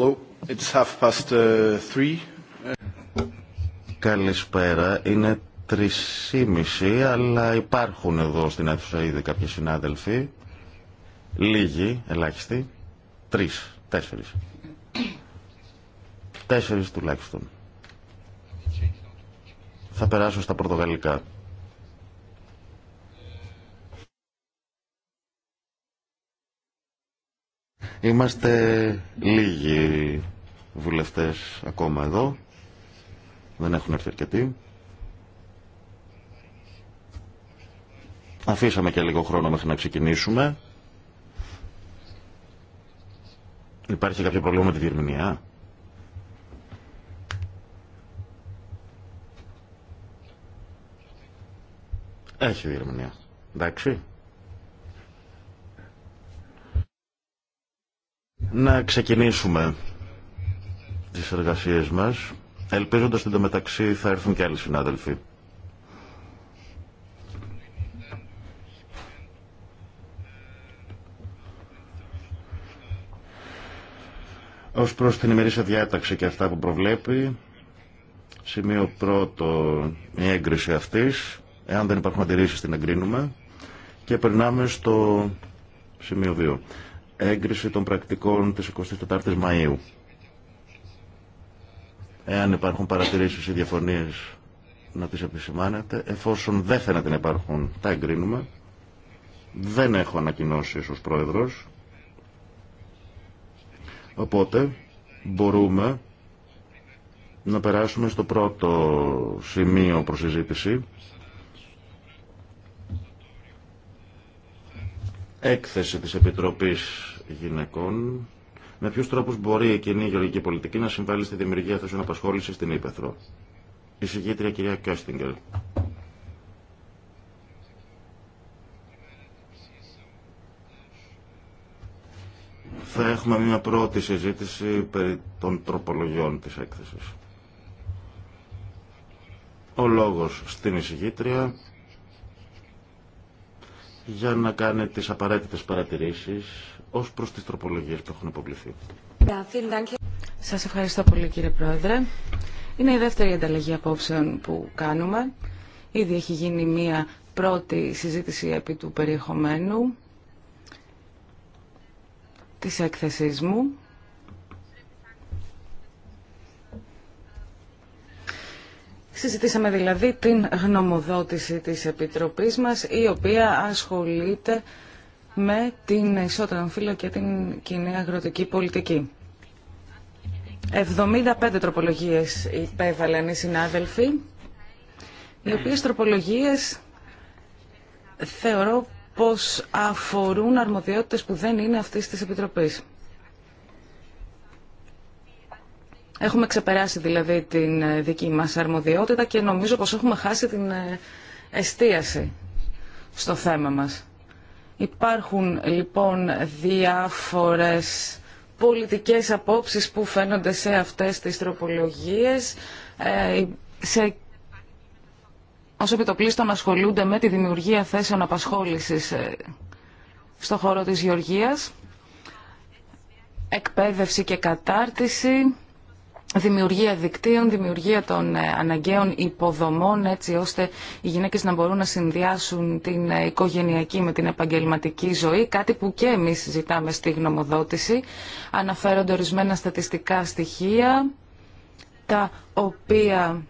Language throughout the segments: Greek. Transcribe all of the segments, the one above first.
Hello. It's half past uh, Καλησπέρα. Είναι τρισήμιση, αλλά υπάρχουν εδώ στην αίθουσα ήδη κάποιοι συνάδελφοι. Λίγοι, ελάχιστοι. Τρεις, τέσσερις. Τέσσερις τουλάχιστον. Θα περάσω στα πορτογαλικά. Είμαστε λίγοι βουλευτές ακόμα εδώ. Δεν έχουν έρθει αρκετοί. Αφήσαμε και λίγο χρόνο μέχρι να ξεκινήσουμε. Υπάρχει κάποιο πρόβλημα με τη διερμηνία. Έχει διερμηνία. Εντάξει. να ξεκινήσουμε τις εργασίες μας, ελπίζοντας ότι μεταξύ θα έρθουν και άλλοι συνάδελφοι. Ως προς την ημερήσια διάταξη και αυτά που προβλέπει, σημείο πρώτο η έγκριση αυτής, εάν δεν υπάρχουν αντιρρήσεις την εγκρίνουμε και περνάμε στο σημείο 2 έγκριση των πρακτικών της 24ης Μαΐου. Εάν υπάρχουν παρατηρήσεις ή διαφωνίες να τις επισημάνετε. Εφόσον δεν φαίνεται να υπάρχουν, τα εγκρίνουμε. Δεν έχω ανακοινώσει ως πρόεδρος. Οπότε μπορούμε να περάσουμε στο πρώτο σημείο προσυζήτηση έκθεση της Επιτροπής Γυναικών με ποιου τρόπου μπορεί η κοινή γεωργική πολιτική να συμβάλλει στη δημιουργία θέσεων απασχόληση στην Ήπεθρο. Η συγγήτρια κυρία Κέστιγκελ. Θα έχουμε μια πρώτη συζήτηση περί των τροπολογιών της έκθεσης. Ο λόγος στην εισηγήτρια για να κάνει τις απαραίτητες παρατηρήσεις ως προς τις τροπολογίες που έχουν υποβληθεί. Σας ευχαριστώ πολύ κύριε Πρόεδρε. Είναι η δεύτερη ανταλλαγή απόψεων που κάνουμε. Ήδη έχει γίνει μία πρώτη συζήτηση επί του περιεχομένου της έκθεσής μου. Συζητήσαμε δηλαδή την γνωμοδότηση της Επιτροπής μας, η οποία ασχολείται με την ισότητα των και την κοινή αγροτική πολιτική. 75 τροπολογίες υπέβαλαν οι συνάδελφοι, οι οποίες τροπολογίες θεωρώ πως αφορούν αρμοδιότητες που δεν είναι αυτής της Επιτροπής. Έχουμε ξεπεράσει δηλαδή την ε, δική μας αρμοδιότητα και νομίζω πως έχουμε χάσει την ε, εστίαση στο θέμα μας. Υπάρχουν λοιπόν διάφορες πολιτικές απόψεις που φαίνονται σε αυτές τις τροπολογίες. Ε, σε όσο επιτοπλίστων ασχολούνται με τη δημιουργία θέσεων απασχόλησης στο χώρο της γεωργίας, εκπαίδευση και κατάρτιση, δημιουργία δικτύων, δημιουργία των ε, αναγκαίων υποδομών έτσι ώστε οι γυναίκες να μπορούν να συνδυάσουν την ε, οικογενειακή με την επαγγελματική ζωή, κάτι που και εμείς συζητάμε στη γνωμοδότηση. Αναφέρονται ορισμένα στατιστικά στοιχεία, τα οποία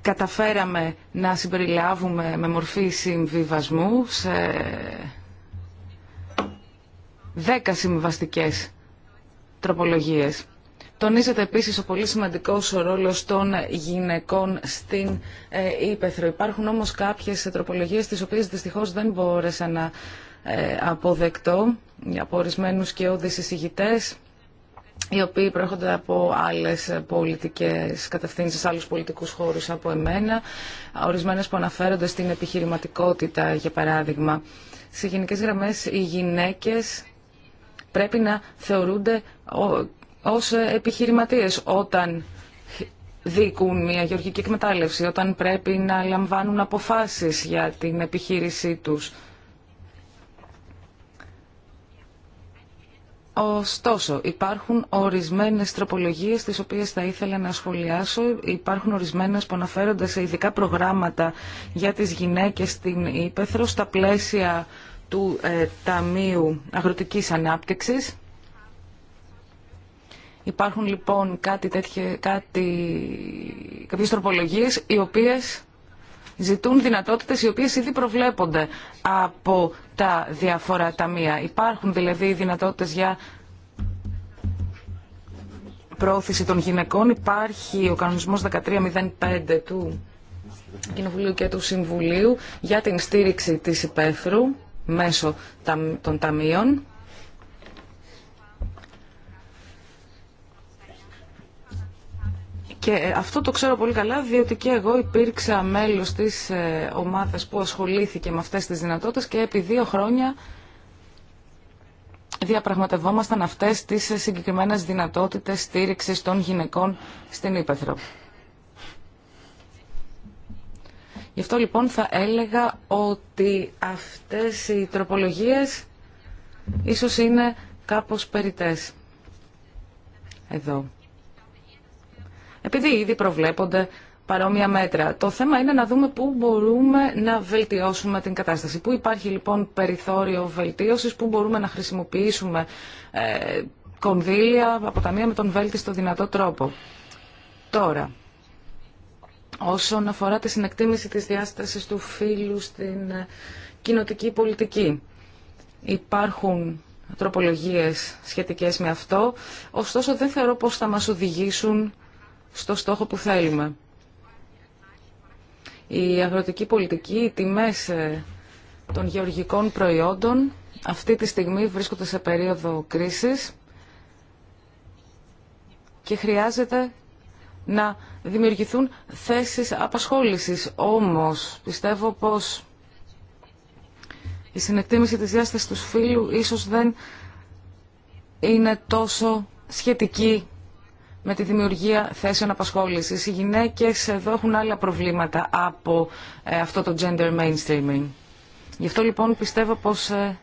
καταφέραμε να συμπεριλάβουμε με μορφή συμβιβασμού σε δέκα συμβιβαστικές τροπολογίες. Τονίζεται επίση ο πολύ σημαντικό ρόλο των γυναικών στην ε, Ήπεθρο. Υπάρχουν όμω κάποιε τροπολογίε τι οποίε δυστυχώ δεν μπόρεσα να ε, αποδεκτώ από ορισμένου και όδες συζητητέ οι οποίοι προέρχονται από άλλε πολιτικέ κατευθύνσει, άλλου πολιτικού χώρου από εμένα, ορισμένε που αναφέρονται στην επιχειρηματικότητα, για παράδειγμα. Σε γενικέ γραμμέ, οι γυναίκε πρέπει να θεωρούνται ως επιχειρηματίες όταν δίκουν μια γεωργική εκμετάλλευση, όταν πρέπει να λαμβάνουν αποφάσεις για την επιχείρησή τους. Ωστόσο, υπάρχουν ορισμένες τροπολογίες τις οποίες θα ήθελα να σχολιάσω. Υπάρχουν ορισμένες που αναφέρονται σε ειδικά προγράμματα για τις γυναίκες στην Ήπεθρο στα πλαίσια του ε, Ταμείου Αγροτικής Ανάπτυξης. Υπάρχουν λοιπόν κάτι τέτοιο, κάτι... κάποιες τροπολογίες οι οποίες ζητούν δυνατότητες οι οποίες ήδη προβλέπονται από τα διάφορα ταμεία. Υπάρχουν δηλαδή δυνατότητες για πρόθεση των γυναικών. Υπάρχει ο κανονισμός 1305 του Κοινοβουλίου και του Συμβουλίου για την στήριξη της υπαίθρου μέσω των ταμείων. Και ε, αυτό το ξέρω πολύ καλά, διότι και εγώ υπήρξα μέλος της ε, ομάδας που ασχολήθηκε με αυτές τις δυνατότητες και επί δύο χρόνια διαπραγματευόμασταν αυτές τις ε, συγκεκριμένες δυνατότητες στήριξης των γυναικών στην Ήπεθρο. Γι' αυτό λοιπόν θα έλεγα ότι αυτές οι τροπολογίες ίσως είναι κάπως περιτές εδώ επειδή ήδη προβλέπονται παρόμοια μέτρα. Το θέμα είναι να δούμε πού μπορούμε να βελτιώσουμε την κατάσταση. Πού υπάρχει λοιπόν περιθώριο βελτίωσης, πού μπορούμε να χρησιμοποιήσουμε ε, κονδύλια από τα μία με τον βέλτιστο δυνατό τρόπο. Τώρα, όσον αφορά τη συνεκτίμηση της διάστασης του φύλου στην ε, κοινοτική πολιτική. Υπάρχουν τροπολογίες σχετικές με αυτό, ωστόσο δεν θεωρώ πως θα μας οδηγήσουν στο στόχο που θέλουμε. Η αγροτική πολιτική, οι τιμές ε, των γεωργικών προϊόντων αυτή τη στιγμή βρίσκονται σε περίοδο κρίσης και χρειάζεται να δημιουργηθούν θέσεις απασχόλησης. Όμως πιστεύω πως η συνεκτίμηση της διάστασης του φίλου ίσως δεν είναι τόσο σχετική με τη δημιουργία θέσεων απασχόλησης. Οι γυναίκες εδώ έχουν άλλα προβλήματα από ε, αυτό το gender mainstreaming. Γι' αυτό λοιπόν πιστεύω πως ε,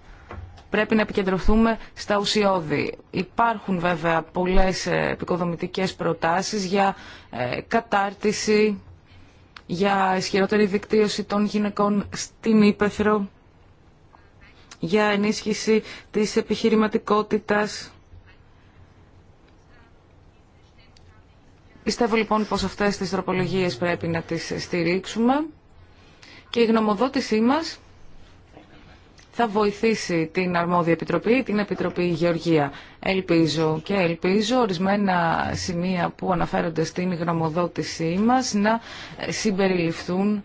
πρέπει να επικεντρωθούμε στα ουσιώδη. Υπάρχουν βέβαια πολλές ε, επικοδομητικές προτάσεις για κατάρτιση, για ισχυρότερη δικτύωση των γυναικών στην ύπεθρο, για ενίσχυση της επιχειρηματικότητας, Πιστεύω λοιπόν πως αυτές τις τροπολογίες πρέπει να τις στηρίξουμε και η γνωμοδότησή μας θα βοηθήσει την αρμόδια επιτροπή, την Επιτροπή Γεωργία. Ελπίζω και ελπίζω ορισμένα σημεία που αναφέρονται στην γνωμοδότησή μας να συμπεριληφθούν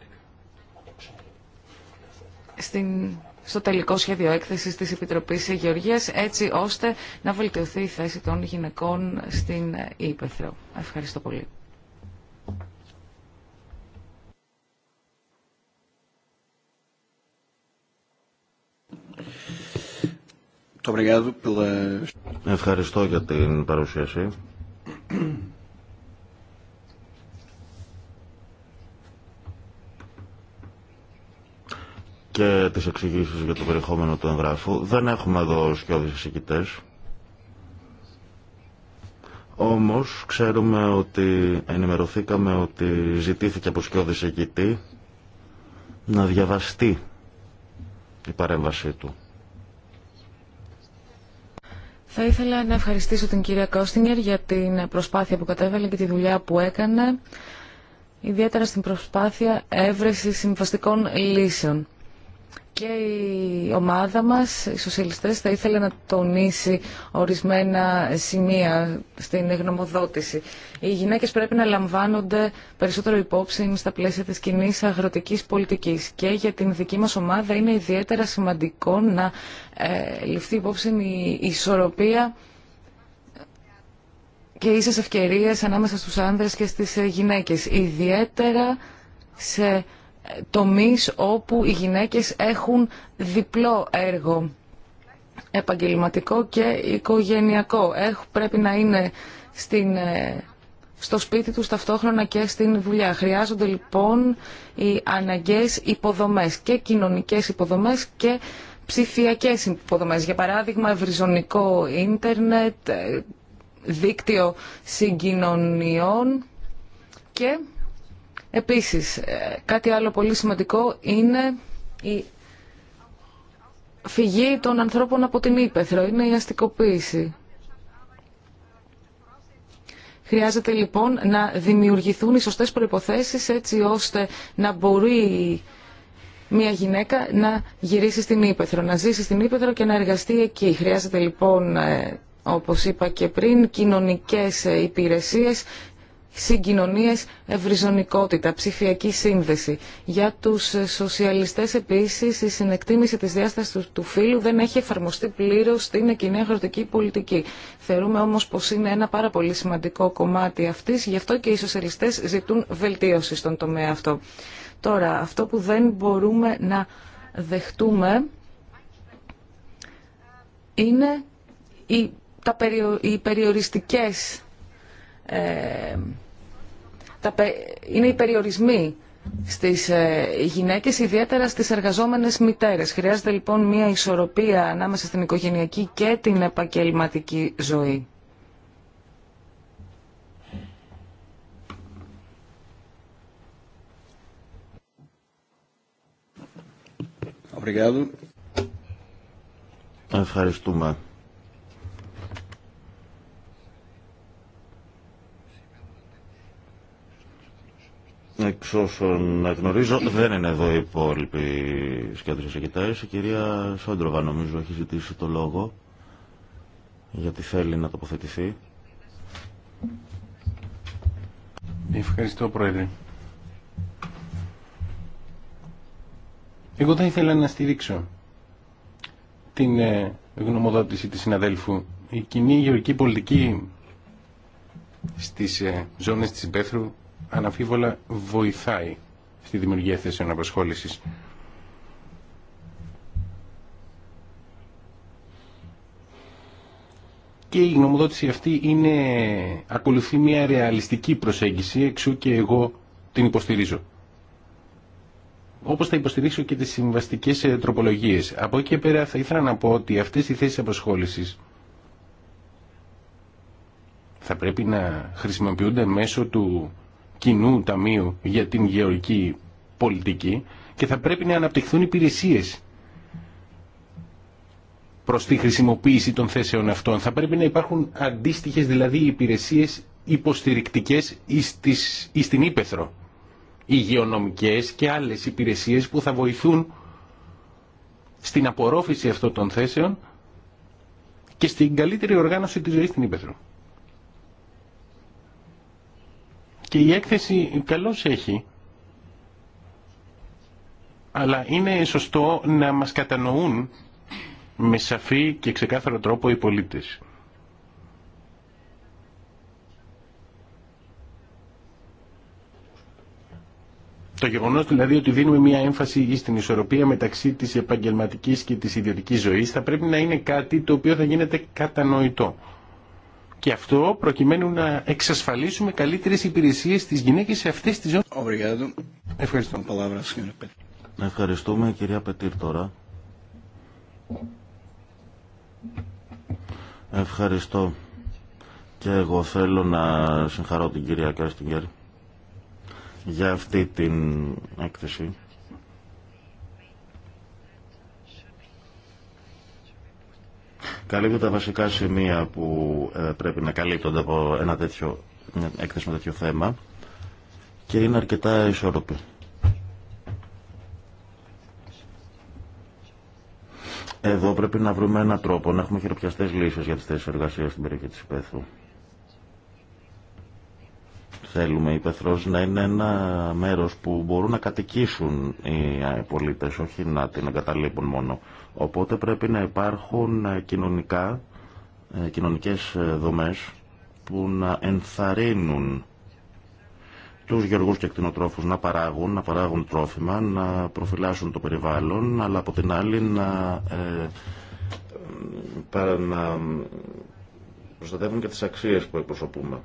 στην στο τελικό σχέδιο έκθεσης της Επιτροπής Γεωργία, έτσι ώστε να βελτιωθεί η θέση των γυναικών στην Ήπεθρο. Ευχαριστώ πολύ. Ευχαριστώ για την παρουσίαση. και τις εξηγήσει για το περιεχόμενο του εγγράφου. Δεν έχουμε εδώ σκιώδει εισηγητές. Όμως ξέρουμε ότι ενημερωθήκαμε ότι ζητήθηκε από σκιώδη εισηγητή να διαβαστεί η παρέμβασή του. Θα ήθελα να ευχαριστήσω την κυρία Κόστινγκερ για την προσπάθεια που κατέβαλε και τη δουλειά που έκανε, ιδιαίτερα στην προσπάθεια έβρεση συμβαστικών λύσεων και η ομάδα μας, οι σοσιαλιστές, θα ήθελε να τονίσει ορισμένα σημεία στην γνωμοδότηση. Οι γυναίκες πρέπει να λαμβάνονται περισσότερο υπόψη στα πλαίσια της κοινή αγροτικής πολιτικής και για την δική μας ομάδα είναι ιδιαίτερα σημαντικό να ε, ληφθεί υπόψη η ισορροπία και ίσες ευκαιρίες ανάμεσα στους άνδρες και στις γυναίκες, ιδιαίτερα σε τομείς όπου οι γυναίκες έχουν διπλό έργο επαγγελματικό και οικογενειακό. Έχ, πρέπει να είναι στην, ε, στο σπίτι τους ταυτόχρονα και στην δουλειά. Χρειάζονται λοιπόν οι αναγκαίες υποδομές και κοινωνικές υποδομές και ψηφιακές υποδομές. Για παράδειγμα ευρυζωνικό ίντερνετ, ε, δίκτυο συγκοινωνιών και Επίσης, ε, κάτι άλλο πολύ σημαντικό είναι η φυγή των ανθρώπων από την Ήπεθρο, είναι η αστικοποίηση. Χρειάζεται λοιπόν να δημιουργηθούν οι σωστές προϋποθέσεις έτσι ώστε να μπορεί μια γυναίκα να γυρίσει στην Ήπεθρο, να ζήσει στην Ήπεθρο και να εργαστεί εκεί. Χρειάζεται λοιπόν, ε, όπως είπα και πριν, κοινωνικές ε, υπηρεσίες συγκοινωνίες ευρυζωνικότητα, ψηφιακή σύνδεση. Για τους ε, σοσιαλιστές επίσης η συνεκτίμηση της διάστασης του φύλου δεν έχει εφαρμοστεί πλήρως στην κοινή αγροτική πολιτική. Θεωρούμε όμως πως είναι ένα πάρα πολύ σημαντικό κομμάτι αυτής, γι' αυτό και οι σοσιαλιστές ζητούν βελτίωση στον τομέα αυτό. Τώρα, αυτό που δεν μπορούμε να δεχτούμε είναι οι, τα περιοριστικές ε, είναι οι περιορισμοί στις ε, γυναίκες, ιδιαίτερα στις εργαζόμενες μητέρες. Χρειάζεται λοιπόν μια ισορροπία ανάμεσα στην οικογενειακή και την επαγγελματική ζωή. Ευχαριστούμε. Εξ όσων γνωρίζω, δεν είναι εδώ οι υπόλοιποι και εισηγητές. Η κυρία Σόντροβα νομίζω έχει ζητήσει το λόγο γιατί θέλει να τοποθετηθεί. Ευχαριστώ Πρόεδρε. Εγώ θα ήθελα να στηρίξω την ε, γνωμοδότηση της συναδέλφου. Η κοινή γεωργική πολιτική στις ε, ζώνες της Πέθρου αναμφίβολα βοηθάει στη δημιουργία θέσεων απασχόλησης. Και η γνωμοδότηση αυτή είναι, ακολουθεί μια ρεαλιστική προσέγγιση, εξού και εγώ την υποστηρίζω. Όπως θα υποστηρίξω και τις συμβαστικές ε, τροπολογίες. Από εκεί και πέρα θα ήθελα να πω ότι αυτές οι θέσεις απασχόλησης θα πρέπει να χρησιμοποιούνται μέσω του κοινού ταμείου για την γεωργική πολιτική και θα πρέπει να αναπτυχθούν υπηρεσίες προς τη χρησιμοποίηση των θέσεων αυτών. Θα πρέπει να υπάρχουν αντίστοιχες δηλαδή υπηρεσίες υποστηρικτικές εις, της, εις την Ήπεθρο. και άλλες υπηρεσίες που θα βοηθούν στην απορρόφηση αυτών των θέσεων και στην καλύτερη οργάνωση της ζωής στην Ήπεθρο. Και η έκθεση καλώς έχει, αλλά είναι σωστό να μας κατανοούν με σαφή και ξεκάθαρο τρόπο οι πολίτες. Το γεγονό δηλαδή ότι δίνουμε μια έμφαση στην ισορροπία μεταξύ τη επαγγελματική και τη ιδιωτική ζωή θα πρέπει να είναι κάτι το οποίο θα γίνεται κατανοητό. Και αυτό προκειμένου να εξασφαλίσουμε καλύτερες υπηρεσίες στις γυναίκες σε αυτές τις ζώνες. Ευχαριστώ. Ευχαριστούμε κυρία Πετήρ τώρα. Ευχαριστώ. Και εγώ θέλω να συγχαρώ την κυρία Κάστιγκερ για αυτή την έκθεση Καλύπτουν τα βασικά σημεία που ε, πρέπει να καλύπτονται από ένα τέτοιο, μια τέτοιο θέμα και είναι αρκετά ισορροπή. Εδώ πρέπει να βρούμε έναν τρόπο να έχουμε χειροπιαστές λύσεις για τις θέσεις εργασίας στην περιοχή της Υπέθρου. Θέλουμε η Υπέθρο να είναι ένα μέρος που μπορούν να κατοικήσουν οι πολίτες, όχι να την εγκαταλείπουν μόνο. Οπότε πρέπει να υπάρχουν ε, κοινωνικά, ε, κοινωνικές ε, δομές που να ενθαρρύνουν τους γεωργούς και κτηνοτρόφους να παράγουν, να παράγουν τρόφιμα, να προφυλάσσουν το περιβάλλον, αλλά από την άλλη να, ε, προστατεύουν και τις αξίες που εκπροσωπούμε.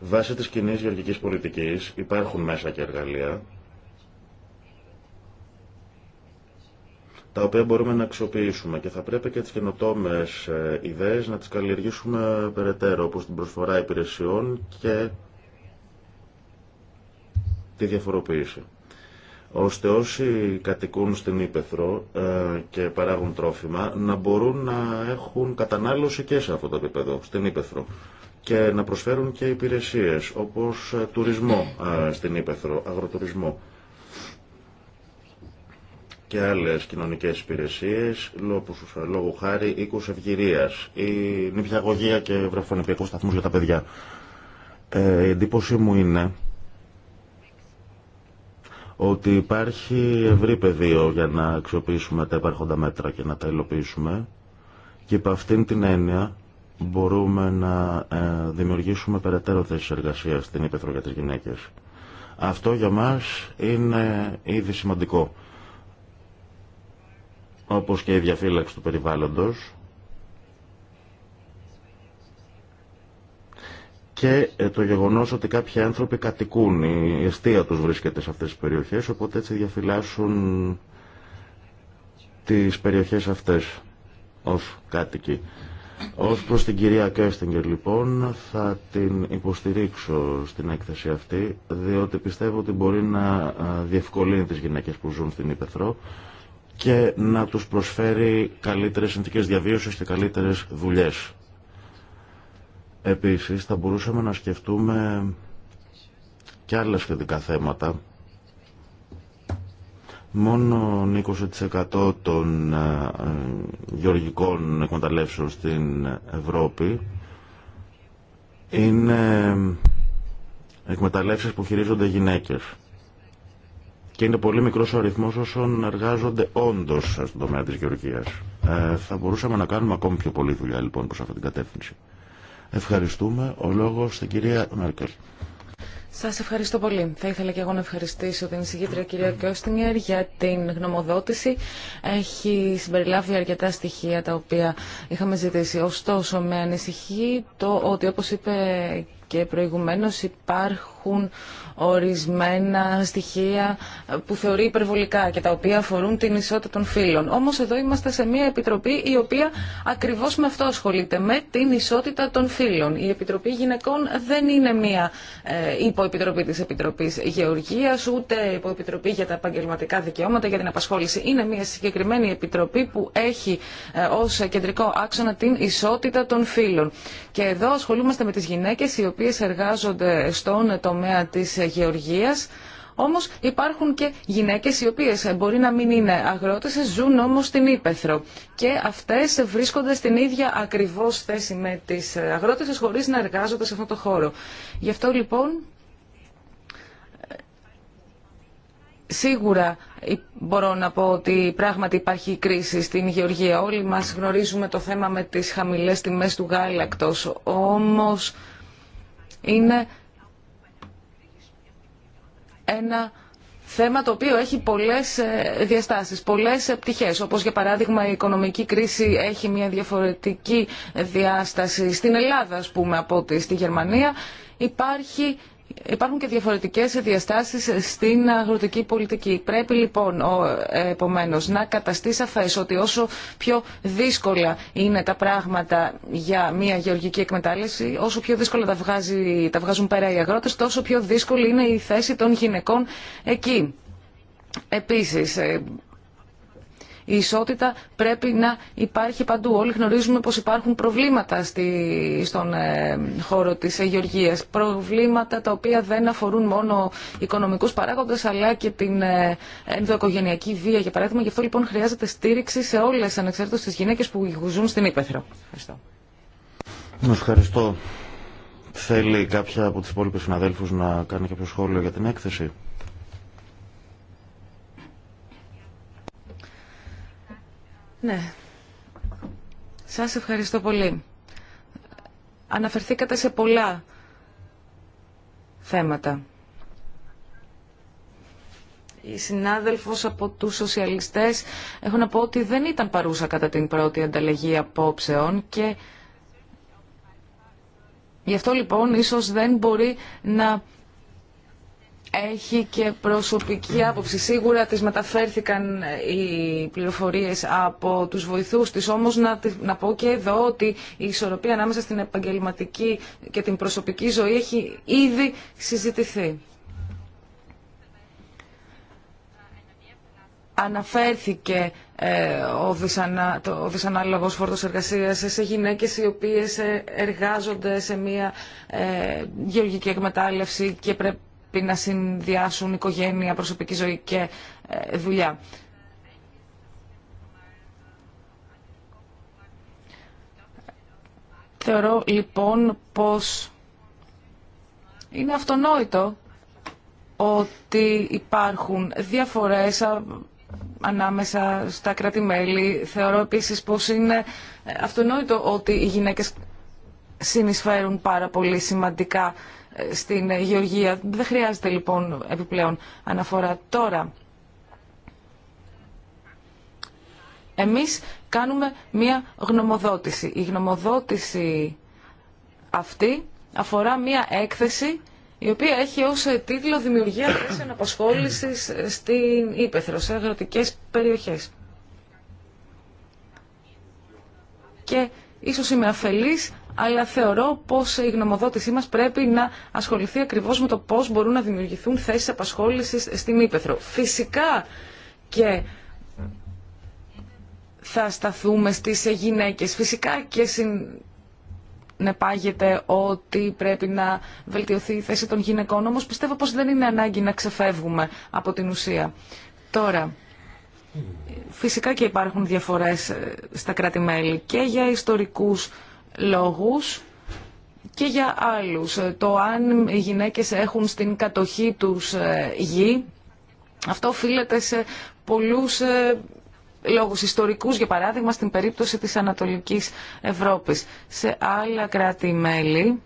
Βάσει της κοινή γεωργικής πολιτικής υπάρχουν μέσα και εργαλεία τα οποία μπορούμε να αξιοποιήσουμε και θα πρέπει και τις καινοτόμες ε, ιδέες να τις καλλιεργήσουμε περαιτέρω, όπως την προσφορά υπηρεσιών και τη διαφοροποίηση ώστε όσοι κατοικούν στην Ήπεθρο ε, και παράγουν τρόφιμα να μπορούν να έχουν κατανάλωση και σε αυτό το επίπεδο, στην Ήπεθρο και να προσφέρουν και υπηρεσίες όπως ε, τουρισμό στην Ήπεθρο, αγροτουρισμό και άλλε κοινωνικέ υπηρεσίε, λόγω χάρη οίκους ευγυρία ή νηπιαγωγία και βρεφονιπιακούς σταθμού για τα παιδιά. Ε, η εντύπωση μου είναι ότι υπάρχει ευρύ πεδίο για να αξιοποιήσουμε τα υπάρχοντα μέτρα και να τα υλοποιήσουμε και υπ' αυτήν την έννοια μπορούμε να ε, δημιουργήσουμε περαιτέρω θέσει εργασία στην Ήπεθρο για τι γυναίκε. Αυτό για μα είναι ήδη σημαντικό όπως και η διαφύλαξη του περιβάλλοντος και ε, το γεγονός ότι κάποιοι άνθρωποι κατοικούν, η αιστεία τους βρίσκεται σε αυτές τις περιοχές, οπότε έτσι διαφυλάσσουν τις περιοχές αυτές ως κάτοικοι. Ως προς την κυρία Κέστιγκερ λοιπόν θα την υποστηρίξω στην έκθεση αυτή διότι πιστεύω ότι μπορεί να διευκολύνει τις γυναίκες που ζουν στην Ήπεθρο και να τους προσφέρει καλύτερες συνθήκες διαβίωσης και καλύτερες δουλειές. Επίσης θα μπορούσαμε να σκεφτούμε και άλλα σχετικά θέματα. Μόνο 20% των ε, γεωργικών εκμεταλλεύσεων στην Ευρώπη είναι εκμεταλλεύσεις που χειρίζονται γυναίκες και είναι πολύ μικρό ο αριθμό όσων εργάζονται όντω στον τομέα τη γεωργία. Ε, θα μπορούσαμε να κάνουμε ακόμη πιο πολλή δουλειά λοιπόν προ αυτή την κατεύθυνση. Ευχαριστούμε. Ο λόγο στην κυρία Μέρκελ. Σα ευχαριστώ πολύ. Θα ήθελα και εγώ να ευχαριστήσω την εισηγήτρια κυρία Κιώστινγκερ για την γνωμοδότηση. Έχει συμπεριλάβει αρκετά στοιχεία τα οποία είχαμε ζητήσει. Ωστόσο, με ανησυχεί το ότι όπω είπε και προηγουμένω, υπάρχουν υπάρχουν ορισμένα στοιχεία που θεωρεί υπερβολικά και τα οποία αφορούν την ισότητα των φύλων. Όμως εδώ είμαστε σε μια επιτροπή η οποία ακριβώς με αυτό ασχολείται, με την ισότητα των φύλων. Η Επιτροπή Γυναικών δεν είναι μια ε, υποεπιτροπή της Επιτροπής Γεωργίας, ούτε υποεπιτροπή για τα επαγγελματικά δικαιώματα, για την απασχόληση. Είναι μια συγκεκριμένη επιτροπή που έχει ε, ως κεντρικό άξονα την ισότητα των φύλων. Και εδώ ασχολούμαστε με τις γυναίκες οι οποίες εργάζονται στον τομέα της γεωργίας. Όμως υπάρχουν και γυναίκες οι οποίες ε, μπορεί να μην είναι αγρότες, ζουν όμως στην Ήπεθρο. Και αυτές βρίσκονται στην ίδια ακριβώς θέση με τις ε, αγρότες χωρίς να εργάζονται σε αυτό το χώρο. Γι' αυτό λοιπόν ε, σίγουρα μπορώ να πω ότι πράγματι υπάρχει κρίση στην Γεωργία. Όλοι μας γνωρίζουμε το θέμα με τις χαμηλές τιμές του γάλακτος. Όμως είναι ένα θέμα το οποίο έχει πολλές ε, διαστάσεις, πολλές ε, πτυχές, όπως για παράδειγμα η οικονομική κρίση έχει μια διαφορετική διάσταση στην Ελλάδα, ας πούμε, από ό,τι στη Γερμανία. Υπάρχει Υπάρχουν και διαφορετικές διαστάσεις στην αγροτική πολιτική. Πρέπει λοιπόν ε, επομένω, να καταστεί σαφές ότι όσο πιο δύσκολα είναι τα πράγματα για μια γεωργική εκμετάλλευση, όσο πιο δύσκολα τα, βγάζει, τα βγάζουν πέρα οι αγρότες, τόσο πιο δύσκολη είναι η θέση των γυναικών εκεί. Επίσης, ε, η ισότητα πρέπει να υπάρχει παντού. Όλοι γνωρίζουμε πως υπάρχουν προβλήματα στον ε, χώρο της ε, γεωργίας. Προβλήματα τα οποία δεν αφορούν μόνο οικονομικούς παράγοντες αλλά και την ε, ενδοοικογενειακή βία για παράδειγμα. Γι' αυτό λοιπόν χρειάζεται στήριξη σε όλες ανεξάρτητως τις γυναίκες που ζουν στην Ήπεθρο. Ευχαριστώ. Ευχαριστώ. Θέλει κάποια από τις υπόλοιπες συναδέλφους να κάνει κάποιο σχόλιο για την έκθεση. Ναι. Σας ευχαριστώ πολύ. Αναφερθήκατε σε πολλά θέματα. Η συνάδελφος από τους σοσιαλιστές έχω να πω ότι δεν ήταν παρούσα κατά την πρώτη ανταλλαγή απόψεων και γι' αυτό λοιπόν ίσως δεν μπορεί να έχει και προσωπική άποψη. Σίγουρα τις μεταφέρθηκαν ε, οι πληροφορίες από τους βοηθούς της, όμως να, να πω και εδώ ότι η ισορροπία ανάμεσα στην επαγγελματική και την προσωπική ζωή έχει ήδη συζητηθεί. Αναφέρθηκε ε, ο, δυσανα, το, ο δυσανάλογος φόρτος εργασίας σε γυναίκες οι οποίες ε, εργάζονται σε μια ε, γεωργική εκμετάλλευση και πρέπει πρέπει να συνδυάσουν οικογένεια, προσωπική ζωή και ε, δουλειά. Θεωρώ λοιπόν πως είναι αυτονόητο ότι υπάρχουν διαφορές ανάμεσα στα κράτη-μέλη. Θεωρώ επίσης πως είναι ε, αυτονόητο ότι οι γυναίκες συνεισφέρουν πάρα πολύ σημαντικά στην γεωργία. Δεν χρειάζεται λοιπόν επιπλέον αναφορά τώρα. Εμείς κάνουμε μία γνωμοδότηση. Η γνωμοδότηση αυτή αφορά μία έκθεση η οποία έχει ως τίτλο «Δημιουργία θέσεων απασχόλησης στην Ήπεθρο, σε αγροτικές περιοχές». Και ίσως είμαι αφελής, αλλά θεωρώ πως η γνωμοδότησή μα πρέπει να ασχοληθεί ακριβώς με το πώς μπορούν να δημιουργηθούν θέσεις απασχόλησης στην Ήπεθρο. Φυσικά και θα σταθούμε στις γυναίκε. Φυσικά και συνεπάγεται ότι πρέπει να βελτιωθεί η θέση των γυναικών, όμως πιστεύω πως δεν είναι ανάγκη να ξεφεύγουμε από την ουσία. Τώρα, φυσικά και υπάρχουν διαφορές ε, στα κράτη-μέλη και για ιστορικούς λόγους και για άλλους. Το αν οι γυναίκες έχουν στην κατοχή τους ε, γη, αυτό οφείλεται σε πολλούς ε, λόγους ιστορικούς, για παράδειγμα στην περίπτωση της Ανατολικής Ευρώπης. Σε άλλα κράτη-μέλη,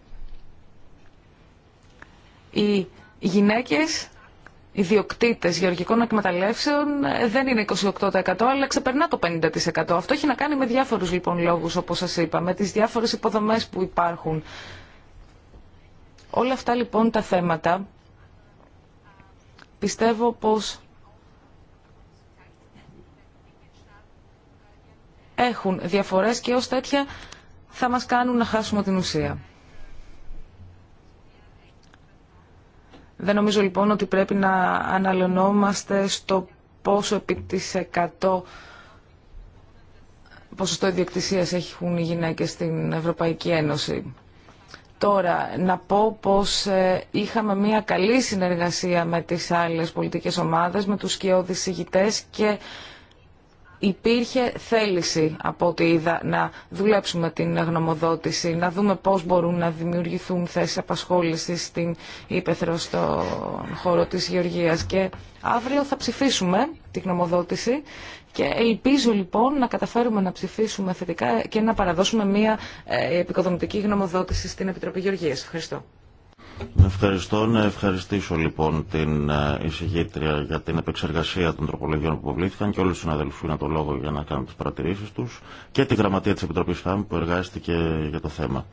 οι γυναίκες ιδιοκτήτε γεωργικών εκμεταλλεύσεων ε, δεν είναι 28% αλλά ξεπερνά το 50%. Αυτό έχει να κάνει με διάφορους λοιπόν λόγους όπως σας είπα, με τι διάφορες υποδομέ που υπάρχουν. Όλα αυτά λοιπόν τα θέματα πιστεύω πως έχουν διαφορές και ως τέτοια θα μας κάνουν να χάσουμε την ουσία. Δεν νομίζω λοιπόν ότι πρέπει να αναλωνόμαστε στο πόσο επί της 100 ποσοστό ιδιοκτησίας έχουν οι γυναίκες στην Ευρωπαϊκή Ένωση. Τώρα, να πω πως ε, είχαμε μια καλή συνεργασία με τις άλλες πολιτικές ομάδες, με τους σκιώδεις ηγητές και υπήρχε θέληση από ό,τι είδα να δουλέψουμε την γνωμοδότηση, να δούμε πώς μπορούν να δημιουργηθούν θέσεις απασχόλησης στην Ήπεθρο στον χώρο της Γεωργίας. Και αύριο θα ψηφίσουμε την γνωμοδότηση και ελπίζω λοιπόν να καταφέρουμε να ψηφίσουμε θετικά και να παραδώσουμε μια ε, επικοδομητική γνωμοδότηση στην Επιτροπή Γεωργίας. Ευχαριστώ. Ευχαριστώ. Να ευχαριστήσω λοιπόν την ε, εισηγήτρια για την επεξεργασία των τροπολογιών που βλήθηκαν και όλου του συναδελφού είναι το λόγο για να κάνουν τι παρατηρήσει του και τη γραμματεία τη Επιτροπή ΦΑΜ που εργάστηκε για το θέμα.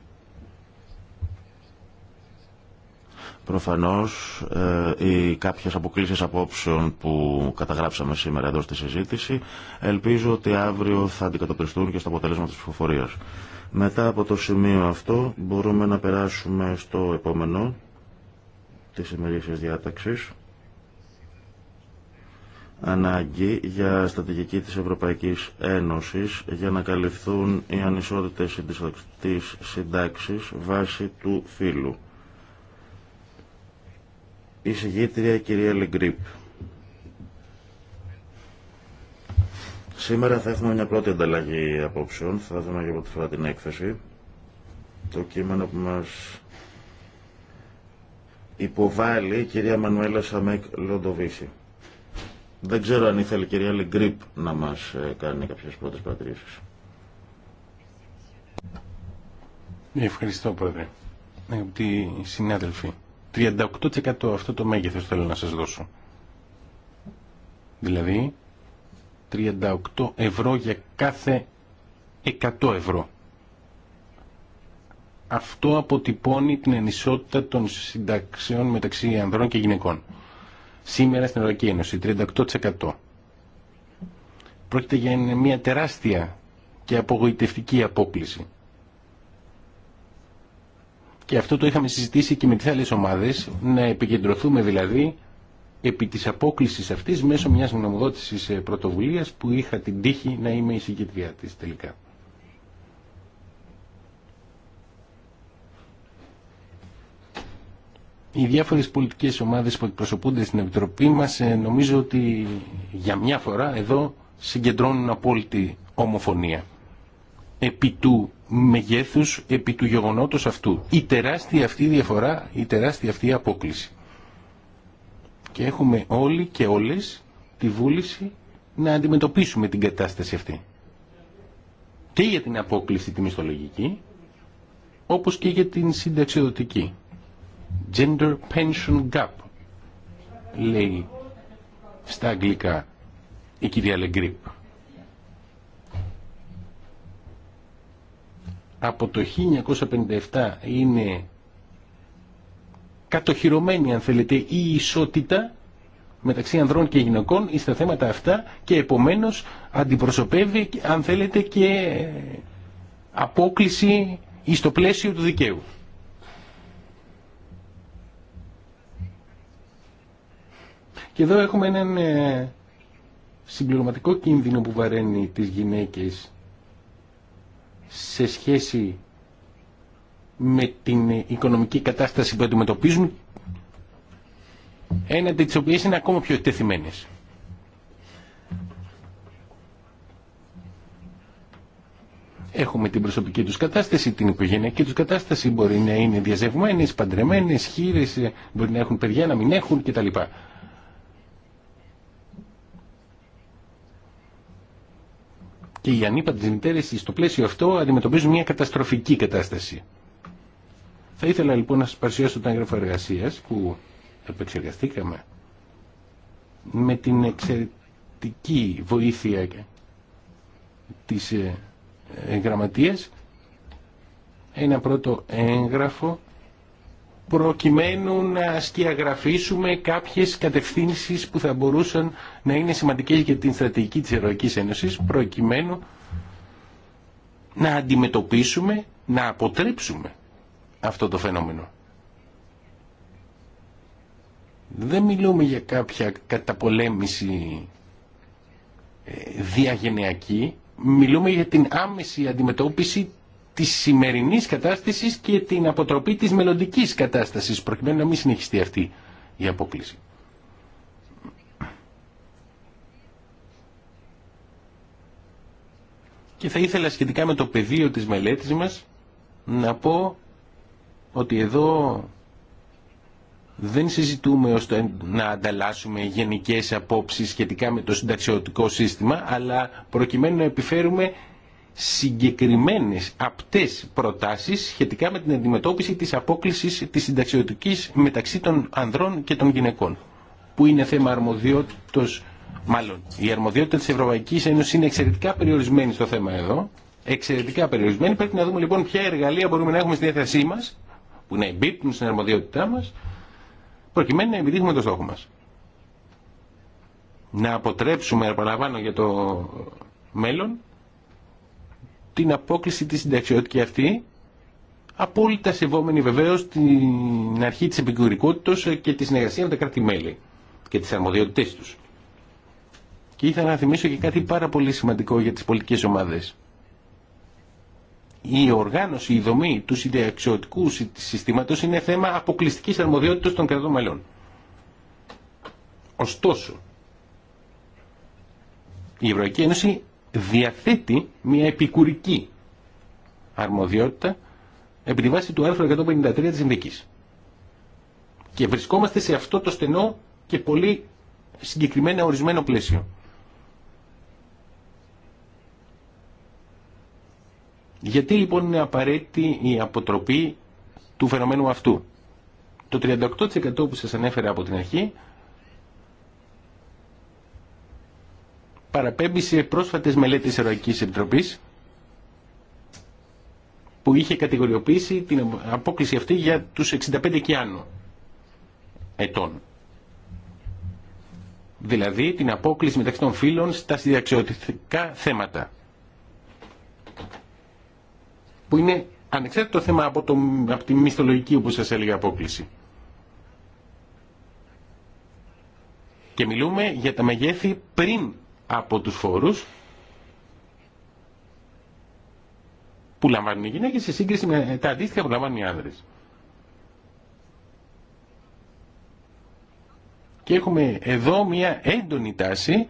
Προφανώς ε, οι κάποιες αποκλήσεις απόψεων που καταγράψαμε σήμερα εδώ στη συζήτηση ελπίζω ότι αύριο θα αντικατοπτριστούν και στα αποτελέσματα της ψηφοφορίας. Μετά από το σημείο αυτό μπορούμε να περάσουμε στο επόμενο της ημερήσιας διάταξης ανάγκη για στρατηγική της Ευρωπαϊκής Ένωσης για να καλυφθούν οι ανισότητες της συντάξης βάσει του φύλου. Η συγγήτρια κυρία Λεγκρίπ. Σήμερα θα έχουμε μια πρώτη ανταλλαγή απόψεων. Θα δούμε για πρώτη φορά την έκθεση. Το κείμενο που μας υποβάλλει η κυρία Μανουέλα Σαμέκ Λοντοβίση. Δεν ξέρω αν ήθελε η κυρία Λεγκρίπ να μας ε, κάνει κάποιες πρώτες παρατηρήσει. Ευχαριστώ πρόεδρε. Αγαπητοί συνάδελφοι. 38% αυτό το μέγεθος θέλω να σας δώσω. Δηλαδή 38 ευρώ για κάθε 100 ευρώ. Αυτό αποτυπώνει την ενισότητα των συνταξιών μεταξύ ανδρών και γυναικών. Σήμερα στην Ευρωπαϊκή Ένωση 38%. Πρόκειται για μια τεράστια και απογοητευτική απόκληση και αυτό το είχαμε συζητήσει και με τις άλλες ομάδες, να επικεντρωθούμε δηλαδή επί της απόκλησης αυτής μέσω μιας γνωμοδότησης ε, πρωτοβουλίας που είχα την τύχη να είμαι η συγκεντριά της τελικά. Οι διάφορες πολιτικές ομάδες που εκπροσωπούνται στην Επιτροπή μας ε, νομίζω ότι για μια φορά εδώ συγκεντρώνουν απόλυτη ομοφωνία επί του μεγέθους επί του γεγονότος αυτού. Η τεράστια αυτή διαφορά, η τεράστια αυτή απόκληση. Και έχουμε όλοι και όλες τη βούληση να αντιμετωπίσουμε την κατάσταση αυτή. Και για την απόκληση τη μισθολογική, όπως και για την συνταξιοδοτική, Gender Pension Gap, λέει στα αγγλικά η κυρία Λεγκρίπ. από το 1957 είναι κατοχυρωμένη αν θέλετε η ισότητα μεταξύ ανδρών και γυναικών στα θέματα αυτά και επομένως αντιπροσωπεύει αν θέλετε και απόκληση στο πλαίσιο του δικαίου. Και εδώ έχουμε έναν ε, συμπληρωματικό κίνδυνο που βαραίνει τις γυναίκες σε σχέση με την οικονομική κατάσταση που αντιμετωπίζουν έναντι τις οποίες είναι ακόμα πιο εκτεθειμένες. Έχουμε την προσωπική τους κατάσταση, την οικογενειακή τους κατάσταση, μπορεί να είναι διαζευμένες, παντρεμένες, χείρες, μπορεί να έχουν παιδιά, να μην έχουν κτλ. και οι ανήπαντες μητέρες στο πλαίσιο αυτό αντιμετωπίζουν μια καταστροφική κατάσταση. Θα ήθελα λοιπόν να σας παρουσιάσω τον έγγραφο εργασία που επεξεργαστήκαμε με την εξαιρετική βοήθεια της ε, γραμματείας ένα πρώτο έγγραφο προκειμένου να σκιαγραφίσουμε κάποιες κατευθύνσεις που θα μπορούσαν να είναι σημαντικές για την στρατηγική της Ευρωπαϊκής Ένωσης προκειμένου να αντιμετωπίσουμε, να αποτρέψουμε αυτό το φαινόμενο. Δεν μιλούμε για κάποια καταπολέμηση ε, διαγενειακή, μιλούμε για την άμεση αντιμετώπιση τη σημερινής κατάστασης και την αποτροπή της μελλοντική κατάστασης προκειμένου να μην συνεχιστεί αυτή η απόκληση. Και θα ήθελα σχετικά με το πεδίο της μελέτης μας να πω ότι εδώ δεν συζητούμε ώστε να ανταλλάσσουμε γενικές απόψεις σχετικά με το συνταξιωτικό σύστημα, αλλά προκειμένου να επιφέρουμε συγκεκριμένες απτές προτάσεις σχετικά με την αντιμετώπιση της απόκλησης της συνταξιωτικής μεταξύ των ανδρών και των γυναικών που είναι θέμα αρμοδιότητος μάλλον η αρμοδιότητα της Ευρωπαϊκής Ένωσης είναι εξαιρετικά περιορισμένη στο θέμα εδώ εξαιρετικά περιορισμένη πρέπει να δούμε λοιπόν ποια εργαλεία μπορούμε να έχουμε στη διάθεσή μας που να εμπίπτουν στην αρμοδιότητά μας προκειμένου να επιτύχουμε το στόχο μας να αποτρέψουμε, επαναλαμβάνω για το μέλλον την απόκληση της συνταξιότητα αυτή, απόλυτα σεβόμενη βεβαίως την αρχή της επικουρικότητας και τη συνεργασία με τα κράτη-μέλη και τις αρμοδιότητές τους. Και ήθελα να θυμίσω και κάτι πάρα πολύ σημαντικό για τις πολιτικές ομάδες. Η οργάνωση, η δομή του συνταξιωτικού συστήματος είναι θέμα αποκλειστικής αρμοδιότητας των κρατών μελών. Ωστόσο, η Ευρωπαϊκή Ένωση διαθέτει μια επικουρική αρμοδιότητα επί τη βάση του άρθρου 153 της Συνδικής. Και βρισκόμαστε σε αυτό το στενό και πολύ συγκεκριμένο ορισμένο πλαίσιο. Γιατί λοιπόν είναι απαραίτητη η αποτροπή του φαινομένου αυτού. Το 38% που σας ανέφερα από την αρχή παραπέμπει σε πρόσφατες μελέτες Ευρωπαϊκής Επιτροπής που είχε κατηγοριοποιήσει την απόκληση αυτή για τους 65 και άνω ετών. Δηλαδή την απόκληση μεταξύ των φύλων στα συνταξιωτικά θέματα. Που είναι ανεξάρτητο θέμα από, το, από τη μισθολογική όπως σας έλεγε απόκληση. Και μιλούμε για τα μεγέθη πριν από τους φόρους που λαμβάνουν οι γυναίκες σε σύγκριση με τα αντίστοιχα που λαμβάνουν οι άνδρες. Και έχουμε εδώ μια έντονη τάση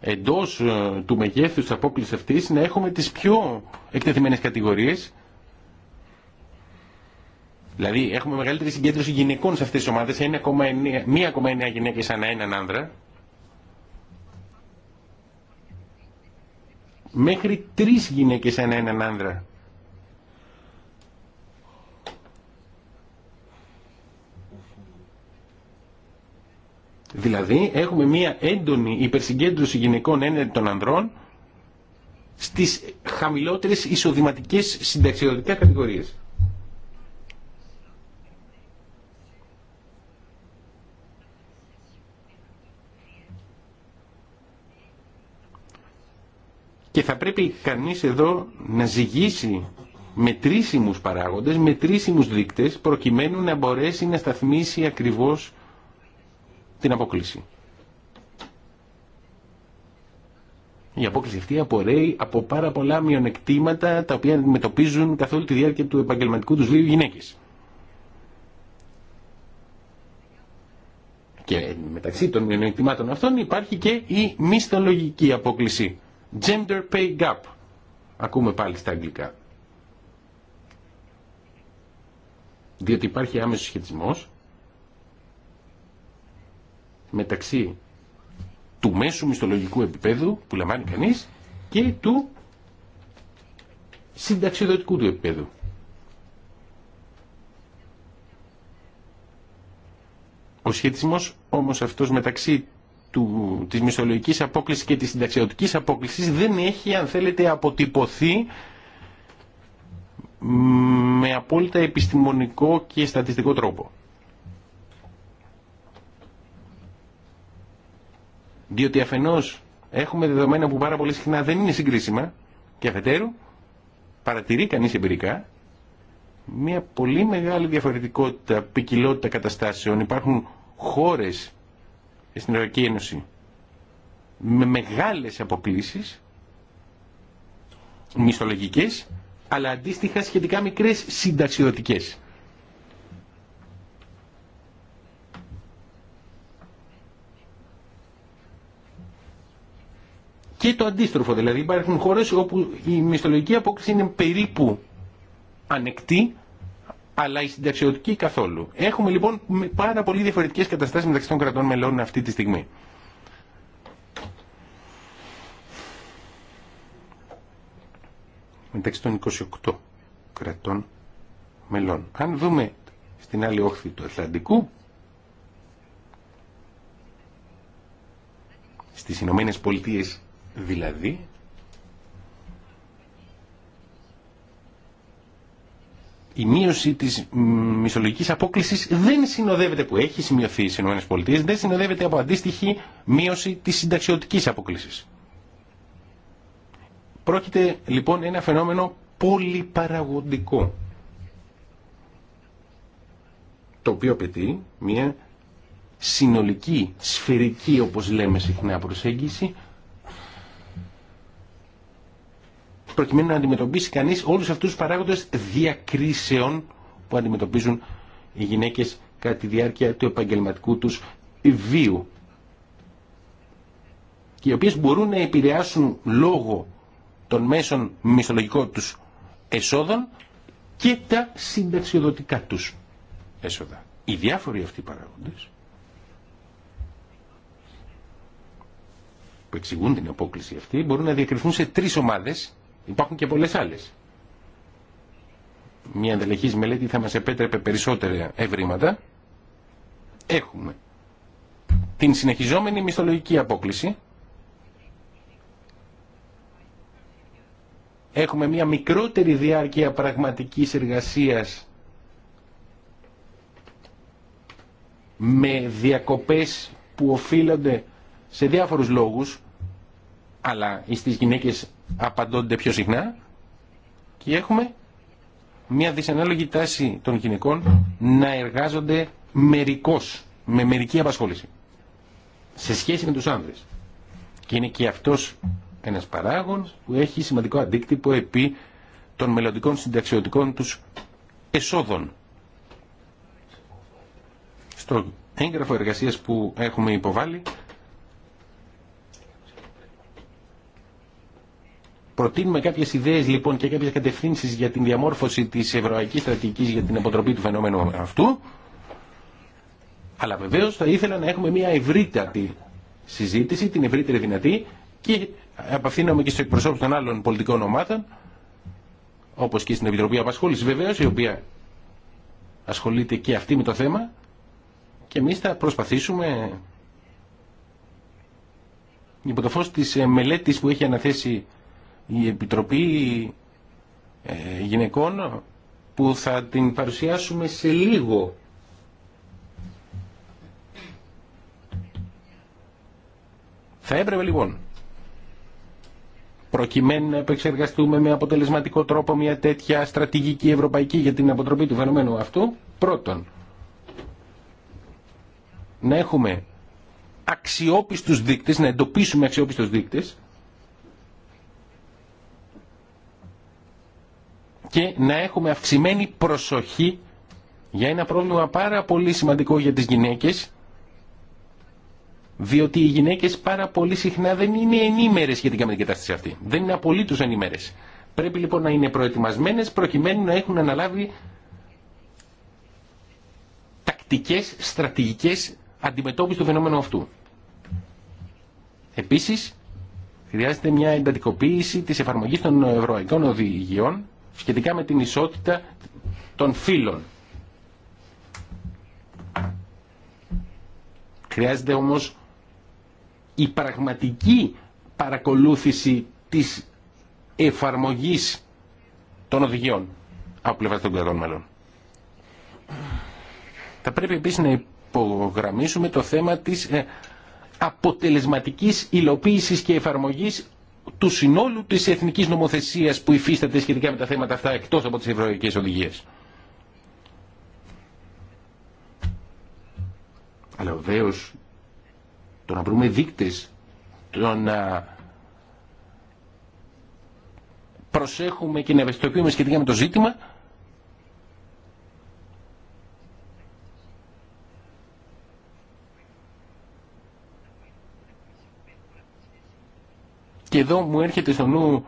εντός ε, του μεγέθους της απόκλησης αυτής να έχουμε τις πιο εκτεθειμένες κατηγορίες Δηλαδή έχουμε μεγαλύτερη συγκέντρωση γυναικών σε αυτές τις ομάδες 1,9 γυναίκες ανά έναν άνδρα μέχρι τρεις γυναίκες ένα έναν άνδρα. Δηλαδή έχουμε μια έντονη υπερσυγκέντρωση γυναικών έναντι των ανδρών στις χαμηλότερες εισοδηματικές συνταξιδοτικές κατηγορίες. Και θα πρέπει κανείς εδώ να ζυγίσει μετρήσιμους παράγοντες, μετρήσιμους δείκτες, προκειμένου να μπορέσει να σταθμίσει ακριβώς την απόκληση. Η απόκληση αυτή απορρέει από πάρα πολλά μειονεκτήματα τα οποία αντιμετωπίζουν καθ' όλη τη διάρκεια του επαγγελματικού τους βίου γυναίκες. Και μεταξύ των μειονεκτημάτων αυτών υπάρχει και η μισθολογική απόκληση Gender Pay Gap. Ακούμε πάλι στα αγγλικά. Διότι υπάρχει άμεσος σχετισμός μεταξύ του μέσου μισθολογικού επίπεδου που λαμβάνει κανείς και του συνταξιδοτικού του επίπεδου. Ο σχετισμός όμως αυτός μεταξύ του, της μισθολογικής απόκλησης και της συνταξιωτικής απόκλησης δεν έχει αν θέλετε αποτυπωθεί με απόλυτα επιστημονικό και στατιστικό τρόπο. Διότι αφενός έχουμε δεδομένα που πάρα πολύ συχνά δεν είναι συγκρίσιμα και αφετέρου παρατηρεί κανείς εμπειρικά μια πολύ μεγάλη διαφορετικότητα, ποικιλότητα καταστάσεων. Υπάρχουν χώρες στην Ευρωπαϊκή Ένωση με μεγάλες αποκλήσεις μισθολογικές αλλά αντίστοιχα σχετικά μικρές συνταξιδοτικές. Και το αντίστροφο, δηλαδή υπάρχουν χώρες όπου η μισθολογική απόκριση είναι περίπου ανεκτή αλλά η συνταξιωτική καθόλου. Έχουμε λοιπόν πάρα πολύ διαφορετικές καταστάσεις μεταξύ των κρατών μελών αυτή τη στιγμή. Μεταξύ των 28 κρατών μελών. Αν δούμε στην άλλη όχθη του Ατλαντικού, στις Ηνωμένε Πολιτείες δηλαδή, η μείωση της μισολογικής απόκληση δεν συνοδεύεται που έχει σημειωθεί στι ΗΠΑ, δεν συνοδεύεται από αντίστοιχη μείωση της συνταξιωτική απόκληση. Πρόκειται λοιπόν ένα φαινόμενο πολυπαραγοντικό, το οποίο απαιτεί μια συνολική, σφαιρική όπως λέμε συχνά προσέγγιση προκειμένου να αντιμετωπίσει κανείς όλους αυτούς τους παράγοντες διακρίσεων που αντιμετωπίζουν οι γυναίκες κατά τη διάρκεια του επαγγελματικού τους βίου και οι οποίες μπορούν να επηρεάσουν λόγω των μέσων μισθολογικών τους εσόδων και τα συνταξιοδοτικά τους έσοδα. Οι διάφοροι αυτοί παράγοντες που εξηγούν την απόκληση αυτή μπορούν να διακριθούν σε τρεις ομάδες Υπάρχουν και πολλές άλλες. Μια αντελεχής μελέτη θα μας επέτρεπε περισσότερα ευρήματα. Έχουμε την συνεχιζόμενη μισθολογική απόκληση. Έχουμε μια μικρότερη διάρκεια πραγματικής εργασίας με διακοπές που οφείλονται σε διάφορους λόγους αλλά στις γυναίκες απαντώνται πιο συχνά και έχουμε μια δυσανάλογη τάση των γυναικών να εργάζονται μερικώς, με μερική απασχόληση σε σχέση με τους άνδρες. Και είναι και αυτός ένας παράγων που έχει σημαντικό αντίκτυπο επί των μελλοντικών συνταξιωτικών τους εσόδων. Στο έγγραφο εργασίας που έχουμε υποβάλει Προτείνουμε κάποιε ιδέε λοιπόν και κάποιε κατευθύνσει για την διαμόρφωση τη ευρωπαϊκή στρατηγική για την αποτροπή του φαινόμενου αυτού. Αλλά βεβαίω θα ήθελα να έχουμε μια ευρύτατη συζήτηση, την ευρύτερη δυνατή και απευθύνομαι και στου εκπροσώπου των άλλων πολιτικών ομάδων, όπω και στην Επιτροπή Απασχόληση βεβαίω, η οποία ασχολείται και αυτή με το θέμα και εμεί θα προσπαθήσουμε υπό το φως της μελέτης που έχει αναθέσει η Επιτροπή ε, Γυναικών που θα την παρουσιάσουμε σε λίγο. Θα έπρεπε λοιπόν, προκειμένου να επεξεργαστούμε με αποτελεσματικό τρόπο μια τέτοια στρατηγική ευρωπαϊκή για την αποτροπή του φαινομένου αυτού, πρώτον, να έχουμε αξιόπιστους δείκτες, να εντοπίσουμε αξιόπιστους δείκτες, και να έχουμε αυξημένη προσοχή για ένα πρόβλημα πάρα πολύ σημαντικό για τις γυναίκες διότι οι γυναίκες πάρα πολύ συχνά δεν είναι ενήμερες για με την κατάσταση αυτή. Δεν είναι απολύτως ενήμερες. Πρέπει λοιπόν να είναι προετοιμασμένες προκειμένου να έχουν αναλάβει τακτικές, στρατηγικές αντιμετώπιση του φαινόμενου αυτού. Επίσης, χρειάζεται μια εντατικοποίηση της εφαρμογής των ευρωπαϊκών οδηγιών σχετικά με την ισότητα των φύλων. Χρειάζεται όμως η πραγματική παρακολούθηση της εφαρμογής των οδηγιών από πλευρά των κρατών μελών. Θα πρέπει επίσης να υπογραμμίσουμε το θέμα της ε, αποτελεσματικής υλοποίησης και εφαρμογής του συνόλου της εθνικής νομοθεσίας που υφίσταται σχετικά με τα θέματα αυτά εκτός από τις ευρωπαϊκές οδηγίες. Αλλά βεβαίω το να βρούμε δείκτες, το να προσέχουμε και να ευαισθητοποιούμε σχετικά με το ζήτημα Και εδώ μου έρχεται στο νου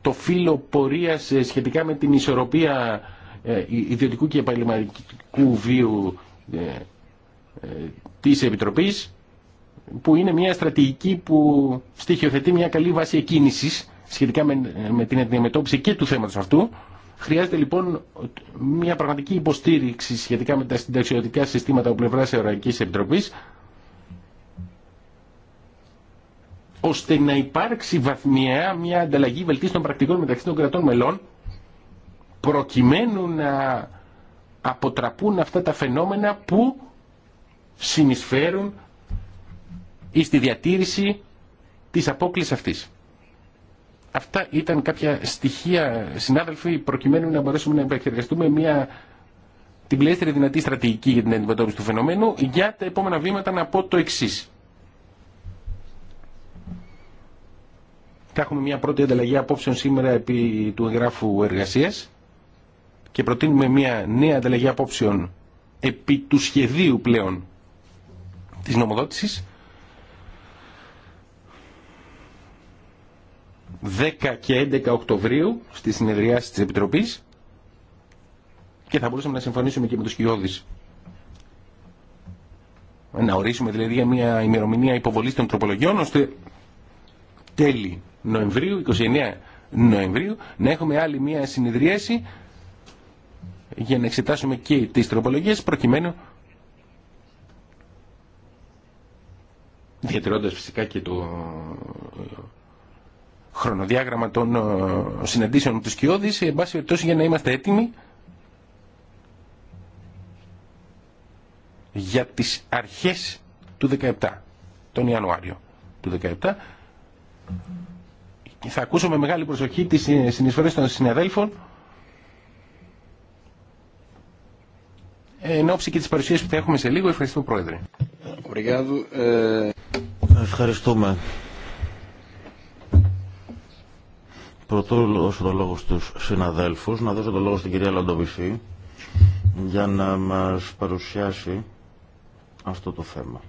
το φύλλο πορεία ε, σχετικά με την ισορροπία ε, ιδιωτικού και επαγγελματικού βίου ε, της Επιτροπής που είναι μια στρατηγική που στοιχειοθετεί μια καλή βάση εκκίνησης σχετικά με την αντιμετώπιση και του θέματος αυτού. Χρειάζεται λοιπόν μια πραγματική υποστήριξη σχετικά με τα συνταξιωτικά συστήματα από πλευρά Ευρωπαϊκή Επιτροπή, ώστε να υπάρξει βαθμιαία μια ανταλλαγή βελτίστων πρακτικών μεταξύ των κρατών μελών προκειμένου να αποτραπούν αυτά τα φαινόμενα που συνεισφέρουν στη διατήρηση της απόκλησης αυτής. Αυτά ήταν κάποια στοιχεία, συνάδελφοι, προκειμένου να μπορέσουμε να επεξεργαστούμε μια την πλαίστερη δυνατή στρατηγική για την αντιμετώπιση του φαινομένου. Για τα επόμενα βήματα να πω το εξή. Θα έχουμε μια πρώτη ανταλλαγή απόψεων σήμερα επί του εγγράφου εργασία και προτείνουμε μια νέα ανταλλαγή απόψεων επί του σχεδίου πλέον της νομοδότησης 10 και 11 Οκτωβρίου στη συνεδριάση της Επιτροπής και θα μπορούσαμε να συμφωνήσουμε και με τους κοιόδης. Να ορίσουμε δηλαδή για μια ημερομηνία υποβολής των τροπολογιών ώστε τέλη Νοεμβρίου, 29 Νοεμβρίου, να έχουμε άλλη μία συνειδριέση για να εξετάσουμε και τις τροπολογίες προκειμένου διατηρώντας φυσικά και το χρονοδιάγραμμα των ε, συναντήσεων του Σκιώδης Κιώδης, εν για να είμαστε έτοιμοι για τις αρχές του 17, τον Ιανουάριο του 17, θα ακούσω με μεγάλη προσοχή τις συνεισφορές των συναδέλφων εν ώψη και τις παρουσίες που θα έχουμε σε λίγο. Ευχαριστώ Πρόεδρε. Ε, Ευχαριστούμε. Πρωτού δώσω το λόγο στους συναδέλφους, να δώσω το λόγο στην κυρία Λαντοβυσή για να μας παρουσιάσει αυτό το θέμα.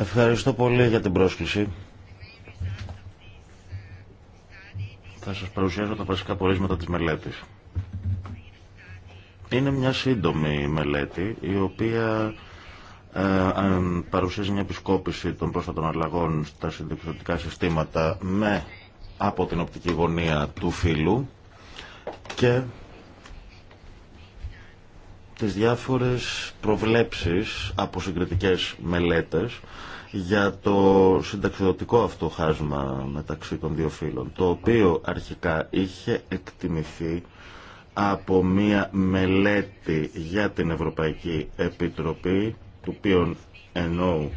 Ευχαριστώ πολύ για την πρόσκληση. Θα σας παρουσιάσω τα βασικά πορίσματα της μελέτης. Είναι μια σύντομη μελέτη η οποία ε, παρουσιάζει μια επισκόπηση των πρόσφατων αλλαγών στα συνδιοπιστωτικά συστήματα με από την οπτική γωνία του φύλου και τις διάφορες προβλέψεις από συγκριτικές μελέτες για το συνταξιδοτικό αυτό χάσμα μεταξύ των δύο φύλων, το οποίο αρχικά είχε εκτιμηθεί από μία μελέτη για την Ευρωπαϊκή Επιτροπή του οποίου εννοώ.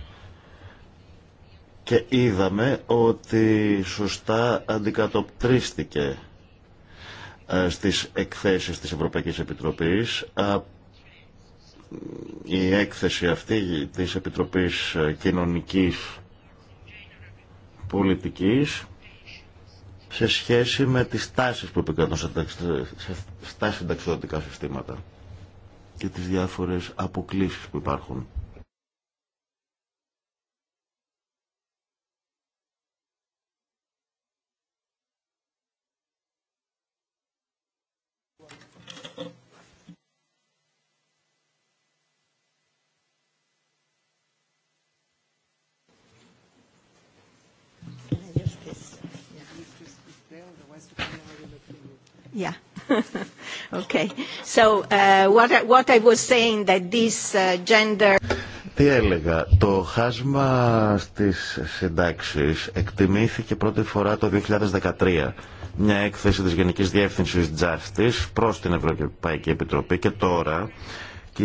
και είδαμε ότι σωστά αντικατοπτρίστηκε ε, στις εκθέσεις της Ευρωπαϊκής Επιτροπής η έκθεση αυτή της Επιτροπής Κοινωνικής Πολιτικής σε σχέση με τις τάσεις που επικρατούν στα συνταξιδοτικά συστήματα και τις διάφορες αποκλήσεις που υπάρχουν. Τι έλεγα, το χάσμα στις συντάξεις εκτιμήθηκε πρώτη φορά το 2013. Μια έκθεση της Γενικής Διεύθυνσης Justice προς την Ευρωπαϊκή Επιτροπή και τώρα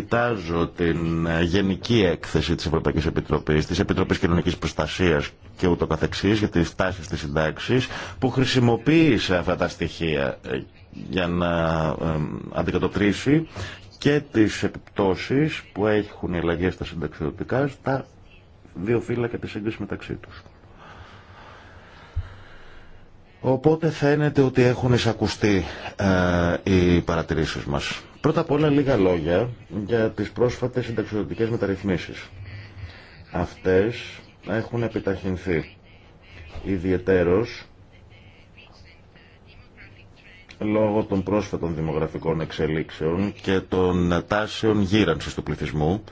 κοιτάζω την ε, γενική έκθεση της Ευρωπαϊκής Επιτροπής, της Επιτροπής Κοινωνικής Προστασίας και ούτω καθεξής για τις τάσεις της συντάξης που χρησιμοποίησε αυτά τα στοιχεία ε, για να ε, αντικατοπτρίσει και τις επιπτώσεις που έχουν οι αλλαγέ στα συνταξιδοτικά στα δύο φύλλα και τη σύγκριση μεταξύ τους. Οπότε φαίνεται ότι έχουν εισακουστεί ε, οι παρατηρήσεις μας. Πρώτα απ' όλα λίγα λόγια για τις πρόσφατες συνταξιδοτικές μεταρρυθμίσεις. Αυτές έχουν επιταχυνθεί ιδιαιτέρως λόγω των πρόσφατων δημογραφικών εξελίξεων και των τάσεων γύρανσης του πληθυσμού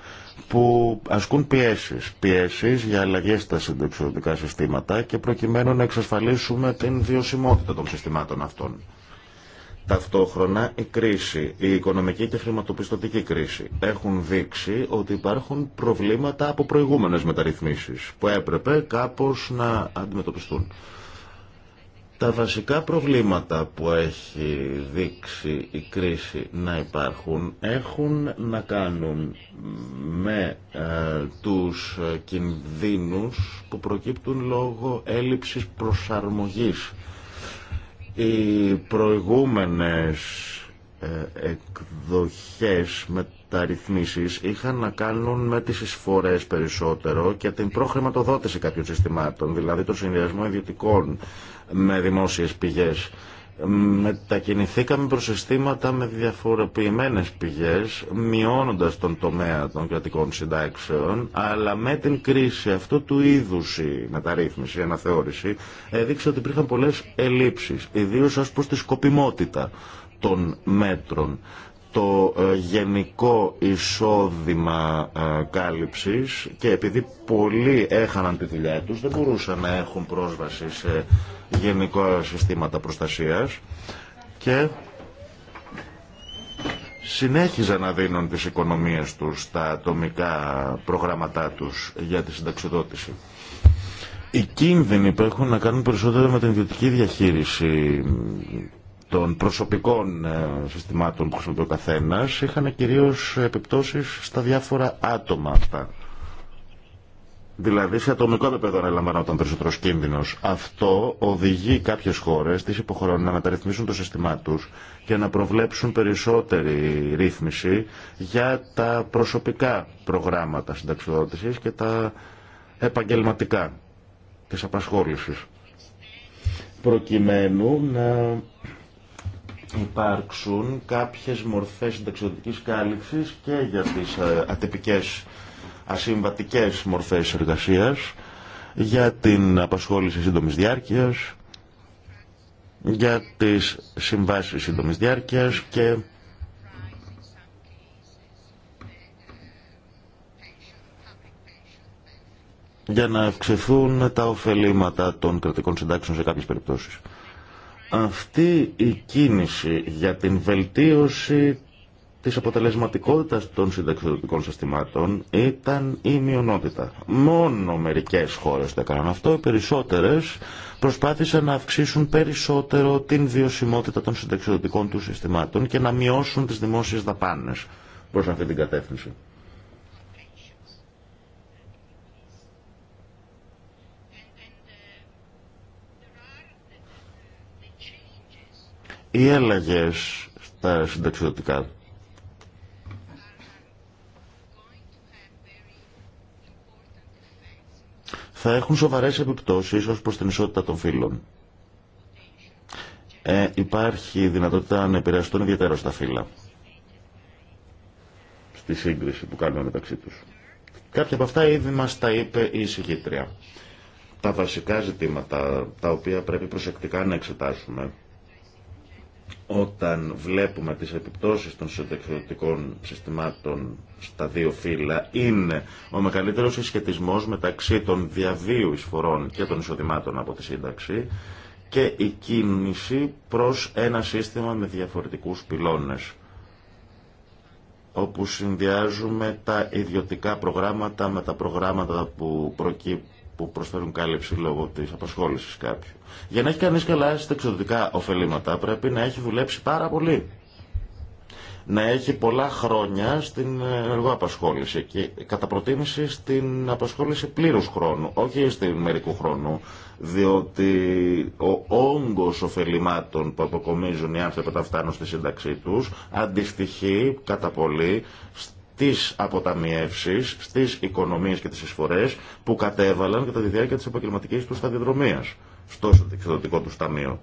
που ασκούν πιέσεις, πιέσεις για αλλαγές στα συνταξιδοτικά συστήματα και προκειμένου να εξασφαλίσουμε την βιωσιμότητα των συστημάτων αυτών. Ταυτόχρονα η κρίση, η οικονομική και χρηματοπιστωτική κρίση έχουν δείξει ότι υπάρχουν προβλήματα από προηγούμενες μεταρρυθμίσεις που έπρεπε κάπως να αντιμετωπιστούν. Τα βασικά προβλήματα που έχει δείξει η κρίση να υπάρχουν έχουν να κάνουν με ε, τους κινδύνους που προκύπτουν λόγω έλλειψης προσαρμογής οι προηγούμενες ε, εκδοχές μεταρρυθμίσεις είχαν να κάνουν με τις εισφορές περισσότερο και την προχρηματοδότηση κάποιων συστημάτων, δηλαδή το συνδυασμό ιδιωτικών με δημόσιες πηγές μετακινηθήκαμε προς συστήματα με διαφοροποιημένες πηγές, μειώνοντας τον τομέα των κρατικών συντάξεων, αλλά με την κρίση αυτού του είδους η μεταρρύθμιση, η αναθεώρηση, έδειξε ότι υπήρχαν πολλές ελλείψεις, ιδίως ως προς τη σκοπιμότητα των μέτρων το ε, γενικό εισόδημα ε, κάλυψης και επειδή πολλοί έχαναν τη δουλειά τους, δεν μπορούσαν να έχουν πρόσβαση σε γενικό συστήματα προστασίας και συνέχιζαν να δίνουν τις οικονομίες τους στα ατομικά προγράμματά τους για τη συνταξιδότηση. Οι κίνδυνοι που έχουν να κάνουν περισσότερο με την ιδιωτική διαχείριση των προσωπικών ε, συστημάτων που χρησιμοποιεί ο καθένα είχαν κυρίω επιπτώσει στα διάφορα άτομα αυτά. Δηλαδή, σε ατομικό επίπεδο αναλαμβανόταν περισσότερο κίνδυνο. Αυτό οδηγεί κάποιε χώρε, τι υποχρεώνει να μεταρρυθμίσουν το σύστημά του και να προβλέψουν περισσότερη ρύθμιση για τα προσωπικά προγράμματα συνταξιδότηση και τα επαγγελματικά τη απασχόληση. Προκειμένου να υπάρξουν κάποιες μορφές συνταξιδοτικής κάλυψης και για τις ε, ατυπικές ασυμβατικές μορφές εργασίας, για την απασχόληση σύντομης διάρκειας, για τις συμβάσεις σύντομης διάρκειας και για να αυξηθούν τα ωφελήματα των κρατικών συντάξεων σε κάποιες περιπτώσεις. Αυτή η κίνηση για την βελτίωση της αποτελεσματικότητας των συνταξιδοτικών συστημάτων ήταν η μειονότητα. Μόνο μερικές χώρες το έκαναν αυτό, οι περισσότερες προσπάθησαν να αυξήσουν περισσότερο την βιωσιμότητα των συνταξιδοτικών του συστημάτων και να μειώσουν τις δημόσιες δαπάνες προς αυτή την κατεύθυνση. Οι αλλαγέ στα συνταξιδοτικά θα έχουν σοβαρές επιπτώσεις ως προς την ισότητα των φύλων. Ε, υπάρχει δυνατότητα να επηρεαστούν ιδιαίτερα στα φύλλα στη σύγκριση που κάνουμε μεταξύ τους. Κάποια από αυτά ήδη μας τα είπε η εισηγήτρια. Τα βασικά ζητήματα τα οποία πρέπει προσεκτικά να εξετάσουμε όταν βλέπουμε τις επιπτώσεις των συνταξιδοτικών συστημάτων στα δύο φύλλα είναι ο μεγαλύτερο συσχετισμός μεταξύ των διαβίου εισφορών και των εισοδημάτων από τη σύνταξη και η κίνηση προς ένα σύστημα με διαφορετικούς πυλώνες όπου συνδυάζουμε τα ιδιωτικά προγράμματα με τα προγράμματα που προκύπτουν που προσφέρουν κάλυψη λόγω τη απασχόληση κάποιου. Για να έχει κανεί καλά στα εξωτερικά ωφελήματα πρέπει να έχει δουλέψει πάρα πολύ. Να έχει πολλά χρόνια στην ενεργό απασχόληση και κατά προτίμηση στην απασχόληση πλήρου χρόνου, όχι στην μερικού χρόνου, διότι ο όγκο ωφελημάτων που αποκομίζουν οι άνθρωποι όταν φτάνουν στη σύνταξή του αντιστοιχεί κατά πολύ τις αποταμιεύσεις στις οικονομίες και τις εισφορές που κατέβαλαν κατά τη διάρκεια της επαγγελματική του σταδιοδρομίας στο εξωτερικό του ταμείο.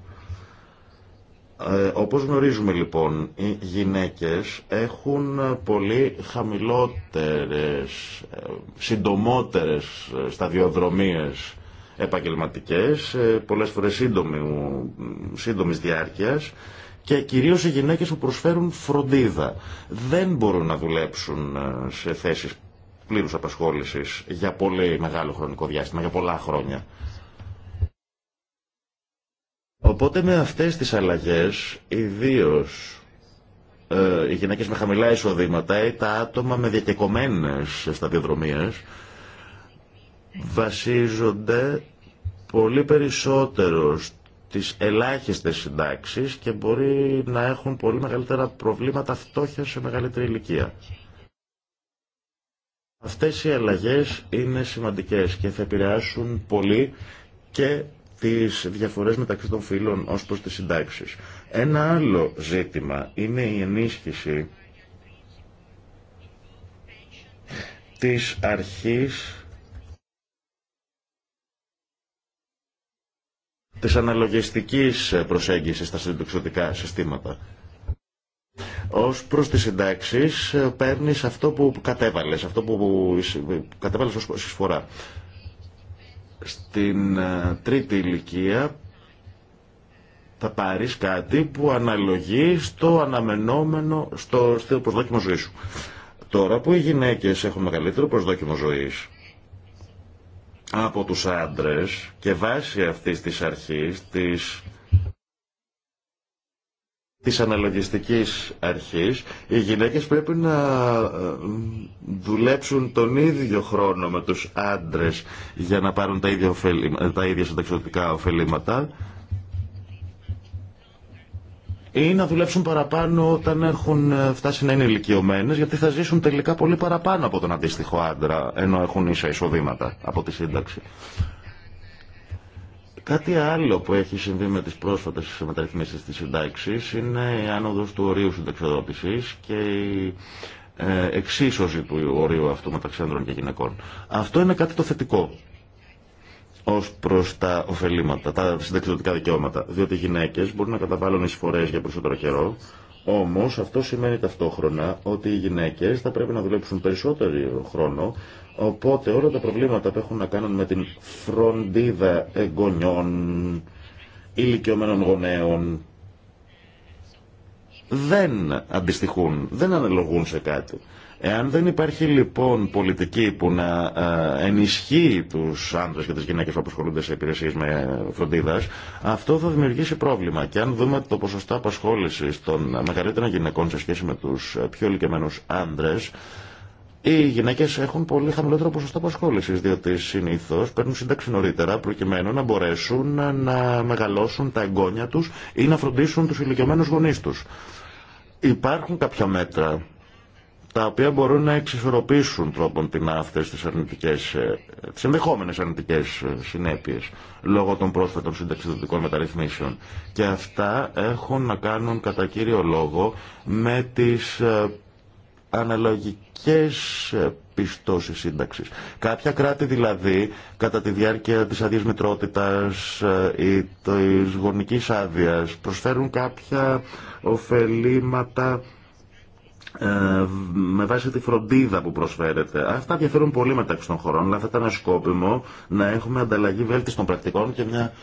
Ε, όπως γνωρίζουμε λοιπόν, οι γυναίκες έχουν πολύ χαμηλότερες, ε, συντομότερες ε, σταδιοδρομίες επαγγελματικές, ε, πολλές φορές σύντομης διάρκειας και κυρίω οι γυναίκες που προσφέρουν φροντίδα. Δεν μπορούν να δουλέψουν ε, σε θέσεις πλήρους απασχόλησης για πολύ μεγάλο χρονικό διάστημα, για πολλά χρόνια. Οπότε με αυτές τις αλλαγές, ιδίω, ε, οι γυναίκες με χαμηλά εισοδήματα ή τα άτομα με διακεκομένες σταδιοδρομίες βασίζονται πολύ περισσότερο τις ελάχιστες συντάξεις και μπορεί να έχουν πολύ μεγαλύτερα προβλήματα φτώχεια σε μεγαλύτερη ηλικία. Αυτές οι αλλαγές είναι σημαντικές και θα επηρεάσουν πολύ και τις διαφορές μεταξύ των φύλων ως προς τις συντάξεις. Ένα άλλο ζήτημα είναι η ενίσχυση της αρχής της αναλογιστικής ε, προσέγγισης στα συντοξιωτικά συστήματα. Ως προς τις συντάξει, ε, παίρνεις αυτό που κατέβαλες, αυτό που κατέβαλες ως εισφορά. Στην ε, τρίτη ηλικία θα πάρεις κάτι που αναλογεί στο αναμενόμενο, στο, στο προσδόκιμο ζωής σου. Τώρα που οι γυναίκες έχουν μεγαλύτερο προσδόκιμο ζωή από τους άντρες και βάσει αυτής της αρχής, της, της αναλογιστικής αρχής, οι γυναίκες πρέπει να ε, δουλέψουν τον ίδιο χρόνο με τους άντρες για να πάρουν τα ίδια, ωφελήμα, τα ίδια ωφελήματα ή να δουλέψουν παραπάνω όταν έχουν ε, φτάσει να είναι ηλικιωμένε, γιατί θα ζήσουν τελικά πολύ παραπάνω από τον αντίστοιχο άντρα, ενώ έχουν ίσα εισοδήματα από τη σύνταξη. Κάτι άλλο που έχει συμβεί με τις πρόσφατες μεταρρυθμίσεις της συντάξης είναι η άνοδος του ορίου συνταξιοδότησης και η ε, εξίσωση του ορίου αυτού μεταξύ άντρων και γυναικών. Αυτό είναι κάτι το θετικό ω προ τα ωφελήματα, τα συνταξιδοτικά δικαιώματα. Διότι οι γυναίκε μπορούν να καταβάλουν εισφορέ για περισσότερο καιρό, όμω αυτό σημαίνει ταυτόχρονα ότι οι γυναίκε θα πρέπει να δουλέψουν περισσότερο χρόνο, οπότε όλα τα προβλήματα που έχουν να κάνουν με την φροντίδα εγγονιών, ηλικιωμένων γονέων, δεν αντιστοιχούν, δεν αναλογούν σε κάτι. Εάν δεν υπάρχει λοιπόν πολιτική που να ε, ενισχύει του άντρε και τι γυναίκε που απασχολούνται σε υπηρεσίε με φροντίδα, αυτό θα δημιουργήσει πρόβλημα. Και αν δούμε το ποσοστό απασχόληση των μεγαλύτερων γυναικών σε σχέση με του πιο ηλικιωμένου άντρε, οι γυναίκε έχουν πολύ χαμηλότερο ποσοστό απασχόληση, διότι συνήθω παίρνουν σύνταξη νωρίτερα προκειμένου να μπορέσουν να μεγαλώσουν τα εγγόνια του ή να φροντίσουν του ηλικιωμένου γονεί του. Υπάρχουν κάποια μέτρα τα οποία μπορούν να εξισορροπήσουν τρόπον την αυτές τις, αρνητικές, ε, τις ενδεχόμενες αρνητικές ε, συνέπειες λόγω των πρόσφατων συνταξιδοτικών μεταρρυθμίσεων. Και αυτά έχουν να κάνουν κατά κύριο λόγο με τις ε, αναλογικές πιστώσεις σύνταξης. Κάποια κράτη δηλαδή κατά τη διάρκεια της άδειας μητρότητας ή της γονικής άδειας προσφέρουν κάποια ωφελήματα ε, με βάση τη φροντίδα που προσφέρεται. Αυτά διαφέρουν πολύ μεταξύ των χωρών, αλλά θα ήταν σκόπιμο να έχουμε ανταλλαγή των πρακτικών και μια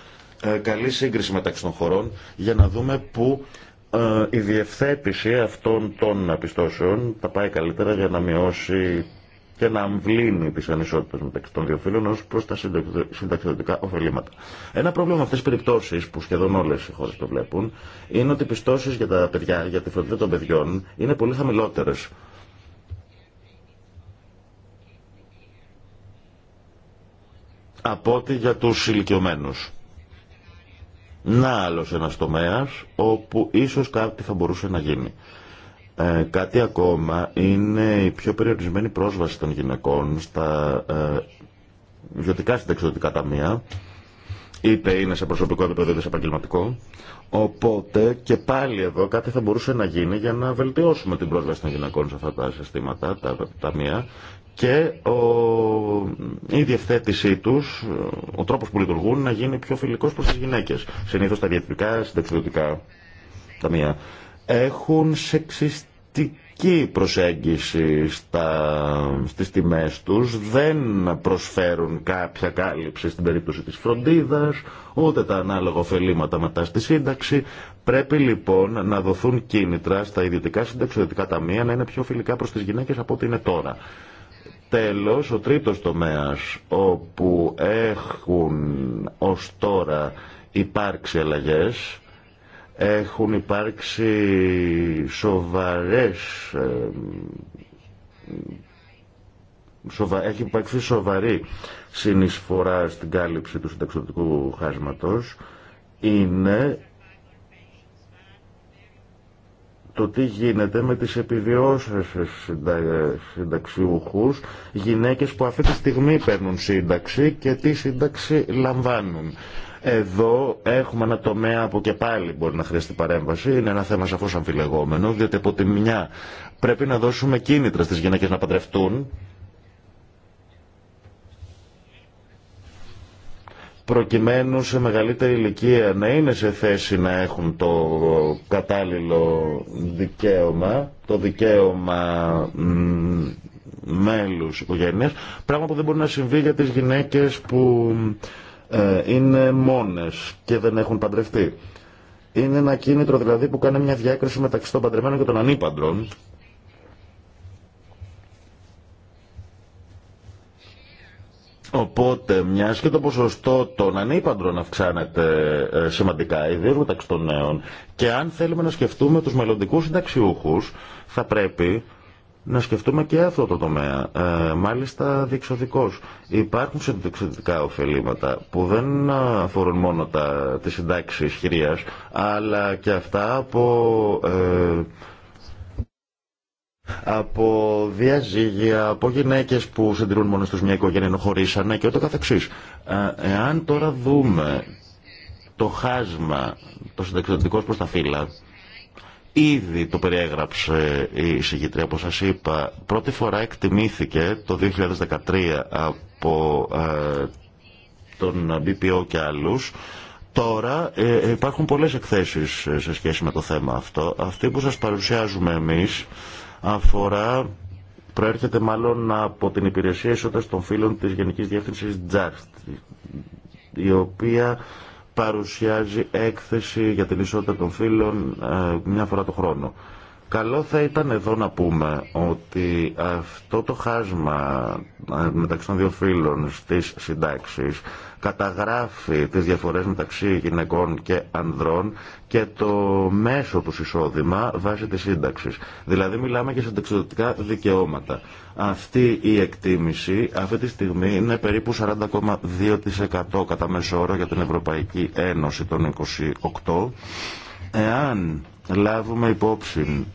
ε, καλή σύγκριση μεταξύ των χωρών για να δούμε πού ε, η διευθέτηση αυτών των απιστώσεων θα πάει καλύτερα για να μειώσει και να αμβλύνει τι ανισότητε μεταξύ των δύο φίλων ω προ τα συνταξιδοτικά ωφελήματα. Ένα πρόβλημα με αυτέ τι περιπτώσει που σχεδόν όλε οι χώρε το βλέπουν είναι ότι οι πιστώσει για τα παιδιά, για τη φροντίδα των παιδιών είναι πολύ χαμηλότερε. από ό,τι για του ηλικιωμένου. Να άλλο ένα τομέα, όπου ίσω κάτι θα μπορούσε να γίνει. Ε, κάτι ακόμα είναι η πιο περιορισμένη πρόσβαση των γυναικών στα ε, ιδιωτικά συνταξιδοτικά ταμεία, είτε είναι σε προσωπικό επίπεδο είτε σε επαγγελματικό. Οπότε και πάλι εδώ κάτι θα μπορούσε να γίνει για να βελτιώσουμε την πρόσβαση των γυναικών σε αυτά τα συστήματα, τα ταμεία και ο, η διευθέτησή του, ο τρόπο που λειτουργούν να γίνει πιο φιλικό προ τι γυναίκε. Συνήθω τα ιδιωτικά συνταξιδοτικά ταμεία έχουν σεξιστ η προσέγγιση στα, στις τιμές τους, δεν προσφέρουν κάποια κάλυψη στην περίπτωση της φροντίδας, ούτε τα ανάλογα ωφελήματα μετά στη σύνταξη. Πρέπει λοιπόν να δοθούν κίνητρα στα ιδιωτικά συνταξιδετικά ταμεία να είναι πιο φιλικά προς τις γυναίκες από ό,τι είναι τώρα. Τέλος, ο τρίτος τομέας όπου έχουν ως τώρα υπάρξει αλλαγές έχουν υπάρξει σοβαρές έχει υπάρξει σοβαρή συνεισφορά στην κάλυψη του συνταξιδοτικού χάσματος είναι το τι γίνεται με τις επιβιώσεις συντα... συνταξιούχους, γυναίκες που αυτή τη στιγμή παίρνουν σύνταξη και τι σύνταξη λαμβάνουν. Εδώ έχουμε ένα τομέα που και πάλι μπορεί να χρειαστεί παρέμβαση. Είναι ένα θέμα σαφώ αμφιλεγόμενο, διότι από τη μια πρέπει να δώσουμε κίνητρα στι γυναίκε να παντρευτούν. προκειμένου σε μεγαλύτερη ηλικία να είναι σε θέση να έχουν το κατάλληλο δικαίωμα, το δικαίωμα μέλους οικογένειας, πράγμα που δεν μπορεί να συμβεί για τις γυναίκες που ε, είναι μόνες και δεν έχουν παντρευτεί. Είναι ένα κίνητρο δηλαδή που κάνει μια διάκριση μεταξύ των παντρεμένων και των ανήπαντρων. Οπότε, μια και το ποσοστό των ανήπαντρων αυξάνεται ε, σημαντικά, ιδίω μεταξύ των νέων, και αν θέλουμε να σκεφτούμε τους μελλοντικού συνταξιούχου, θα πρέπει να σκεφτούμε και αυτό το τομέα, ε, μάλιστα διεξοδικώς. Υπάρχουν συνδεξιδικά ωφελήματα που δεν αφορούν μόνο τα, τις συντάξεις χειρίας, αλλά και αυτά από... Ε, από διαζύγια, από γυναίκες που συντηρούν μόνο στους μια οικογένεια ενώ χωρίσανε και ούτω καθεξής. Ε, εάν τώρα δούμε το χάσμα, το συνταξιδοτικό προς τα φύλλα, Ήδη το περιέγραψε η συγκητρία, όπως σας είπα. Πρώτη φορά εκτιμήθηκε το 2013 από ε, τον BPO και άλλους. Τώρα ε, υπάρχουν πολλές εκθέσεις σε σχέση με το θέμα αυτό. Αυτή που σας παρουσιάζουμε εμείς αφορά προέρχεται μάλλον από την υπηρεσία ισότητας των φίλων της Γενικής Διεύθυνσης JAST, η οποία παρουσιάζει έκθεση για την ισότητα των φύλων ε, μια φορά το χρόνο. Καλό θα ήταν εδώ να πούμε ότι αυτό το χάσμα ε, μεταξύ των δύο φίλων στις συντάξεις καταγράφει τις διαφορές μεταξύ γυναικών και ανδρών και το μέσο του εισόδημα βάσει της σύνταξης. Δηλαδή μιλάμε για συνταξιδοτικά δικαιώματα. Αυτή η εκτίμηση αυτή τη στιγμή είναι περίπου 40,2% κατά μέσο όρο για την Ευρωπαϊκή Ένωση των 28. Εάν λάβουμε υπόψη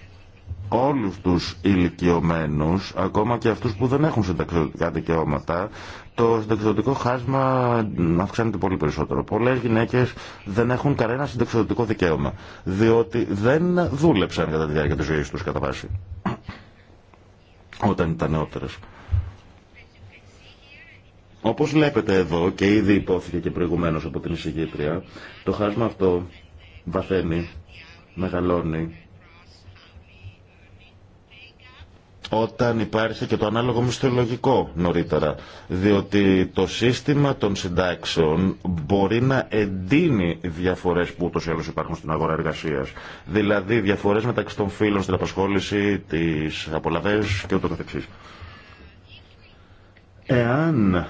όλους τους ηλικιωμένους, ακόμα και αυτούς που δεν έχουν συνταξιδοτικά δικαιώματα, το συντεξιδοτικό χάσμα αυξάνεται πολύ περισσότερο. Πολλές γυναίκες δεν έχουν κανένα συντεξιδοτικό δικαίωμα, διότι δεν δούλεψαν κατά τη διάρκεια της ζωής τους κατά βάση, όταν ήταν νεότερες. Όπω βλέπετε εδώ και ήδη υπόθηκε και προηγουμένω από την εισηγήτρια, το χάσμα αυτό βαθαίνει, μεγαλώνει όταν υπάρχει και το ανάλογο μισθολογικό νωρίτερα. Διότι το σύστημα των συντάξεων μπορεί να εντείνει διαφορές που ούτως ή άλλως υπάρχουν στην αγορά εργασίας. Δηλαδή διαφορές μεταξύ των φύλων στην απασχόληση, τι απολαβές και ούτω καθεξής. Εάν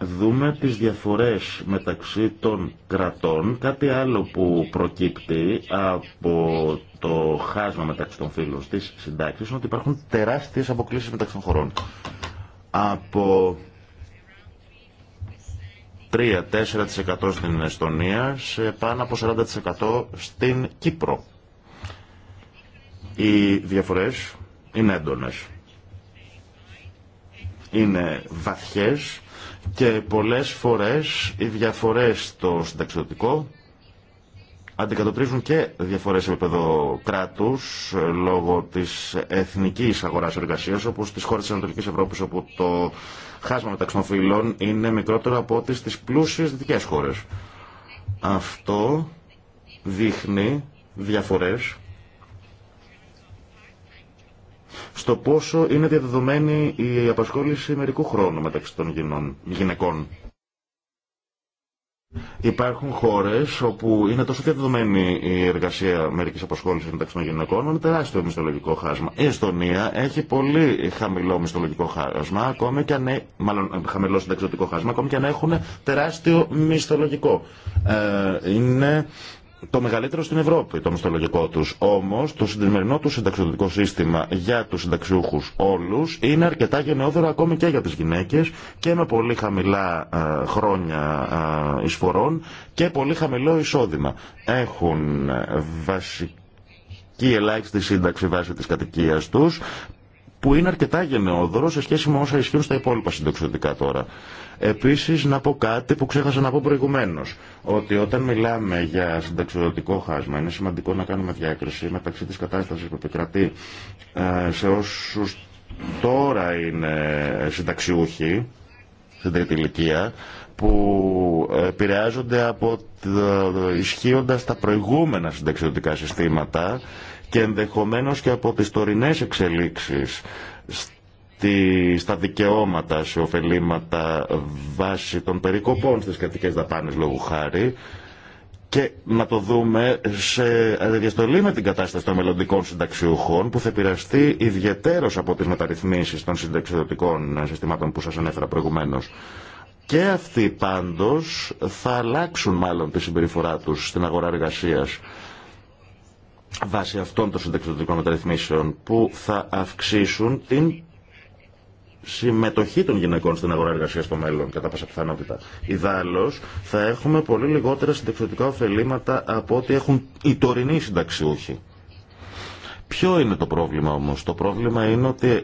δούμε τις διαφορές μεταξύ των κρατών, κάτι άλλο που προκύπτει από το χάσμα μεταξύ των φίλων της συντάξεις, είναι ότι υπάρχουν τεράστιες αποκλήσεις μεταξύ των χωρών. Από 3-4% στην Εστονία σε πάνω από 40% στην Κύπρο. Οι διαφορές είναι έντονες. Είναι βαθιές και πολλές φορές οι διαφορές στο συνταξιδοτικό αντικατοπτρίζουν και διαφορές επίπεδο κράτους ε, λόγω της εθνικής αγοράς εργασίας όπως στις χώρες της Ανατολικής Ευρώπης όπου το χάσμα μεταξύ των φύλων είναι μικρότερο από ό,τι στις πλούσιες δυτικές χώρες. Αυτό δείχνει διαφορές στο πόσο είναι διαδεδομένη η απασχόληση μερικού χρόνου μεταξύ των γυναικών. Υπάρχουν χώρε όπου είναι τόσο διαδεδομένη η εργασία μερική απασχόληση μεταξύ των γυναικών είναι τεράστιο μισθολογικό χάσμα. Η Εστονία έχει πολύ χαμηλό μισθολογικό χάσμα, ακόμη και αν μάλλον ε, χαμηλό χάσμα, ακόμη και αν έχουν τεράστιο μισθολογικό. Ε, είναι το μεγαλύτερο στην Ευρώπη το μισθολογικό του. Όμω το σημερινό του συνταξιδοτικό σύστημα για του συνταξιούχου όλου είναι αρκετά γενναιόδωρο ακόμη και για τι γυναίκε και με πολύ χαμηλά ε, χρόνια ε, εισφορών και πολύ χαμηλό εισόδημα. Έχουν ε, βασική ελάχιστη σύνταξη βάσει τη κατοικία του που είναι αρκετά γενναιόδωρο σε σχέση με όσα ισχύουν στα υπόλοιπα συνταξιδοτικά τώρα. Επίσης να πω κάτι που ξέχασα να πω προηγουμένως, ότι όταν μιλάμε για συνταξιδοτικό χάσμα είναι σημαντικό να κάνουμε διάκριση μεταξύ της κατάστασης που επικρατεί ε, σε όσους τώρα είναι συνταξιούχοι, στην τρίτη ηλικία, που επηρεάζονται από ισχύοντας τα προηγούμενα συνταξιδοτικά συστήματα και ενδεχομένως και από τις τωρινές εξελίξεις στα δικαιώματα, σε ωφελήματα βάσει των περικοπών στις κρατικές δαπάνες λόγου χάρη και να το δούμε σε διαστολή με την κατάσταση των μελλοντικών συνταξιούχων που θα επηρεαστεί ιδιαίτερο από τις μεταρρυθμίσεις των συνταξιδοτικών συστημάτων που σας ανέφερα προηγουμένως. Και αυτοί πάντως θα αλλάξουν μάλλον τη συμπεριφορά τους στην αγορά εργασίας βάσει αυτών των συνταξιδοτικών μεταρρυθμίσεων που θα αυξήσουν την συμμετοχή των γυναικών στην αγορά εργασία στο μέλλον, κατά πάσα πιθανότητα. Ιδάλω, θα έχουμε πολύ λιγότερα συνταξιωτικά ωφελήματα από ό,τι έχουν οι τωρινοί συνταξιούχοι. Ποιο είναι το πρόβλημα όμως. Το πρόβλημα είναι ότι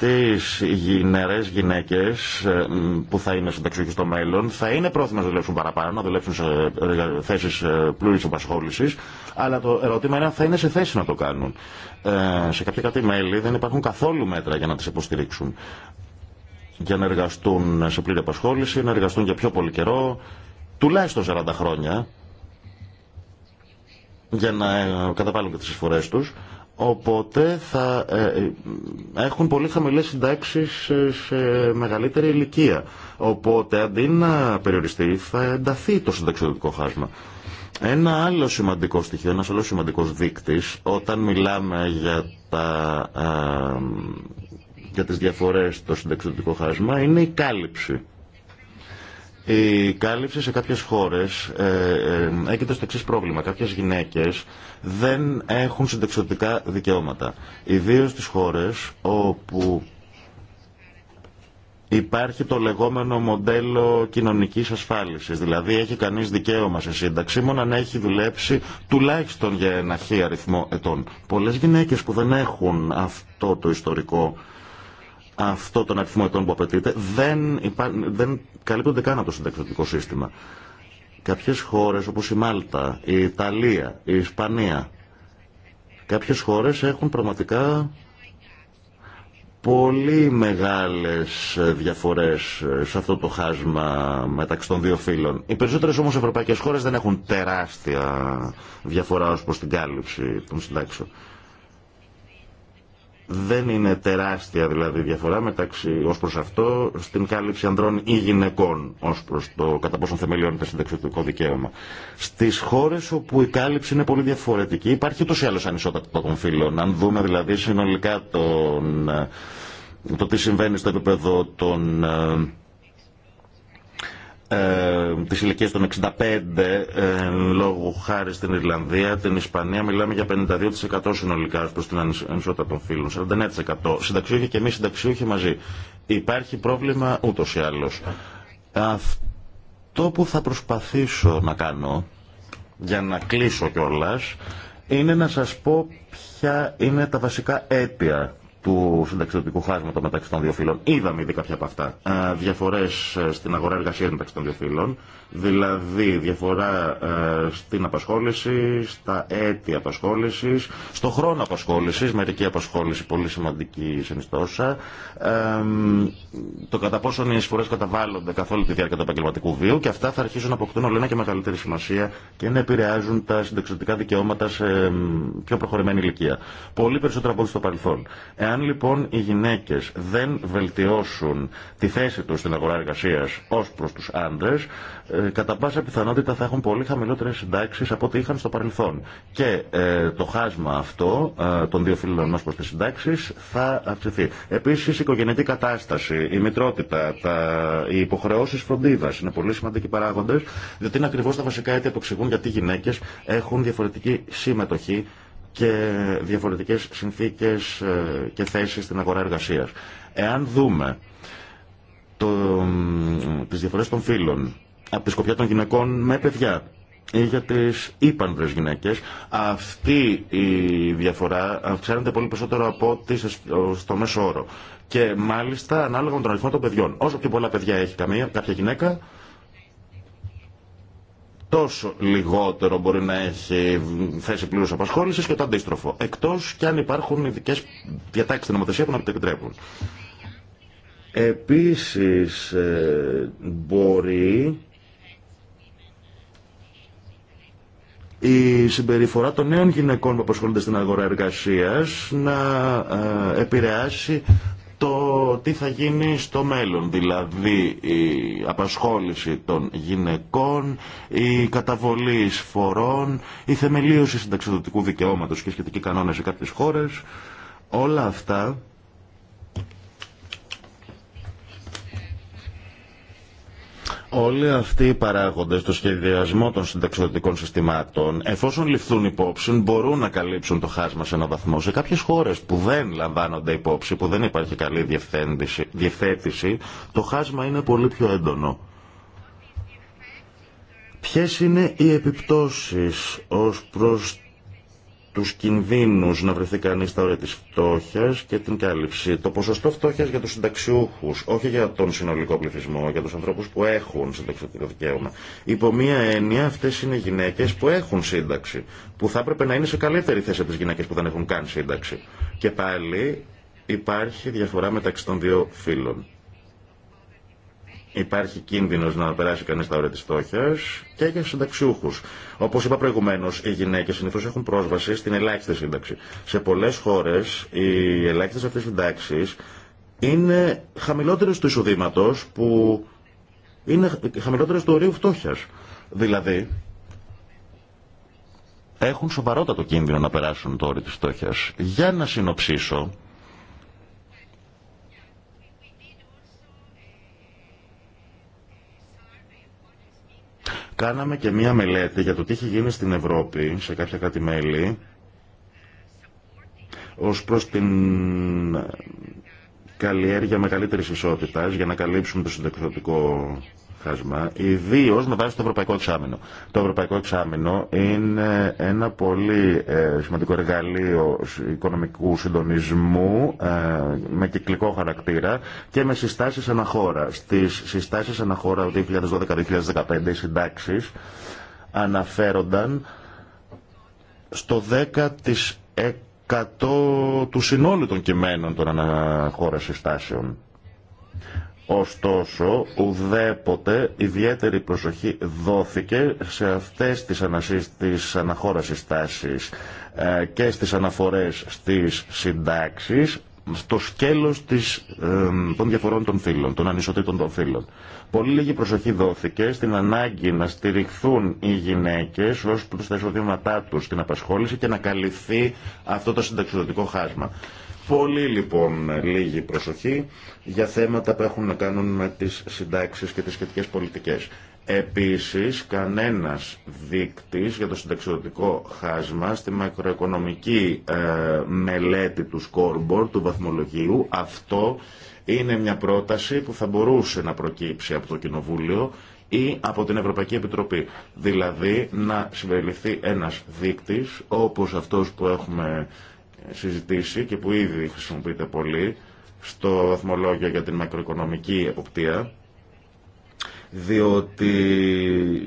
τις νεαρές γυναίκες ε, που θα είναι συνταξιούχοι στο μέλλον θα είναι πρόθυμες να δουλέψουν παραπάνω, να δουλέψουν σε ε, θέσεις ε, πλούρης απασχόλησης, αλλά το ερώτημα είναι αν θα είναι σε θέση να το κάνουν. Ε, σε κάποια κάτι μέλη δεν υπάρχουν καθόλου μέτρα για να τις υποστηρίξουν. Για να εργαστούν σε πλήρη απασχόληση, να εργαστούν για πιο πολύ καιρό, τουλάχιστον 40 χρόνια, για να καταβάλουν και τις εισφορές τους, Οπότε θα ε, ε, έχουν πολύ χαμηλές συντάξεις σε μεγαλύτερη ηλικία. Οπότε αντί να περιοριστεί θα ενταθεί το συνταξιδοτικό χάσμα. Ένα άλλο σημαντικό στοιχείο, ένας άλλο σημαντικός δείκτης, όταν μιλάμε για, τα, ε, για τις διαφορές στο συνταξιδοτικό χάσμα, είναι η κάλυψη. Η κάλυψη σε κάποιες χώρες ε, ε, έχει το εξή πρόβλημα. Κάποιες γυναίκες δεν έχουν συντεξιωτικά δικαιώματα. Ιδίως στις χώρες όπου υπάρχει το λεγόμενο μοντέλο κοινωνικής ασφάλισης. Δηλαδή έχει κανείς δικαίωμα σε σύνταξη μόνο αν έχει δουλέψει τουλάχιστον για ένα χι αριθμό ετών. Πολλές γυναίκες που δεν έχουν αυτό το ιστορικό αυτό τον αριθμό ετών που απαιτείται, δεν, υπά... δεν καλύπτονται καν από το συνταξιδοτικό σύστημα. Κάποιες χώρες όπως η Μάλτα, η Ιταλία, η Ισπανία, Κάποιε χώρε έχουν πραγματικά πολύ μεγάλες ε, διαφορές ε, σε αυτό το χάσμα μεταξύ των δύο φύλων. Οι περισσότερες όμως ευρωπαϊκές χώρες δεν έχουν τεράστια διαφορά ως προς την κάλυψη των συντάξεων. Δεν είναι τεράστια δηλαδή διαφορά μεταξύ ως προς αυτό στην κάλυψη ανδρών ή γυναικών ως προς το κατά πόσο θεμελιώνεται συνταξιωτικό δικαίωμα. Στις χώρες όπου η κάλυψη είναι πολύ διαφορετική υπάρχει ούτως ή άλλως ανισότητα των φύλων. Αν δούμε δηλαδή συνολικά τον, ε, το τι συμβαίνει στο επίπεδο των ε, ε, τις ηλικίες των 65 ε, λόγω χάρη στην Ιρλανδία, την Ισπανία μιλάμε για 52% συνολικά προ προς την ανισότητα των φύλων, 49% συνταξιούχοι και μη συνταξιούχοι μαζί. Υπάρχει πρόβλημα ούτως ή άλλως. Αυτό που θα προσπαθήσω να κάνω για να κλείσω κιόλα είναι να σας πω ποια είναι τα βασικά αίτια του συνταξιδοτικού χάσματο μεταξύ των δύο φύλων. Είδαμε ήδη κάποια από αυτά. Διαφορέ ε, στην αγορά εργασία μεταξύ των δύο φύλων, δηλαδή διαφορά ε, στην απασχόληση, στα έτη απασχόληση, στο χρόνο απασχόληση, μερική απασχόληση πολύ σημαντική συνιστόσα, το κατά πόσον οι εισφορέ καταβάλλονται καθ' όλη τη διάρκεια του επαγγελματικού βίου και αυτά θα αρχίσουν να αποκτούν όλο ένα και μεγαλύτερη σημασία και να επηρεάζουν τα συνταξιδοτικά δικαιώματα σε πιο προχωρημένη ηλικία. Πολύ περισσότερο από ό,τι στο παρελθόν. Εάν λοιπόν οι γυναίκες δεν βελτιώσουν τη θέση τους στην αγορά εργασίας ως προς τους άντρες, ε, κατά πάσα πιθανότητα θα έχουν πολύ χαμηλότερες συντάξεις από ό,τι είχαν στο παρελθόν. Και ε, το χάσμα αυτό ε, των δύο φίλων μας προς τις συντάξεις θα αυξηθεί. Επίσης η οικογενειακή κατάσταση, η μητρότητα, τα, οι υποχρεώσεις φροντίδας είναι πολύ σημαντικοί παράγοντες, διότι είναι ακριβώς τα βασικά αίτια που εξηγούν γιατί οι γυναίκες έχουν διαφορετική συμμετοχή και διαφορετικές συνθήκες ε, και θέσεις στην αγορά εργασίας. Εάν δούμε το, τις διαφορές των φύλων από τη σκοπιά των γυναικών με παιδιά ή για τις ύπανδρες γυναίκες, αυτή η διαφορά αυξάνεται πολύ περισσότερο από ό,τι στο μέσο όρο. Και μάλιστα ανάλογα με τον αριθμό των παιδιών. Όσο πιο πολλά παιδιά έχει καμία, κάποια γυναίκα, τόσο λιγότερο μπορεί να έχει θέση πλήρου απασχόληση και το αντίστροφο. Εκτό κι αν υπάρχουν ειδικέ διατάξει στην νομοθεσία που να το επιτρέπουν. Επίση, ε, μπορεί η συμπεριφορά των νέων γυναικών που απασχολούνται στην αγορά εργασία, να ε, επηρεάσει το τι θα γίνει στο μέλλον, δηλαδή η απασχόληση των γυναικών, η καταβολή φορών, η θεμελίωση συνταξιδοτικού δικαιώματος και σχετικοί κανόνες σε κάποιες χώρες, όλα αυτά Όλοι αυτοί οι παράγοντε στο σχεδιασμό των συνταξιδοτικών συστημάτων, εφόσον ληφθούν υπόψη, μπορούν να καλύψουν το χάσμα σε έναν βαθμό. Σε κάποιε χώρε που δεν λαμβάνονται υπόψη, που δεν υπάρχει καλή διευθέτηση, το χάσμα είναι πολύ πιο έντονο. Ποιε είναι οι επιπτώσεις ως προς τους κινδύνους να βρεθεί κανείς στα όρια της φτώχειας και την κάλυψη. Το ποσοστό φτώχειας για τους συνταξιούχους, όχι για τον συνολικό πληθυσμό, για τους ανθρώπους που έχουν συνταξιωτικό δικαίωμα. Υπό μία έννοια αυτές είναι οι γυναίκες που έχουν σύνταξη, που θα έπρεπε να είναι σε καλύτερη θέση από τις γυναίκες που δεν έχουν καν σύνταξη. Και πάλι υπάρχει διαφορά μεταξύ των δύο φύλων υπάρχει κίνδυνο να περάσει κανεί τα όρια τη φτώχεια και για συνταξιούχου. Όπω είπα προηγουμένω, οι γυναίκε συνήθω έχουν πρόσβαση στην ελάχιστη σύνταξη. Σε πολλέ χώρε οι ελάχιστε αυτέ συντάξει είναι χαμηλότερε του εισοδήματο που είναι χαμηλότερε του ορίου φτώχεια. Δηλαδή, έχουν σοβαρότατο κίνδυνο να περάσουν το όριο τη φτώχεια. Για να συνοψίσω, Κάναμε και μία μελέτη για το τι έχει γίνει στην Ευρώπη, σε κάποια κάτι μέλη, ως προς την καλλιέργεια μεγαλύτερης ισότητας για να καλύψουμε το συντεκδοτικό χάσμα, ιδίω με βάση το Ευρωπαϊκό Εξάμεινο. Το Ευρωπαϊκό Εξάμεινο είναι ένα πολύ ε, σημαντικό εργαλείο οικονομικού συντονισμού ε, με κυκλικό χαρακτήρα και με συστάσεις αναχώρα. Στι συστάσεις αναχώρα 2012-2015 οι συντάξει αναφέρονταν στο 10% του συνόλου των κειμένων των αναχώρα συστάσεων. Ωστόσο, ουδέποτε ιδιαίτερη προσοχή δόθηκε σε αυτές τις, αναχώρασει τις αναχώρασεις τάσεις ε, και στις αναφορές στις συντάξεις στο σκέλος της, των διαφορών των φύλων, των ανισοτήτων των φύλων. Πολύ λίγη προσοχή δόθηκε στην ανάγκη να στηριχθούν οι γυναίκες ως προς τα εισοδήματά τους στην απασχόληση και να καλυφθεί αυτό το συνταξιδοτικό χάσμα. Πολύ λοιπόν λίγη προσοχή για θέματα που έχουν να κάνουν με τις συντάξεις και τις σχετικές πολιτικές. Επίσης, κανένας δείκτης για το συνταξιδοτικό χάσμα στη μακροοικονομική ε, μελέτη του scoreboard, του βαθμολογίου, αυτό είναι μια πρόταση που θα μπορούσε να προκύψει από το Κοινοβούλιο ή από την Ευρωπαϊκή Επιτροπή. Δηλαδή, να συμπεριληφθεί ένας δείκτης, όπως αυτός που έχουμε συζητήσει και που ήδη χρησιμοποιείται πολύ στο βαθμολόγιο για την μακροοικονομική εποπτεία διότι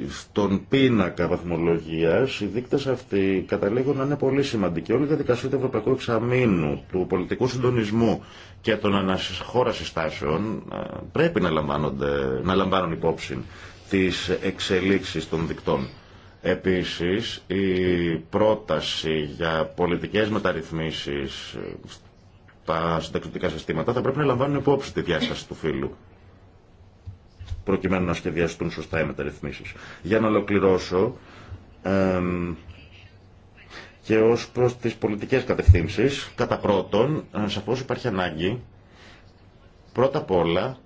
στον πίνακα βαθμολογίας οι δείκτες αυτοί καταλήγουν να είναι πολύ σημαντικοί. Όλη η διαδικασία του Ευρωπαϊκού Εξαμήνου, του πολιτικού συντονισμού και των ανασυχώρα συστάσεων ε, πρέπει να, να λαμβάνουν υπόψη τις εξελίξεις των δικτών. Επίσης, η πρόταση για πολιτικές μεταρρυθμίσεις στα συνταξιωτικά συστήματα θα πρέπει να λαμβάνουν υπόψη τη διάσταση του φύλου προκειμένου να σχεδιαστούν σωστά οι μεταρρυθμίσεις. Για να ολοκληρώσω και ως προς τις πολιτικές κατευθύνσεις, κατά πρώτον, ε, σαφώς υπάρχει ανάγκη πρώτα απ' όλα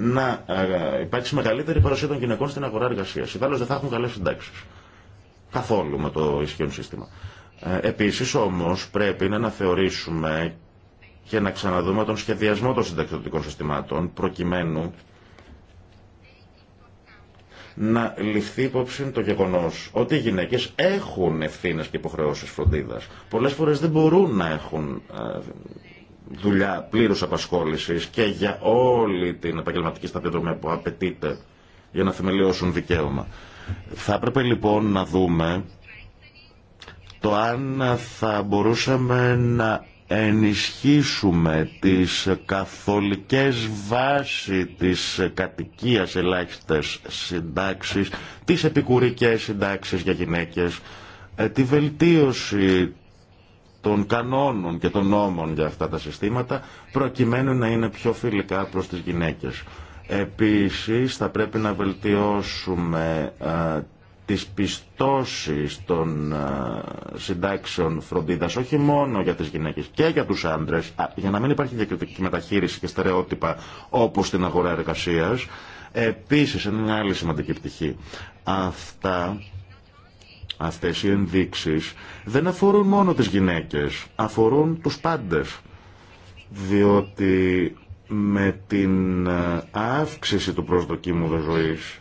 να ε, υπάρξει μεγαλύτερη παρουσία των γυναικών στην αγορά εργασία. Ιδάλω δεν θα έχουν καλέ συντάξει. Καθόλου με το ισχύον σύστημα. Ε, Επίση όμω πρέπει να αναθεωρήσουμε και να ξαναδούμε τον σχεδιασμό των συνταξιδοτικών συστημάτων προκειμένου να ληφθεί υπόψη το γεγονό ότι οι γυναίκε έχουν ευθύνε και υποχρεώσει φροντίδα. Πολλέ φορέ δεν μπορούν να έχουν ε, δουλειά πλήρου απασχόληση και για όλη την επαγγελματική σταδιοδρομία που απαιτείται για να θεμελιώσουν δικαίωμα. Θα έπρεπε λοιπόν να δούμε το αν θα μπορούσαμε να ενισχύσουμε τις καθολικές βάσεις της κατοικίας ελάχιστες συντάξεις, τις επικουρικές συντάξεις για γυναίκες, ε, τη βελτίωση των κανόνων και των νόμων για αυτά τα συστήματα προκειμένου να είναι πιο φιλικά προς τις γυναίκες. Επίσης θα πρέπει να βελτιώσουμε τις πιστώσεις των συντάξεων φροντίδας όχι μόνο για τις γυναίκες και για τους άντρες για να μην υπάρχει διακριτική μεταχείριση και στερεότυπα όπως στην αγορά εργασίας. Επίσης είναι μια άλλη σημαντική πτυχή. Αυτά Αυτές οι ενδείξεις δεν αφορούν μόνο τις γυναίκες, αφορούν τους πάντες. Διότι με την ε, αύξηση του προσδοκίμου δε ζωής,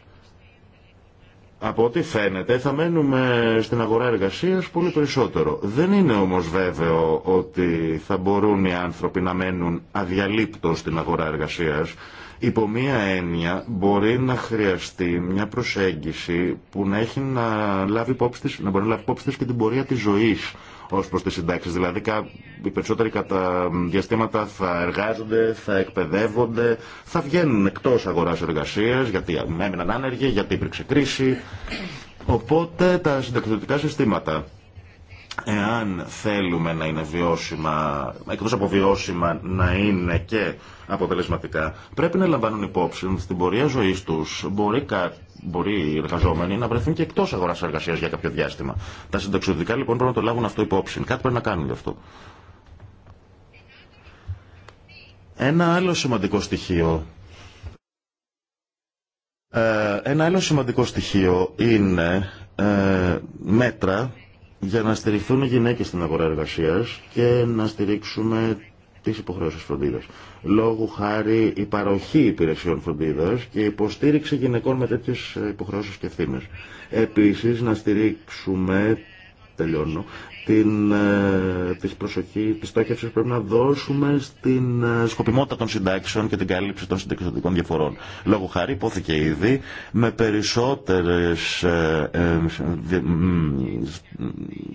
από ό,τι φαίνεται θα μένουμε στην αγορά εργασίας πολύ περισσότερο. Δεν είναι όμως βέβαιο ότι θα μπορούν οι άνθρωποι να μένουν αδιαλείπτως στην αγορά εργασίας. Υπό μία έννοια μπορεί να χρειαστεί μια προσέγγιση που να έχει να λάβει υπόψη να μπορεί να λάβει υπόψη της και την πορεία της ζωής ως προς τις συντάξεις. Δηλαδή οι περισσότεροι κατά διαστήματα θα εργάζονται, θα εκπαιδεύονται, θα βγαίνουν εκτός αγοράς εργασίας γιατί έμειναν άνεργοι, γιατί υπήρξε κρίση. Οπότε τα συνταξιδοτικά συστήματα εάν θέλουμε να είναι βιώσιμα, εκτός από βιώσιμα να είναι και αποτελεσματικά, πρέπει να λαμβάνουν υπόψη στην πορεία ζωής τους μπορεί κα... Μπορεί οι εργαζόμενοι να βρεθούν και εκτό αγορά εργασία για κάποιο διάστημα. Τα συνταξιδικά λοιπόν πρέπει να το λάβουν αυτό υπόψη. Κάτι πρέπει να κάνουν γι' αυτό. Ένα άλλο σημαντικό στοιχείο ε, ένα άλλο σημαντικό στοιχείο είναι ε, μέτρα για να στηριχθούν οι γυναίκες στην αγορά εργασίας και να στηρίξουμε τις υποχρεώσεις φροντίδας. Λόγου χάρη η παροχή υπηρεσιών φροντίδας και υποστήριξη γυναικών με τέτοιες υποχρεώσεις και ευθύνες. Επίσης να στηρίξουμε τελειώνω, την, ε, της προσοχή, τη στόχευση πρέπει να δώσουμε στην ε, σκοπιμότητα των συντάξεων και την κάλυψη των συνταξιδοτικών διαφορών. Λόγω χάρη υπόθηκε ήδη με περισσότερες ε, ε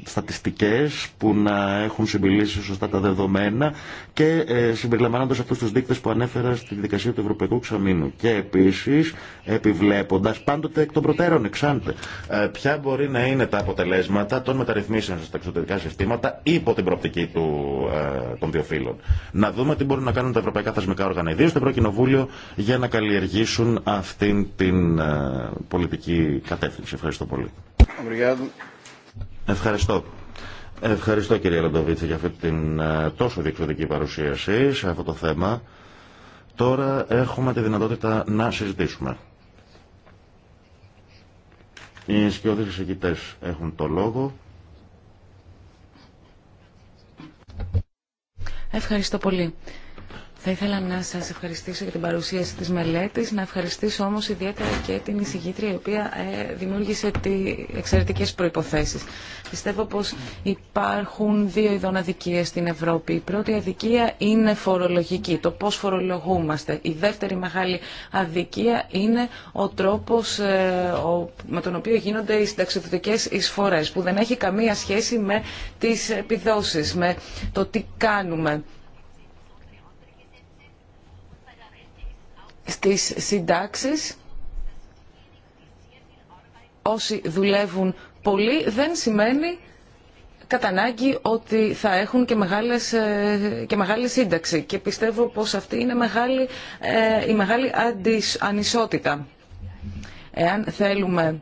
στατιστικές που να έχουν συμπηλήσει σωστά τα δεδομένα και ε, συμπεριλαμβάνοντας αυτούς τους δείκτες που ανέφερα στη δικασία του Ευρωπαϊκού Ξαμήνου και επίσης επιβλέποντας πάντοτε εκ των προτέρων εξάντε ποια μπορεί να είναι τα αποτελέσματα των μεταρρυθμίσεων στα εκλογικά συστήματα υπό την προοπτική του, ε, των δύο φύλων. Να δούμε τι μπορούν να κάνουν τα ευρωπαϊκά θεσμικά όργανα, ιδίω το Ευρωκοινοβούλιο, για να καλλιεργήσουν αυτήν την ε, πολιτική κατεύθυνση. Ευχαριστώ πολύ. Ευχαριστώ. Ευχαριστώ κύριε Λαντοβίτση για αυτή την ε, τόσο διεξοδική παρουσίαση σε αυτό το θέμα. Τώρα έχουμε τη δυνατότητα να συζητήσουμε. Οι σκιώδεις εισηγητές έχουν το λόγο. Ευχαριστώ πολύ. Θα ήθελα να σας ευχαριστήσω για την παρουσίαση της μελέτης, να ευχαριστήσω όμως ιδιαίτερα και την εισηγήτρια η οποία ε, δημιούργησε τι εξαιρετικές προϋποθέσεις. Πιστεύω πως υπάρχουν δύο ειδών αδικίες στην Ευρώπη. Η πρώτη αδικία είναι φορολογική, το πώς φορολογούμαστε. Η δεύτερη μεγάλη αδικία είναι ο τρόπος ε, με τον οποίο γίνονται οι συνταξιδοτικές εισφορές, που δεν έχει καμία σχέση με τις επιδόσεις, με το τι κάνουμε. στις συντάξεις όσοι δουλεύουν πολύ δεν σημαίνει κατά ανάγκη ότι θα έχουν και, μεγάλες, ε, και μεγάλη σύνταξη. Και πιστεύω πως αυτή είναι μεγάλη, ε, η μεγάλη ανισότητα. Εάν θέλουμε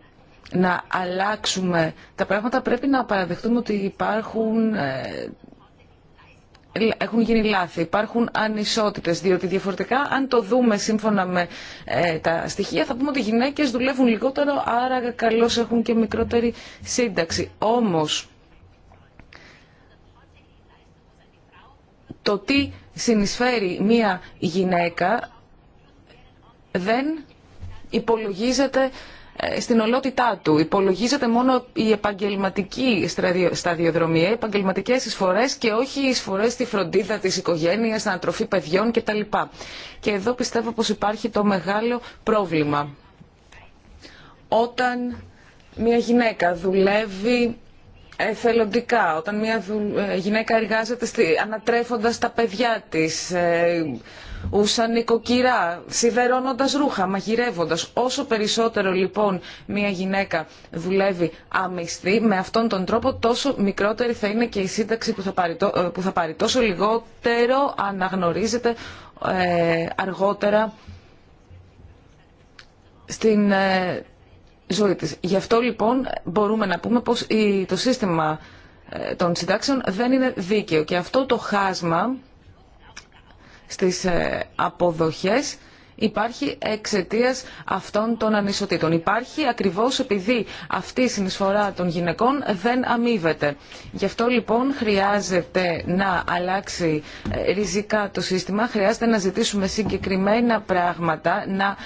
να αλλάξουμε τα πράγματα πρέπει να παραδεχτούμε ότι υπάρχουν ε, έχουν γίνει λάθη, υπάρχουν ανισότητες, διότι διαφορετικά αν το δούμε σύμφωνα με ε, τα στοιχεία θα πούμε ότι οι γυναίκες δουλεύουν λιγότερο, άρα καλώς έχουν και μικρότερη σύνταξη. Όμως, το τι συνεισφέρει μία γυναίκα δεν υπολογίζεται ε, στην ολότητά του. Υπολογίζεται μόνο η επαγγελματική σταδιοδρομία, οι επαγγελματικέ εισφορέ και όχι οι εισφορέ στη φροντίδα τη οικογένεια, στην ανατροφή παιδιών κτλ. Και εδώ πιστεύω πω υπάρχει το μεγάλο πρόβλημα. Όταν μια γυναίκα δουλεύει εθελοντικά, όταν μια ε, γυναίκα εργάζεται ανατρέφοντας τα παιδιά της, ε, ούσαν νοικοκυρά, σιδερώνοντας ρούχα, μαγειρεύοντα. Όσο περισσότερο λοιπόν μια γυναίκα δουλεύει αμυστή, με αυτόν τον τρόπο τόσο μικρότερη θα είναι και η σύνταξη που θα πάρει, ε, τόσο λιγότερο αναγνωρίζεται ε, αργότερα στην ε, ζωή της. Γι' αυτό λοιπόν μπορούμε να πούμε πως η, το σύστημα των συντάξεων δεν είναι δίκαιο και αυτό το χάσμα στις ε, αποδοχές υπάρχει εξαιτία αυτών των ανισοτήτων. Υπάρχει ακριβώς επειδή αυτή η συνεισφορά των γυναικών δεν αμείβεται. Γι' αυτό λοιπόν χρειάζεται να αλλάξει ε, ριζικά το σύστημα, χρειάζεται να ζητήσουμε συγκεκριμένα πράγματα, να...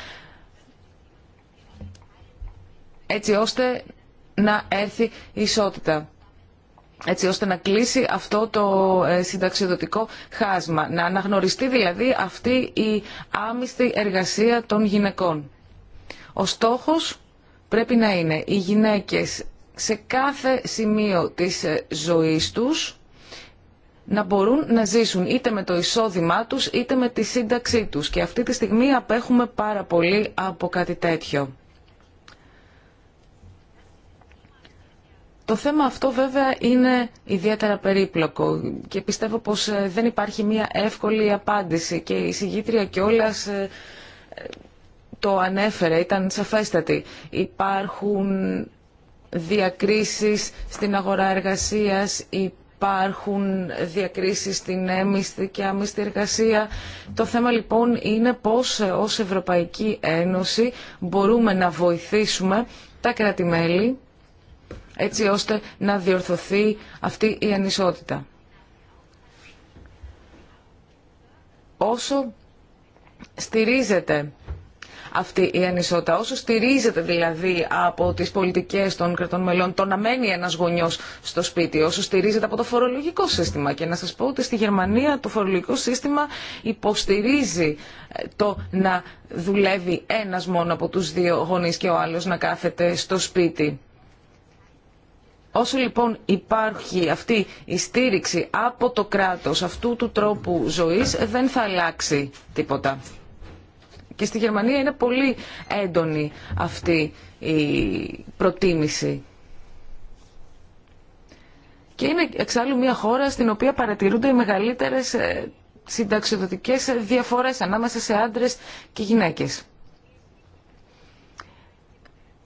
έτσι ώστε να έρθει ισότητα έτσι ώστε να κλείσει αυτό το ε, συνταξιδοτικό χάσμα. Να αναγνωριστεί δηλαδή αυτή η άμυστη εργασία των γυναικών. Ο στόχος πρέπει να είναι οι γυναίκες σε κάθε σημείο της ε, ζωής τους να μπορούν να ζήσουν είτε με το εισόδημά τους είτε με τη σύνταξή τους. Και αυτή τη στιγμή απέχουμε πάρα πολύ από κάτι τέτοιο. Το θέμα αυτό βέβαια είναι ιδιαίτερα περίπλοκο και πιστεύω πως ε, δεν υπάρχει μία εύκολη απάντηση και η συγγήτρια κιόλα ε, το ανέφερε, ήταν σαφέστατη. Υπάρχουν διακρίσεις στην αγορά εργασίας, υπάρχουν διακρίσεις στην έμισθη και άμισθη εργασία. Το θέμα λοιπόν είναι πώς ε, ως Ευρωπαϊκή Ένωση μπορούμε να βοηθήσουμε τα κράτη-μέλη έτσι ώστε να διορθωθεί αυτή η ανισότητα. Όσο στηρίζεται αυτή η ανισότητα, όσο στηρίζεται δηλαδή από τις πολιτικές των κρατών μελών το να μένει ένας γονιός στο σπίτι, όσο στηρίζεται από το φορολογικό σύστημα. Και να σας πω ότι στη Γερμανία το φορολογικό σύστημα υποστηρίζει ε, το να δουλεύει ένας μόνο από τους δύο γονείς και ο άλλος να κάθεται στο σπίτι. Όσο λοιπόν υπάρχει αυτή η στήριξη από το κράτος αυτού του τρόπου ζωής δεν θα αλλάξει τίποτα. Και στη Γερμανία είναι πολύ έντονη αυτή η προτίμηση. Και είναι εξάλλου μια χώρα στην οποία παρατηρούνται οι μεγαλύτερες ε, συνταξιδοτικές διαφορές ανάμεσα σε άντρες και γυναίκες.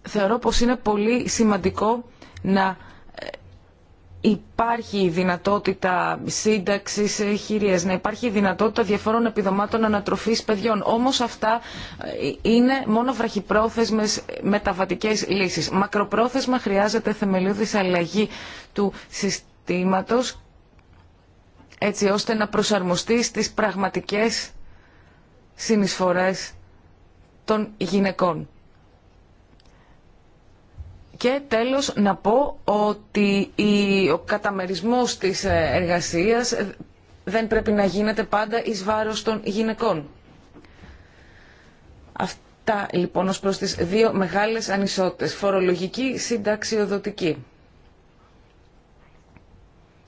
Θεωρώ πως είναι πολύ σημαντικό να υπάρχει δυνατότητα σύνταξης ε, χειρίες, να υπάρχει δυνατότητα διαφόρων επιδομάτων ανατροφής παιδιών. Όμως αυτά ε, είναι μόνο βραχυπρόθεσμες ε, μεταβατικές λύσεις. Μακροπρόθεσμα χρειάζεται θεμελιώδης αλλαγή του συστήματος έτσι ώστε να προσαρμοστεί στις πραγματικές συνεισφορές των γυναικών. Και τέλος να πω ότι ο καταμερισμός της ε, εργασίας δεν πρέπει να γίνεται πάντα εις βάρος των γυναικών. Αυτά λοιπόν ως προς τις δύο μεγάλες ανισότητες, φορολογική, συνταξιοδοτική,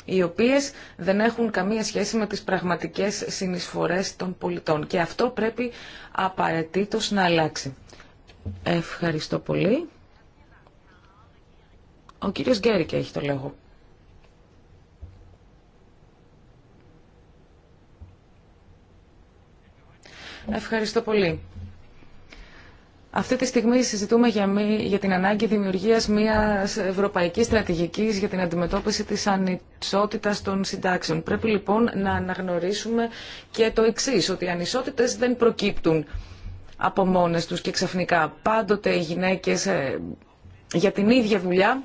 οι οποίες δεν έχουν καμία σχέση με τις πραγματικές συνεισφορές των πολιτών. Και αυτό πρέπει απαραίτητος να αλλάξει. Ευχαριστώ πολύ. Ο κύριος Γκέρικ έχει το λόγο. Ευχαριστώ πολύ. Αυτή τη στιγμή συζητούμε για, για την ανάγκη δημιουργίας μιας ευρωπαϊκής στρατηγικής για την αντιμετώπιση της ανισότητας των συντάξεων. Πρέπει λοιπόν να αναγνωρίσουμε και το εξής, ότι οι ανισότητες δεν προκύπτουν από μόνες τους και ξαφνικά. Πάντοτε οι γυναίκες ε, για την ίδια δουλειά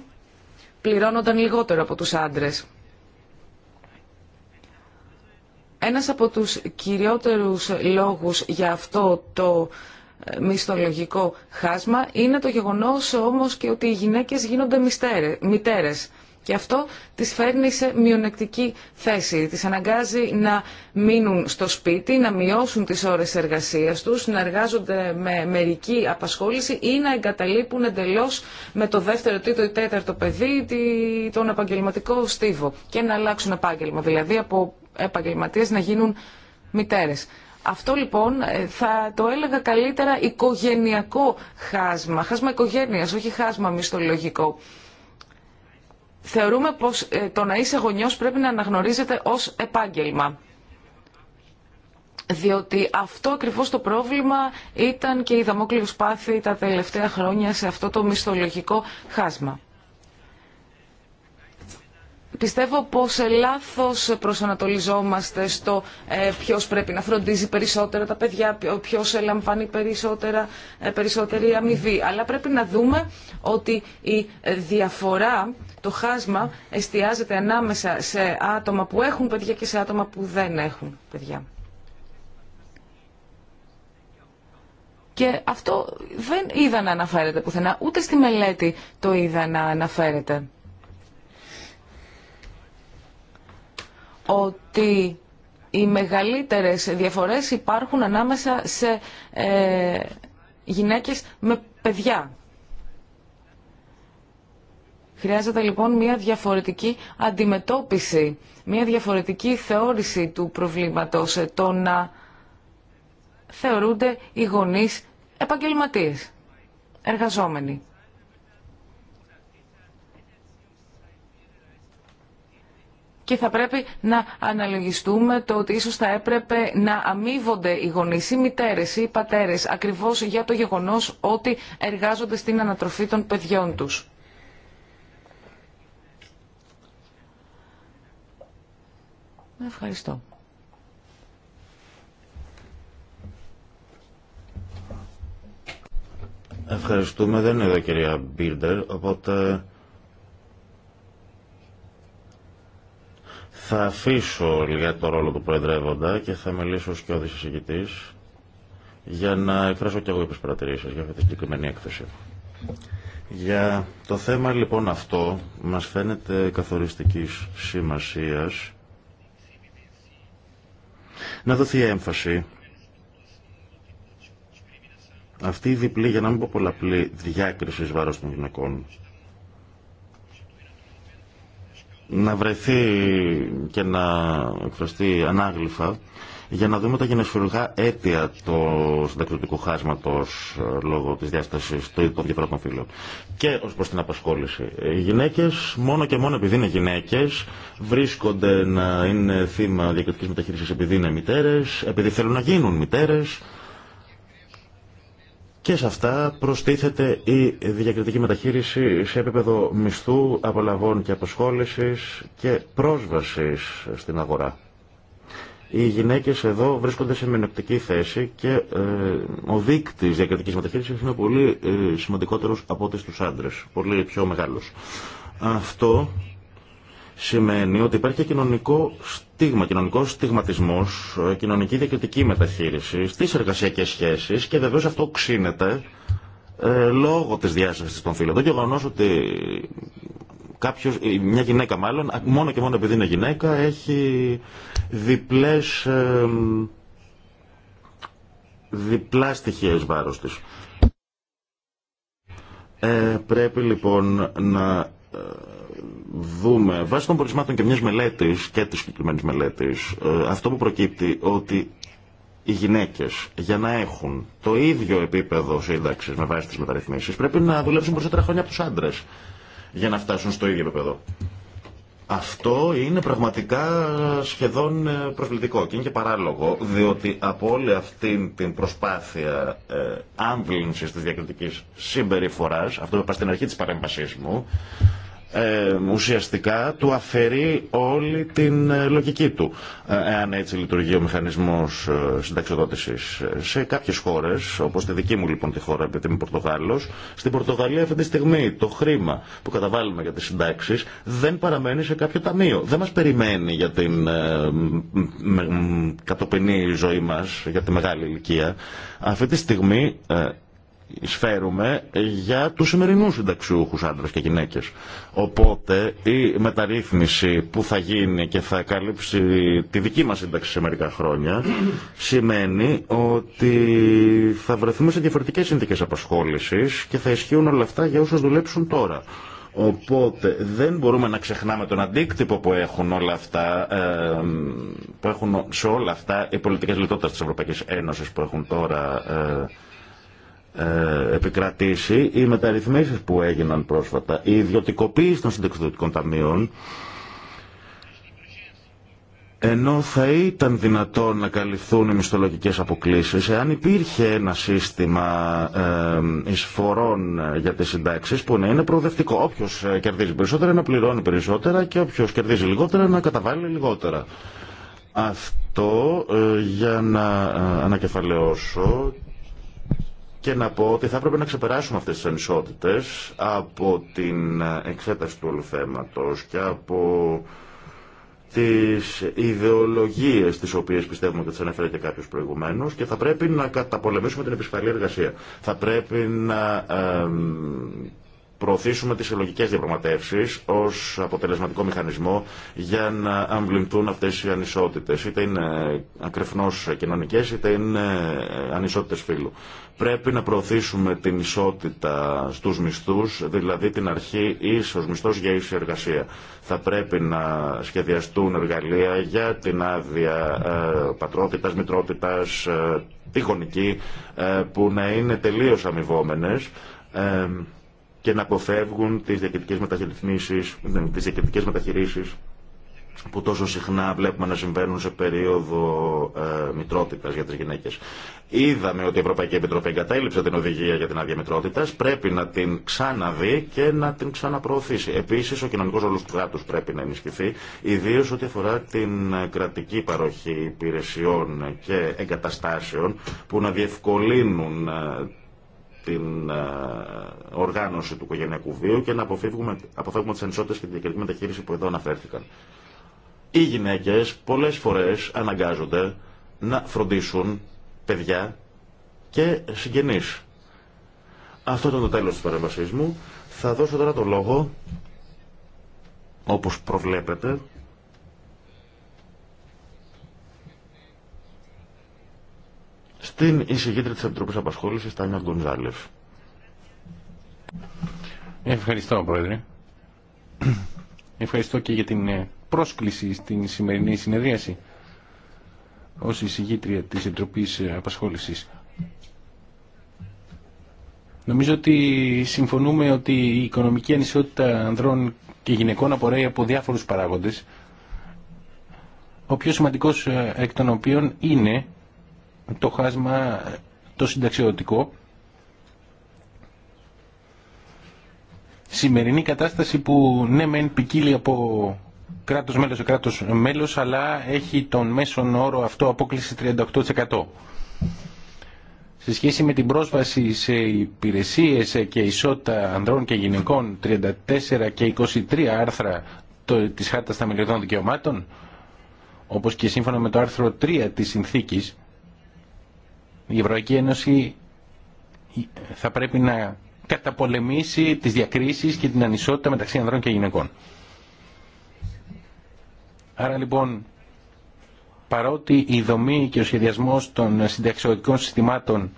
πληρώνονταν λιγότερο από τους άντρες. Ένας από τους κυριότερους λόγους για αυτό το ε, μισθολογικό χάσμα είναι το γεγονός όμως και ότι οι γυναίκες γίνονται μητέρες. Και αυτό τις φέρνει σε μειονεκτική θέση. Τις αναγκάζει να μείνουν στο σπίτι, να μειώσουν τις ώρες εργασίας τους, να εργάζονται με μερική απασχόληση ή να εγκαταλείπουν εντελώς με το δεύτερο, τρίτο ή τέταρτο παιδί τον επαγγελματικό στίβο και να αλλάξουν επάγγελμα, δηλαδή από επαγγελματίε να γίνουν μητέρες. Αυτό λοιπόν ε, θα το έλεγα καλύτερα οικογενειακό χάσμα, χάσμα οικογένειας, όχι χάσμα μισθολογικό θεωρούμε πως ε, το να είσαι γονιός πρέπει να αναγνωρίζεται ως επάγγελμα. Διότι αυτό ακριβώς το πρόβλημα ήταν και η δαμόκλειο πάθη τα τελευταία χρόνια σε αυτό το μισθολογικό χάσμα. Πιστεύω πως λάθος προσανατολιζόμαστε στο ε, ποιος πρέπει να φροντίζει περισσότερα τα παιδιά, ποιος λαμβάνει περισσότερα, ε, περισσότερη αμοιβή. Αλλά πρέπει να δούμε ότι η διαφορά, το χάσμα, εστιάζεται ανάμεσα σε άτομα που έχουν παιδιά και σε άτομα που δεν έχουν παιδιά. Και αυτό δεν είδα να αναφέρεται πουθενά, ούτε στη μελέτη το είδα να αναφέρεται. ότι οι μεγαλύτερες διαφορές υπάρχουν ανάμεσα σε ε, γυναίκες με παιδιά. Χρειάζεται λοιπόν μια διαφορετική αντιμετώπιση, μια διαφορετική θεώρηση του προβλήματος, ε, το να θεωρούνται οι γονείς επαγγελματίες, εργαζόμενοι. και θα πρέπει να αναλογιστούμε το ότι ίσως θα έπρεπε να αμείβονται οι γονείς, οι μητέρες ή οι πατέρες ακριβώς για το γεγονός ότι εργάζονται στην ανατροφή των παιδιών τους. Ευχαριστώ. Ευχαριστούμε. Δεν είναι εδώ κυρία Μπίρντερ, οπότε Θα αφήσω για το ρόλο του Προεδρεύοντα και θα μιλήσω ως και ο για να εκφράσω και εγώ τις παρατηρήσεις για αυτή τη συγκεκριμένη έκθεση. Για το θέμα λοιπόν αυτό μας φαίνεται καθοριστικής σημασίας να δοθεί έμφαση αυτή η διπλή, για να μην πω πολλαπλή, διάκριση βάρος των γυναικών να βρεθεί και να εκφραστεί ανάγλυφα για να δούμε τα γενεσφυρουργά αίτια ε, του συνταξιδοτικού χάσματο λόγω τη διάσταση των διαφορετικών φύλων. Και ω προ την απασχόληση. Οι γυναίκε, μόνο και μόνο επειδή είναι γυναίκε, βρίσκονται να είναι θύμα διακριτική μεταχείριση επειδή είναι μητέρε, επειδή θέλουν να γίνουν μητέρε, και σε αυτά προστίθεται η διακριτική μεταχείριση σε επίπεδο μισθού, απολαβών και αποσχόλησης και πρόσβασης στην αγορά. Οι γυναίκες εδώ βρίσκονται σε μειονεκτική θέση και ε, ο δείκτης διακριτικής μεταχείρισης είναι πολύ ε, σημαντικότερος από ό,τι στους άντρες, πολύ πιο μεγάλος. Αυτό σημαίνει ότι υπάρχει κοινωνικό στίγμα, κοινωνικό στιγματισμό, ε, κοινωνική διακριτική μεταχείριση στι εργασιακέ σχέσει και βεβαίω αυτό ξύνεται ε, λόγω τη διάσταση των φύλων. Το γεγονό ότι κάποιος, μια γυναίκα μάλλον, μόνο και μόνο επειδή είναι γυναίκα, έχει διπλές, ε, διπλά στοιχεία εις βάρος της. Ε, πρέπει λοιπόν να ε, δούμε βάσει των πορισμάτων και μιας μελέτης και της συγκεκριμένη μελέτης ε, αυτό που προκύπτει ότι οι γυναίκες για να έχουν το ίδιο επίπεδο σύνταξη με βάση τις μεταρρυθμίσεις πρέπει να δουλέψουν περισσότερα χρόνια από τους άντρες για να φτάσουν στο ίδιο επίπεδο. Αυτό είναι πραγματικά σχεδόν ε, προσβλητικό και είναι και παράλογο, διότι από όλη αυτή την προσπάθεια ε, άμβλυνσης της διακριτικής συμπεριφοράς, αυτό είπα στην αρχή της παρέμβασής μου, ε, ουσιαστικά του αφαιρεί όλη την ε, λογική του. Ε, εάν έτσι λειτουργεί ο μηχανισμός ε, συνταξιοδότησης σε κάποιες χώρες, όπως τη δική μου λοιπόν τη χώρα, επειδή είμαι Πορτογάλος, στην Πορτογαλία αυτή τη στιγμή το χρήμα που καταβάλουμε για τις συντάξεις δεν παραμένει σε κάποιο ταμείο. Δεν μας περιμένει για την ε, κατοπινή ζωή μας, για τη μεγάλη ηλικία. Αυτή τη στιγμή σφαίρουμε για τους σημερινούς συνταξιούχους άντρες και γυναίκες. Οπότε η μεταρρύθμιση που θα γίνει και θα καλύψει τη δική μας σύνταξη σε μερικά χρόνια σημαίνει ότι θα βρεθούμε σε διαφορετικές συνθήκες απασχόλησης και θα ισχύουν όλα αυτά για όσους δουλέψουν τώρα. Οπότε δεν μπορούμε να ξεχνάμε τον αντίκτυπο που έχουν όλα αυτά, ε, που έχουν σε όλα αυτά οι πολιτικές λιτότητες της Ευρωπαϊκής Ένωσης που έχουν τώρα ε, ε, επικρατήσει οι μεταρρυθμίσεις που έγιναν πρόσφατα, η ιδιωτικοποίηση των συνταξιδοτικών ταμείων, ενώ θα ήταν δυνατόν να καλυφθούν οι μισθολογικές αποκλήσεις εάν υπήρχε ένα σύστημα ε, εισφορών για τις συντάξεις που να είναι προοδευτικό. Όποιος ε, κερδίζει περισσότερα να πληρώνει περισσότερα και όποιος κερδίζει λιγότερα να καταβάλει λιγότερα. Αυτό για να ανακεφαλαιώσω και να πω ότι θα έπρεπε να ξεπεράσουμε αυτές τις ανισότητες από την εξέταση του όλου θέματος και από τις ιδεολογίες τις οποίες πιστεύουμε ότι τις ανέφερε και κάποιος προηγουμένως και θα πρέπει να καταπολεμήσουμε την επισφαλή εργασία. Θα πρέπει να προωθήσουμε τις συλλογικέ διαπραγματεύσεις ως αποτελεσματικό μηχανισμό για να αμβλυνθούν αυτές οι ανισότητες, είτε είναι ακρεφνώς κοινωνικές είτε είναι ανισότητες φύλου. Πρέπει να προωθήσουμε την ισότητα στους μισθούς, δηλαδή την αρχή ίσως μισθός για ίση εργασία. Θα πρέπει να σχεδιαστούν εργαλεία για την άδεια ε, πατρότητας, μητρότητας, ε, τη γονική, ε, που να είναι τελείως αμοιβόμενες και να αποφεύγουν τις διακριτικές μεταχειρήσεις, τις διακριτικές μεταχειρήσεις που τόσο συχνά βλέπουμε να συμβαίνουν σε περίοδο ε, μητρότητα για τι γυναίκε. Είδαμε ότι η Ευρωπαϊκή Επιτροπή εγκατέλειψε την οδηγία για την άδεια μητρότητα. Πρέπει να την ξαναδεί και να την ξαναπροωθήσει. Επίση, ο κοινωνικό ρόλο του κράτου πρέπει να ενισχυθεί, ιδίω ό,τι αφορά την ε, κρατική παροχή υπηρεσιών και εγκαταστάσεων που να διευκολύνουν ε, την ε, οργάνωση του οικογενειακού βίου και να αποφεύγουμε αποφεύγουμε τι ενσώτες και την διακριτική μεταχείριση που εδώ αναφέρθηκαν. Οι γυναίκες πολλέ φορέ αναγκάζονται να φροντίσουν παιδιά και συγγενεί. Αυτό ήταν το τέλο τη παρεμβασή μου. Θα δώσω τώρα το λόγο, όπως προβλέπετε, στην εισηγήτρια της Επιτροπής Απασχόλησης, Τάνια Γκονζάλεφ. Ευχαριστώ, Πρόεδρε. Ευχαριστώ και για την ε, πρόσκληση στην σημερινή συνεδρίαση ως εισηγήτρια της Επιτροπής ε, Απασχόλησης. Νομίζω ότι συμφωνούμε ότι η οικονομική ανισότητα ανδρών και γυναικών απορρέει από διάφορους παράγοντες, ο πιο σημαντικός ε, εκ των οποίων είναι το χάσμα το συνταξιωτικό. Σημερινή κατάσταση που ναι μεν ποικίλει από κράτος μέλος σε κράτος μέλος αλλά έχει τον μέσον όρο αυτό απόκληση 38%. Σε σχέση με την πρόσβαση σε υπηρεσίες και ισότητα ανδρών και γυναικών 34 και 23 άρθρα της Χάρτας Θεμελιωδών Δικαιωμάτων όπως και σύμφωνα με το άρθρο 3 της Συνθήκης η Ευρωπαϊκή Ένωση θα πρέπει να καταπολεμήσει τις διακρίσεις και την ανισότητα μεταξύ ανδρών και γυναικών. Άρα λοιπόν, παρότι η δομή και ο σχεδιασμός των συνταξιωτικών συστημάτων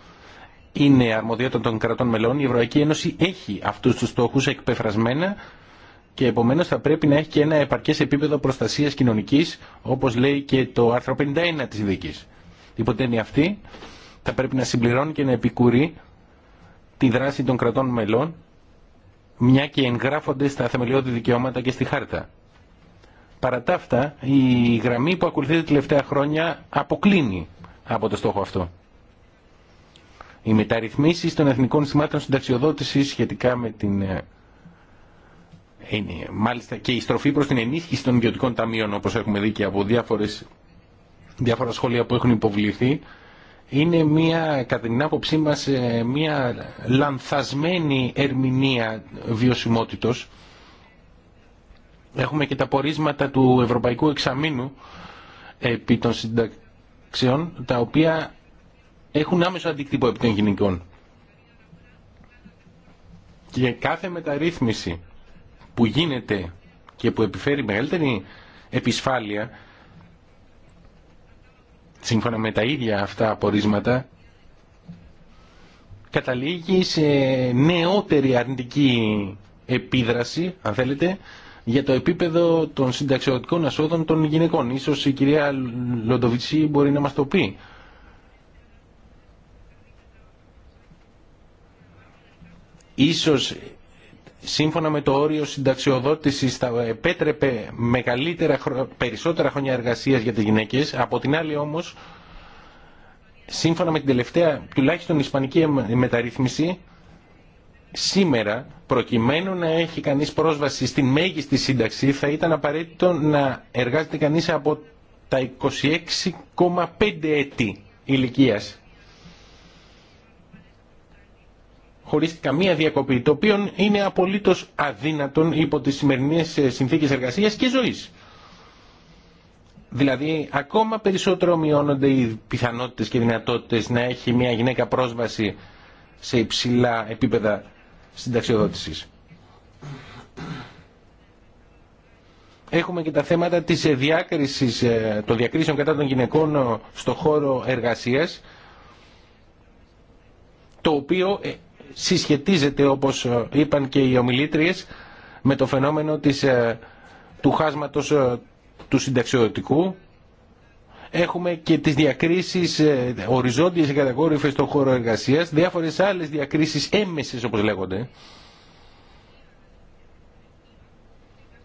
είναι αρμοδιότητα των κρατών μελών, η Ευρωπαϊκή Ένωση έχει αυτούς τους στόχους εκπεφρασμένα και επομένως θα πρέπει να έχει και ένα επαρκές επίπεδο προστασίας κοινωνικής, όπως λέει και το άρθρο 51 της δίκης. Υπό αυτή, θα πρέπει να συμπληρώνει και να επικουρεί τη δράση των κρατών μελών, μια και εγγράφονται στα θεμελιώδη δικαιώματα και στη χάρτα. Παρά τα αυτά, η γραμμή που ακολουθείται τελευταία χρόνια αποκλίνει από το στόχο αυτό. Οι μεταρρυθμίσεις των εθνικών συστημάτων συνταξιοδότησης σχετικά με την... Ε, είναι, μάλιστα και η στροφή προς την ενίσχυση των ιδιωτικών ταμείων όπως έχουμε δει και από διάφορες, διάφορα σχόλια που έχουν υποβληθεί είναι μια, κατά την άποψή μας, ε, μια λανθασμένη ερμηνεία βιωσιμότητος. Έχουμε και τα πορίσματα του Ευρωπαϊκού Εξαμήνου επί των συνταξιών, τα οποία έχουν άμεσο αντίκτυπο επί των γυναικών. Και κάθε μεταρρύθμιση που γίνεται και που επιφέρει μεγαλύτερη επισφάλεια σύμφωνα με τα ίδια αυτά απορίσματα, καταλήγει σε νεότερη αρνητική επίδραση, αν θέλετε, για το επίπεδο των συνταξιωτικών ασόδων των γυναικών. Ίσως η κυρία Λοντοβιτσί μπορεί να μας το πει. Ίσως σύμφωνα με το όριο συνταξιοδότησης θα επέτρεπε μεγαλύτερα, περισσότερα χρόνια εργασίας για τις γυναίκες. Από την άλλη όμως, σύμφωνα με την τελευταία τουλάχιστον ισπανική μεταρρύθμιση, σήμερα προκειμένου να έχει κανείς πρόσβαση στην μέγιστη σύνταξη θα ήταν απαραίτητο να εργάζεται κανείς από τα 26,5 έτη ηλικίας χωρίς καμία διακοπή, το οποίο είναι απολύτως αδύνατον υπό τις σημερινές ε, συνθήκες εργασίας και ζωής. Δηλαδή, ακόμα περισσότερο μειώνονται οι πιθανότητες και δυνατότητες να έχει μια γυναίκα πρόσβαση σε υψηλά επίπεδα συνταξιοδότησης. Έχουμε και τα θέματα της ε, διάκρισης, ε, των διακρίσεων κατά των γυναικών στο χώρο εργασίας, το οποίο συσχετίζεται όπως ε, είπαν και οι ομιλήτριες με το φαινόμενο της, ε, του χάσματος ε, του συνταξιωτικού. Έχουμε και τις διακρίσεις οριζόντιες και κατακόρυφες στον χώρο εργασίας, διάφορες άλλες διακρίσεις έμμεσες όπως λέγονται,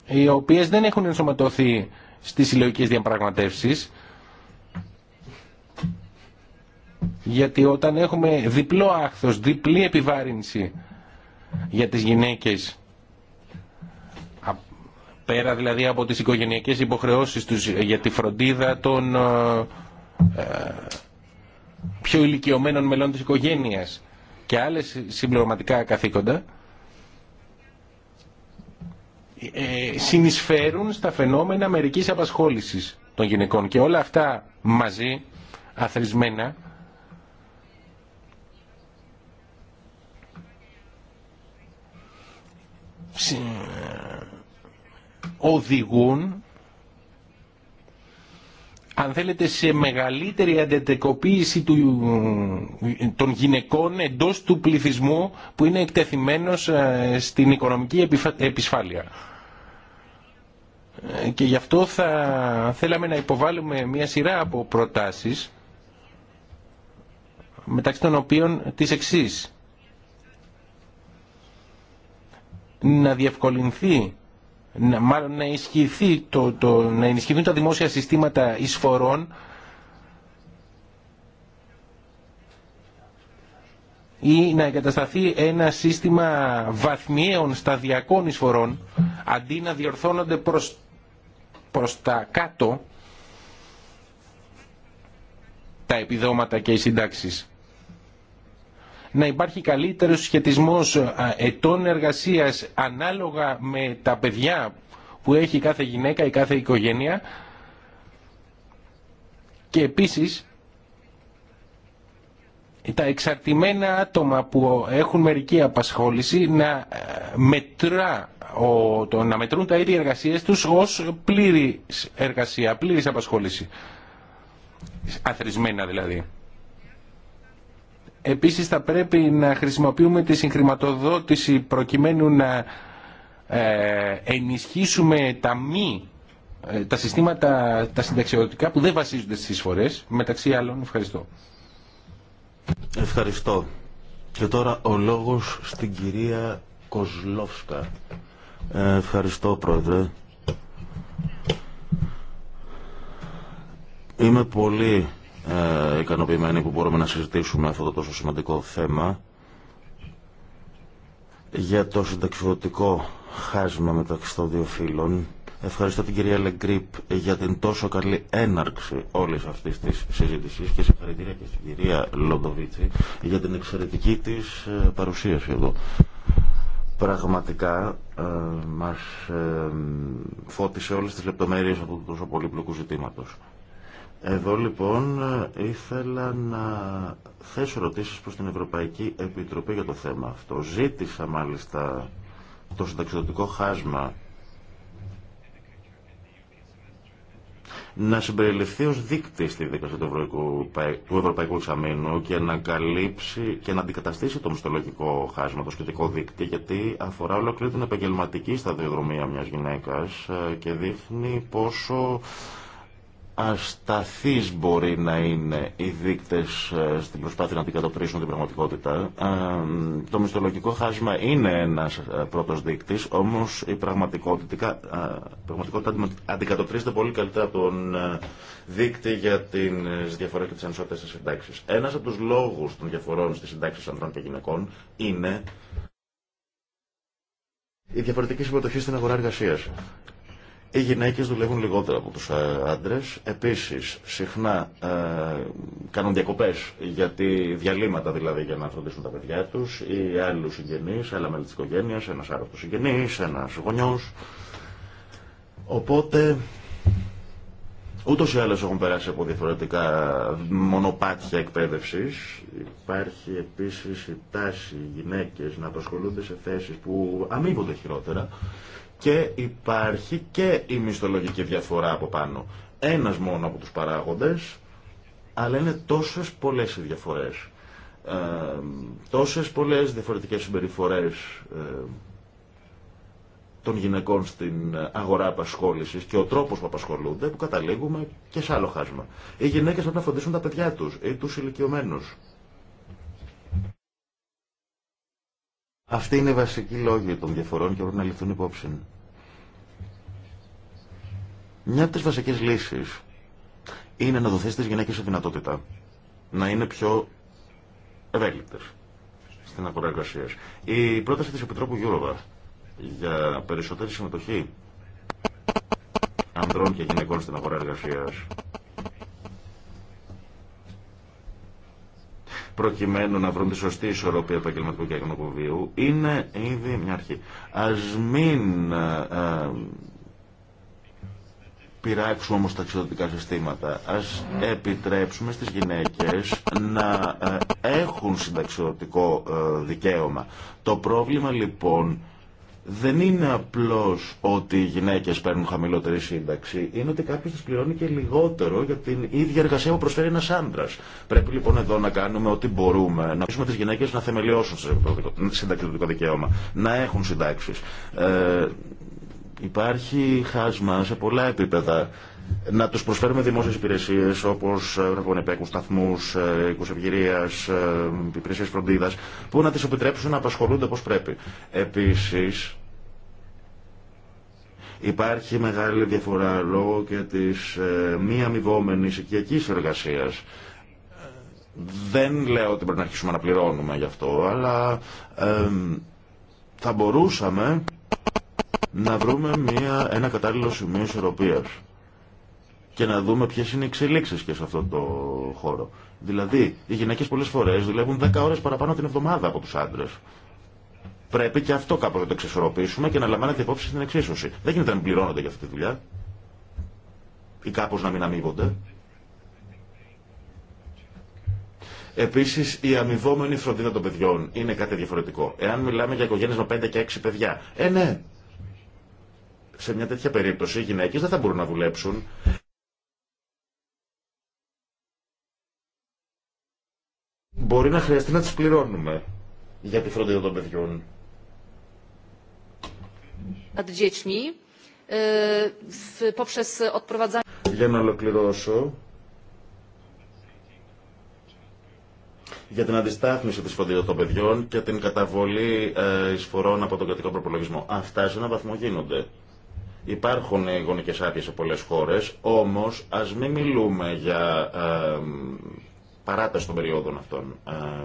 οι οποίες δεν έχουν ενσωματωθεί στις συλλογικές διαπραγματεύσεις γιατί όταν έχουμε διπλό άχθος, διπλή επιβάρυνση για τις γυναίκες πέρα δηλαδή από τις οικογενειακές υποχρεώσεις τους για τη φροντίδα των ε, ε, πιο ηλικιωμένων μελών της οικογένειας και άλλες συμπληρωματικά καθήκοντα ε, συνεισφέρουν στα φαινόμενα μερικής απασχόλησης των γυναικών και όλα αυτά μαζί αθροισμένα οδηγούν αν θέλετε σε μεγαλύτερη αντετεκοποίηση του, των γυναικών εντός του πληθυσμού που είναι εκτεθειμένος ε, στην οικονομική επισφάλεια. Ε, και γι' αυτό θα θέλαμε να υποβάλουμε μια σειρά από προτάσεις μεταξύ των οποίων τις εξής να διευκολυνθεί, να, μάλλον να, ισχυθεί το, να ενισχυθούν τα δημόσια συστήματα εισφορών ή να εγκατασταθεί ένα σύστημα βαθμιαίων σταδιακών εισφορών αντί να διορθώνονται προς, προς τα κάτω τα επιδόματα και οι συντάξεις να υπάρχει καλύτερος σχετισμός ε, ετών εργασίας ανάλογα με τα παιδιά που έχει κάθε γυναίκα ή κάθε οικογένεια και επίσης τα εξαρτημένα άτομα που έχουν μερική απασχόληση να, ε, μετρά, το, να μετρούν τα ίδια εργασίες τους ως πλήρης εργασία, πλήρης απασχόληση. Αθρισμένα δηλαδή. Επίσης θα πρέπει να χρησιμοποιούμε τη συγχρηματοδότηση προκειμένου να ε, ενισχύσουμε τα μη ε, τα συστήματα, τα συνταξιοδοτικά που δεν βασίζονται στις φορές, μεταξύ άλλων. Ευχαριστώ. Ευχαριστώ. Και τώρα ο λόγος στην κυρία Κοσλόφσκα. Ε, ευχαριστώ, Πρόεδρε. Είμαι πολύ ε, ικανοποιημένοι που μπορούμε να συζητήσουμε αυτό το τόσο σημαντικό θέμα. Για το συνταξιδοτικό χάσμα μεταξύ των δύο φύλων, ευχαριστώ την κυρία Λεγκρίπ για την τόσο καλή έναρξη όλης αυτής της συζήτησης και συγχαρητήρια και στην κυρία Λοντοβίτση για την εξαιρετική της ε, παρουσίαση εδώ. Πραγματικά ε, μας ε, φώτισε όλες τις λεπτομέρειες αυτού του τόσο πολύπλοκου ζητήματος. Εδώ λοιπόν ήθελα να θέσω ρωτήσεις προς την Ευρωπαϊκή Επιτροπή για το θέμα αυτό. Ζήτησα μάλιστα το συνταξιδοτικό χάσμα να συμπεριληφθεί ως δείκτη στη δίκαση του Ευρωπαϊκού Εξαμήνου και να καλύψει και να αντικαταστήσει το μισθολογικό χάσμα, το σχετικό δίκτυο γιατί αφορά ολόκληρη την επαγγελματική σταδιοδρομία μιας γυναίκας ε, και δείχνει πόσο ασταθείς μπορεί να είναι οι δείκτες ε, στην προσπάθεια να αντικατοπτρίσουν την πραγματικότητα. Ε, το μισθολογικό χάσμα είναι ένας ε, πρώτος δείκτης, όμως η πραγματικότητα, πραγματικότητα αντικατοπτρίζεται πολύ καλύτερα από τον δείκτη για τις διαφορές και τις ανισότητες στις συντάξεις. Ένας από τους λόγους των διαφορών στις συντάξεις ανδρών και γυναικών είναι η διαφορετική συμμετοχή στην αγορά εργασία. Οι γυναίκες δουλεύουν λιγότερα από τους ε, άντρες. Επίσης, συχνά ε, κάνουν διακοπές, γιατί διαλύματα δηλαδή για να φροντίσουν τα παιδιά τους ή άλλου συγγενείς, άλλα μέλη της οικογένειας, ένας άρρωστος συγγενής, ένας γονιός. Οπότε, ούτως ή άλλως έχουν περάσει από διαφορετικά μονοπάτια εκπαίδευσης. Υπάρχει επίσης η αλλου συγγενεις αλλα μελη της οικογενειας ενας αρρωτος συγγενης ενας γονιος οποτε ουτως η αλλως εχουν περασει απο διαφορετικα μονοπατια εκπαιδευσης υπαρχει επισης η ταση οι γυναίκες να απασχολούνται σε θέσεις που αμείβονται χειρότερα και υπάρχει και η μισθολογική διαφορά από πάνω. Ένας μόνο από τους παράγοντες, αλλά είναι τόσες πολλές οι διαφορές. Ε, τόσες πολλές διαφορετικές συμπεριφορές ε, των γυναικών στην αγορά απασχόληση και ο τρόπος που απασχολούνται, που καταλήγουμε και σε άλλο χάσμα. Οι γυναίκες πρέπει να φροντίσουν τα παιδιά τους ή τους ηλικιωμένους. Αυτή είναι η βασική λόγη των διαφορών και μπορούν να ληφθούν υπόψη. Μια από τι βασικέ λύσει είναι να δοθεί στις γυναίκες η δυνατότητα να είναι πιο ευέλικτες στην αγορά εργασία. Η πρόταση τη Επιτρόπου Γιούροβα για περισσότερη συμμετοχή ανδρών και γυναικών στην αγορά εργασία προκειμένου να βρουν τη σωστή ισορροπία επαγγελματικού και αγνοκοβίου είναι ήδη μια αρχή. Α μην ε, ε, πειράξουμε όμω τα συστήματα. Α επιτρέψουμε στις γυναίκε να ε, έχουν συνταξιοδοτικό δικαίωμα. Το πρόβλημα λοιπόν δεν είναι απλώς ότι οι γυναίκες παίρνουν χαμηλότερη σύνταξη, είναι ότι κάποιος τις πληρώνει και λιγότερο για την ίδια εργασία που προσφέρει ένας άντρας. Πρέπει λοιπόν εδώ να κάνουμε ό,τι μπορούμε, να πείσουμε τις γυναίκες να θεμελιώσουν συνταξιδοτικό δικαίωμα, να έχουν συντάξεις. Ε, Υπάρχει χάσμα σε πολλά επίπεδα. Να τους προσφέρουμε δημόσιες υπηρεσίες όπως ε, επέκου σταθμούς, ε, οίκου ευγυρίας, ε, υπηρεσίες φροντίδας που να τις επιτρέψουν να απασχολούνται όπως πρέπει. Επίσης, υπάρχει μεγάλη διαφορά λόγω και της μη αμοιβόμενης οικιακής εργασίας. Δεν λέω ότι πρέπει να αρχίσουμε να πληρώνουμε γι' αυτό, αλλά θα μπορούσαμε να βρούμε μια, ένα κατάλληλο σημείο ισορροπίας και να δούμε ποιες είναι οι εξελίξεις και σε αυτό το χώρο. Δηλαδή, οι γυναίκες πολλές φορές δουλεύουν 10 ώρες παραπάνω την εβδομάδα από τους άντρες. Πρέπει και αυτό κάπως να το εξισορροπήσουμε και να λαμβάνεται υπόψη στην εξίσωση. Δεν γίνεται να μην πληρώνονται για αυτή τη δουλειά ή κάπως να μην αμείβονται. Επίση, η αμοιβόμενη φροντίδα των παιδιών είναι κάτι διαφορετικό. Εάν μιλάμε για οικογένειε με 5 και 6 παιδιά, ε ναι, σε μια τέτοια περίπτωση οι γυναίκες δεν θα μπορούν να δουλέψουν. Μπορεί να χρειαστεί να τις πληρώνουμε για τη φροντίδα των παιδιών. E, για να ολοκληρώσω, για την αντιστάθμιση της φροντίδας των παιδιών και την καταβολή ε, εισφορών από τον κρατικό προπολογισμό. Αυτά σε έναν βαθμό γίνονται. Υπάρχουν ε, γονικές άδειε σε πολλές χώρες, όμως α μην μιλούμε για ε, παράταση των περιόδων αυτών, ε,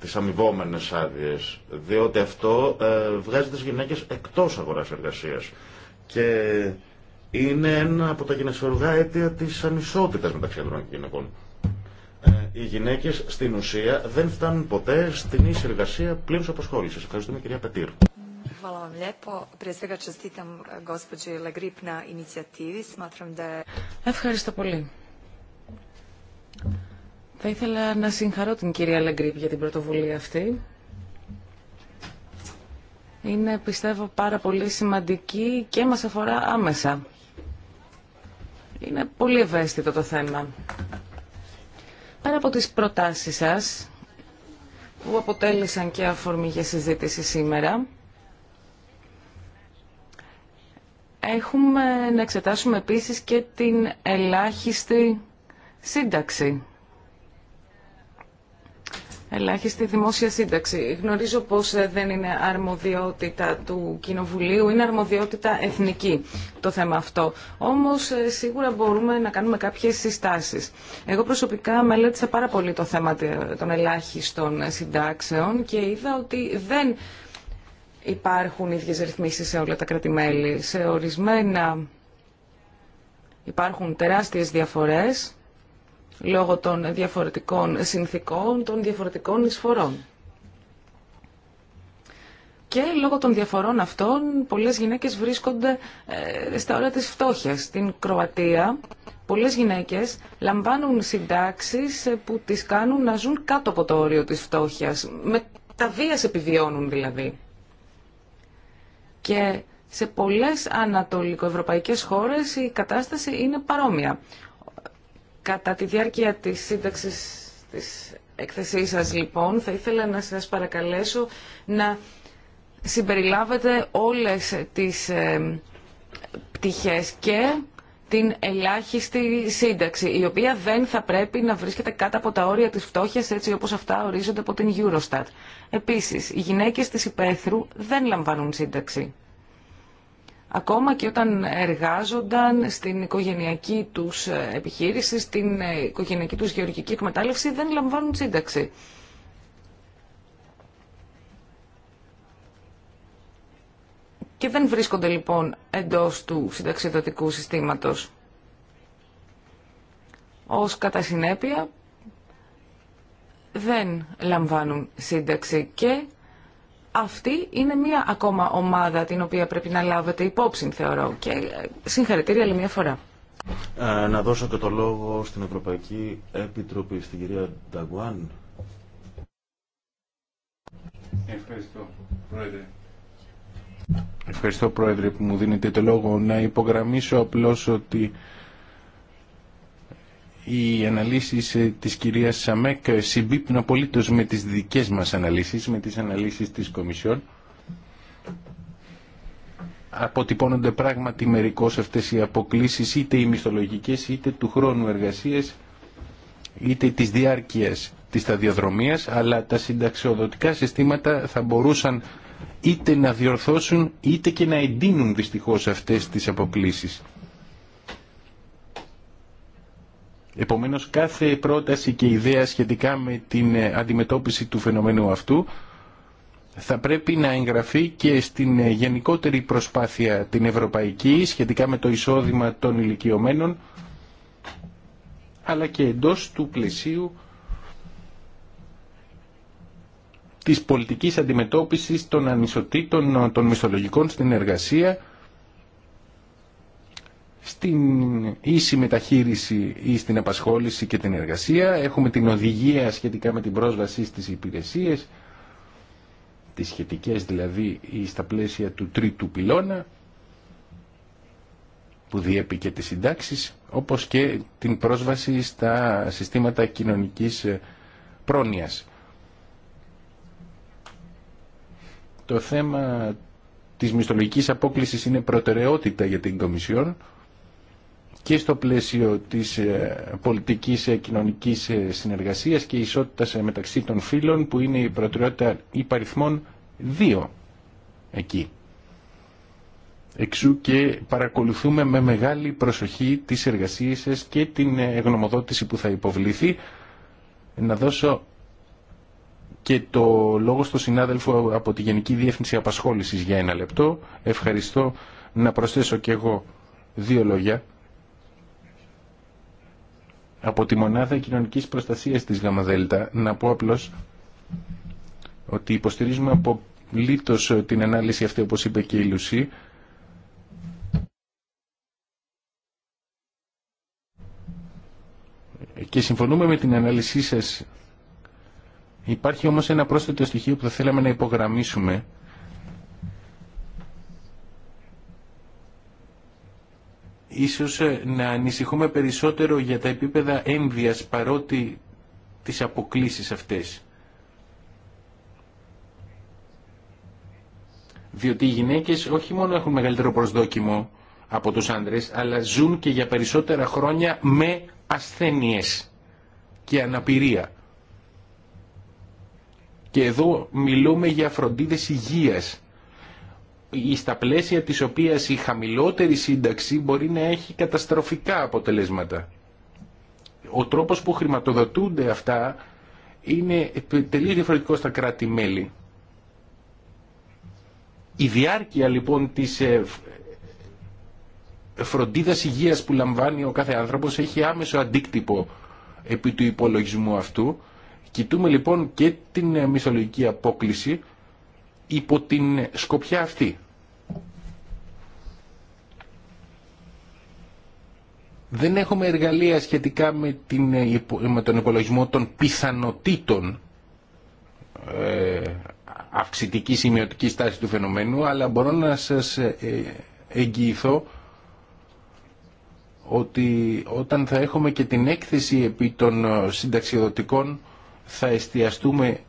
τις αμοιβόμενες άδειες, διότι αυτό ε, βγάζει τις γυναίκες εκτός αγοράς εργασίας. Και είναι ένα από τα γενεσιουργά αίτια της ανισότητας μεταξύ ανδρών και γυναικών. Ε, οι γυναίκες στην ουσία δεν φτάνουν ποτέ στην ίση εργασία πλήρους απασχόλησης. Ευχαριστούμε κυρία Πετήρ. Ευχαριστώ πολύ. Θα ήθελα να συγχαρώ την κυρία Λεγκρίπ για την πρωτοβουλία αυτή. Είναι, πιστεύω, πάρα πολύ σημαντική και μας αφορά άμεσα. Είναι πολύ ευαίσθητο το θέμα. Πέρα από τις προτάσεις σας, που αποτέλεσαν και αφορμή για συζήτηση σήμερα, έχουμε να εξετάσουμε επίσης και την ελάχιστη σύνταξη. Ελάχιστη δημόσια σύνταξη. Γνωρίζω πως ε, δεν είναι αρμοδιότητα του Κοινοβουλίου, είναι αρμοδιότητα εθνική το θέμα αυτό. Όμως ε, σίγουρα μπορούμε να κάνουμε κάποιες συστάσεις. Εγώ προσωπικά μελέτησα πάρα πολύ το θέμα των ελάχιστων συντάξεων και είδα ότι δεν υπάρχουν ίδιες ρυθμίσεις σε όλα τα κρατημέλη. Σε ορισμένα υπάρχουν τεράστιες διαφορές λόγω των διαφορετικών συνθήκων, των διαφορετικών εισφορών. Και λόγω των διαφορών αυτών πολλές γυναίκες βρίσκονται ε, στα όρια της φτώχειας. Στην Κροατία πολλές γυναίκες λαμβάνουν συντάξεις ε, που τις κάνουν να ζουν κάτω από το όριο της φτώχειας. Με τα βίας επιβιώνουν δηλαδή. Και σε πολλές ανατολικοευρωπαϊκές χώρες η κατάσταση είναι παρόμοια. Κατά τη διάρκεια της σύνταξης της εκθεσή σας λοιπόν θα ήθελα να σας παρακαλέσω να συμπεριλάβετε όλες τις ε, πτυχές και την ελάχιστη σύνταξη, η οποία δεν θα πρέπει να βρίσκεται κάτω από τα όρια της φτώχειας, έτσι όπως αυτά ορίζονται από την Eurostat. Επίσης, οι γυναίκες της υπαίθρου δεν λαμβάνουν σύνταξη. Ακόμα και όταν εργάζονταν στην οικογενειακή τους ε, επιχείρηση, στην ε, οικογενειακή τους γεωργική εκμετάλλευση, δεν λαμβάνουν σύνταξη. και δεν βρίσκονται λοιπόν εντός του συνταξιδοτικού συστήματος. Ως κατά συνέπεια δεν λαμβάνουν σύνταξη και αυτή είναι μία ακόμα ομάδα την οποία πρέπει να λάβετε υπόψη θεωρώ και ε, συγχαρητήρια άλλη μια φορά. Ε, να δώσω και το λόγο στην Ευρωπαϊκή Επιτροπή, στην κυρία Νταγκουάν. Ευχαριστώ, Πρόεδρε. Ευχαριστώ Πρόεδρε που μου δίνετε το λόγο. Να υπογραμμίσω απλώς ότι οι αναλύσεις ε, της κυρίας Σαμέκ ε, συμπίπτουν απολύτως με τις δικές μας αναλύσεις, με τις αναλύσεις της Κομισιόν. Αποτυπώνονται πράγματι μερικώς αυτές οι αποκλήσεις, είτε οι μισθολογικές, είτε του χρόνου εργασίας, είτε της διάρκειας της σταδιοδρομίας, αλλά τα συνταξιοδοτικά συστήματα θα μπορούσαν είτε να διορθώσουν είτε και να εντείνουν δυστυχώς αυτές τις αποκλήσεις. Επομένως κάθε πρόταση και ιδέα σχετικά με την ε, αντιμετώπιση του φαινομένου αυτού θα πρέπει να εγγραφεί και στην ε, γενικότερη προσπάθεια την ευρωπαϊκή σχετικά με το εισόδημα των ηλικιωμένων αλλά και εντός του πλαισίου της πολιτικής αντιμετώπισης των ανισοτήτων των μισθολογικών στην εργασία, στην ίση μεταχείριση ή στην απασχόληση και την εργασία. Έχουμε την οδηγία σχετικά με την πρόσβαση στις υπηρεσίες, τις σχετικές δηλαδή ή στα πλαίσια του τρίτου πυλώνα, που διέπει και τις συντάξεις, όπως και την πρόσβαση στα συστήματα κοινωνικής ε, πρόνοιας. Το θέμα της μισθολογικής απόκλησης είναι προτεραιότητα για την Κομισιόν και στο πλαίσιο της ε, πολιτικής ε, κοινωνικής ε, συνεργασίας και ισότητας μεταξύ των φύλων που είναι η προτεραιότητα υπαριθμών 2 εκεί. Εξού και παρακολουθούμε με μεγάλη προσοχή τις εργασίες σας και την γνωμοδότηση που θα υποβληθεί. Να δώσω και το λόγο στο συνάδελφο από τη Γενική Διεύθυνση Απασχόλησης για ένα λεπτό. Ευχαριστώ να προσθέσω και εγώ δύο λόγια από τη Μονάδα Κοινωνικής Προστασίας της ΓΑΜΑΔΕΛΤΑ να πω απλώς ότι υποστηρίζουμε απολύτως την ανάλυση αυτή όπως είπε και η Λουσή και συμφωνούμε με την ανάλυση σας Υπάρχει όμως ένα πρόσθετο στοιχείο που θα θέλαμε να υπογραμμίσουμε ίσως ε, να ανησυχούμε περισσότερο για τα επίπεδα έμβιας παρότι τις αποκλίσεις αυτές. Διότι οι γυναίκες όχι μόνο έχουν μεγαλύτερο προσδόκιμο από τους άντρες, αλλά ζουν και για περισσότερα χρόνια με ασθένειες και αναπηρία. Και εδώ μιλούμε για φροντίδες υγείας στα πλαίσια της οποίας η χαμηλότερη σύνταξη μπορεί να έχει καταστροφικά αποτελέσματα. Ο τρόπος που χρηματοδοτούνται αυτά είναι τελείως διαφορετικό στα κράτη-μέλη. Η διάρκεια λοιπόν της ε, φροντίδας υγείας που λαμβάνει ο κάθε άνθρωπος έχει άμεσο αντίκτυπο επί του υπολογισμού αυτού Κοιτούμε λοιπόν και την ε, μυθολογική απόκληση υπό την σκοπιά αυτή. Δεν έχουμε εργαλεία σχετικά ε, με, τον υπολογισμό των πιθανοτήτων ε, αυξητικής ή μειωτικής τάσης του φαινομένου, αλλά μπορώ να σας ε, εγγυηθώ ότι όταν θα έχουμε και την έκθεση επί των συνταξιδοτικών θα εστιαστούμε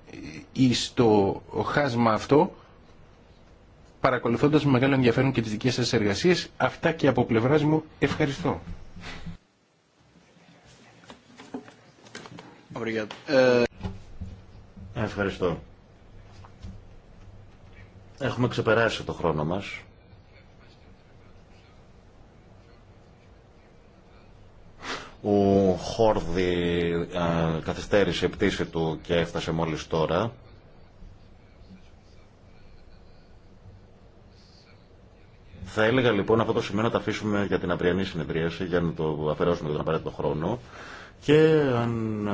στο χάσμα αυτό παρακολουθώντας με μεγάλο ενδιαφέρον και τις δικές σας εργασίες. Αυτά και από πλευράς μου ευχαριστώ. Ε, ευχαριστώ. Έχουμε ξεπεράσει το χρόνο μας. Ο χόρδη καθυστέρησε η πτήση του και έφτασε μόλις τώρα. Θα έλεγα λοιπόν αυτό το σημείο να το αφήσουμε για την αυριανή συνεδρίαση για να το αφαιρέσουμε τον απαραίτητο χρόνο και αν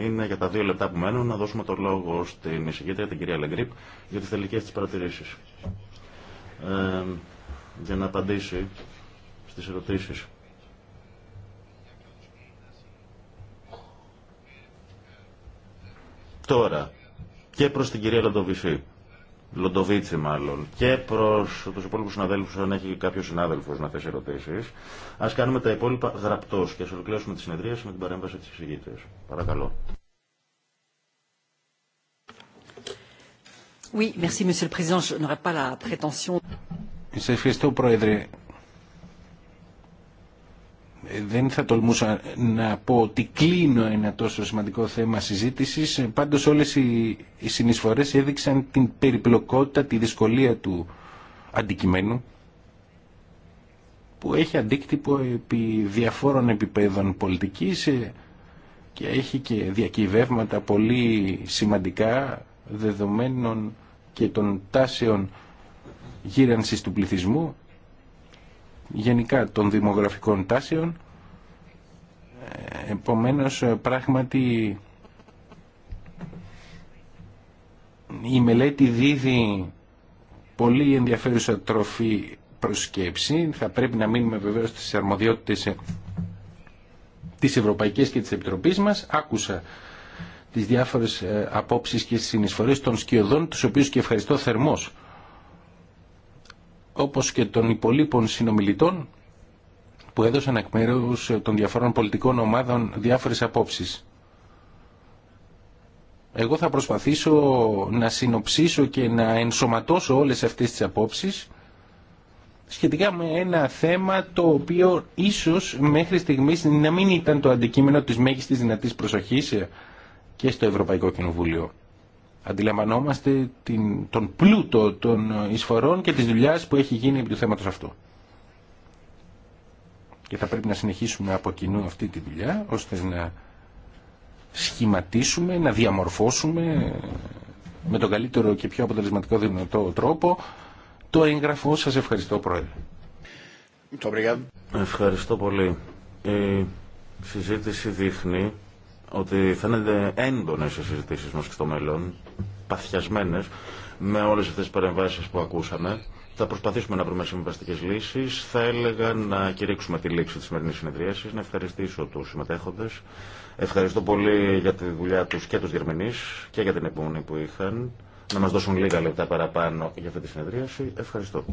είναι για τα δύο λεπτά που μένουν να δώσουμε το λόγο στην εισηγήτρια την κυρία Λεγκρίπ για τις τελικές της παρατηρήσεις. Ε, για να απαντήσει στις ερωτήσεις. Τώρα, και προς την κυρία Λοντοβίση, Λοντοβίτση μάλλον, και προς τους υπόλοιπους συναδέλφους, αν έχει κάποιος συνάδελφος να θέσει ερωτήσεις, ας κάνουμε τα υπόλοιπα γραπτός και ας ολοκληρώσουμε τη συνεδρίαση με την παρέμβαση της εισηγήτης. Παρακαλώ. Oui, merci, ευχαριστώ, Πρόεδρε δεν θα τολμούσα να πω ότι κλείνω ένα τόσο σημαντικό θέμα συζήτησης. Πάντως όλες οι συνεισφορές έδειξαν την περιπλοκότητα, τη δυσκολία του αντικειμένου που έχει αντίκτυπο επί διαφόρων επιπέδων πολιτικής ε, και έχει και διακυβεύματα πολύ σημαντικά δεδομένων και των τάσεων γύρανσης του πληθυσμού γενικά των δημογραφικών τάσεων. Ε, επομένως, ε, πράγματι, η μελέτη δίδει πολύ ενδιαφέρουσα τροφή προσκέψη. Θα πρέπει να μείνουμε βεβαίως στις αρμοδιότητες ε, της Ευρωπαϊκής και της Επιτροπής μας. Άκουσα τις διάφορες απόψεις και συνεισφορές των σκιωδών, τους οποίους και ευχαριστώ θερμός όπως και των υπολείπων συνομιλητών που έδωσαν εκ των διαφορών πολιτικών ομάδων διάφορες απόψεις. Εγώ θα προσπαθήσω να συνοψίσω και να ενσωματώσω όλες αυτές τις απόψεις σχετικά με ένα θέμα το οποίο ίσως μέχρι στιγμής να μην ήταν το αντικείμενο της μέγιστης δυνατής προσοχής και στο Ευρωπαϊκό Κοινοβούλιο αντιλαμβανόμαστε την, τον πλούτο των εισφορών και της δουλειάς που έχει γίνει επί του θέματος αυτού. Και θα πρέπει να συνεχίσουμε από κοινού αυτή τη δουλειά, ώστε να σχηματίσουμε, να διαμορφώσουμε με τον καλύτερο και πιο αποτελεσματικό δυνατό τρόπο το έγγραφο. Σας ευχαριστώ, Πρόεδρε. Ευχαριστώ πολύ. Η συζήτηση δείχνει ότι φαίνεται έντονε οι συζητήσει μα στο μέλλον, παθιασμένε, με όλε αυτέ τι παρεμβάσει που ακούσαμε. Θα προσπαθήσουμε να βρούμε συμβαστικέ λύσει. Θα έλεγα να κηρύξουμε τη λήξη τη σημερινή συνεδρίαση, να ευχαριστήσω του συμμετέχοντε. Ευχαριστώ πολύ για τη δουλειά του και του διερμηνείς και για την επόμενη που είχαν. Να μα δώσουν λίγα λεπτά παραπάνω για αυτή τη συνεδρίαση. Ευχαριστώ.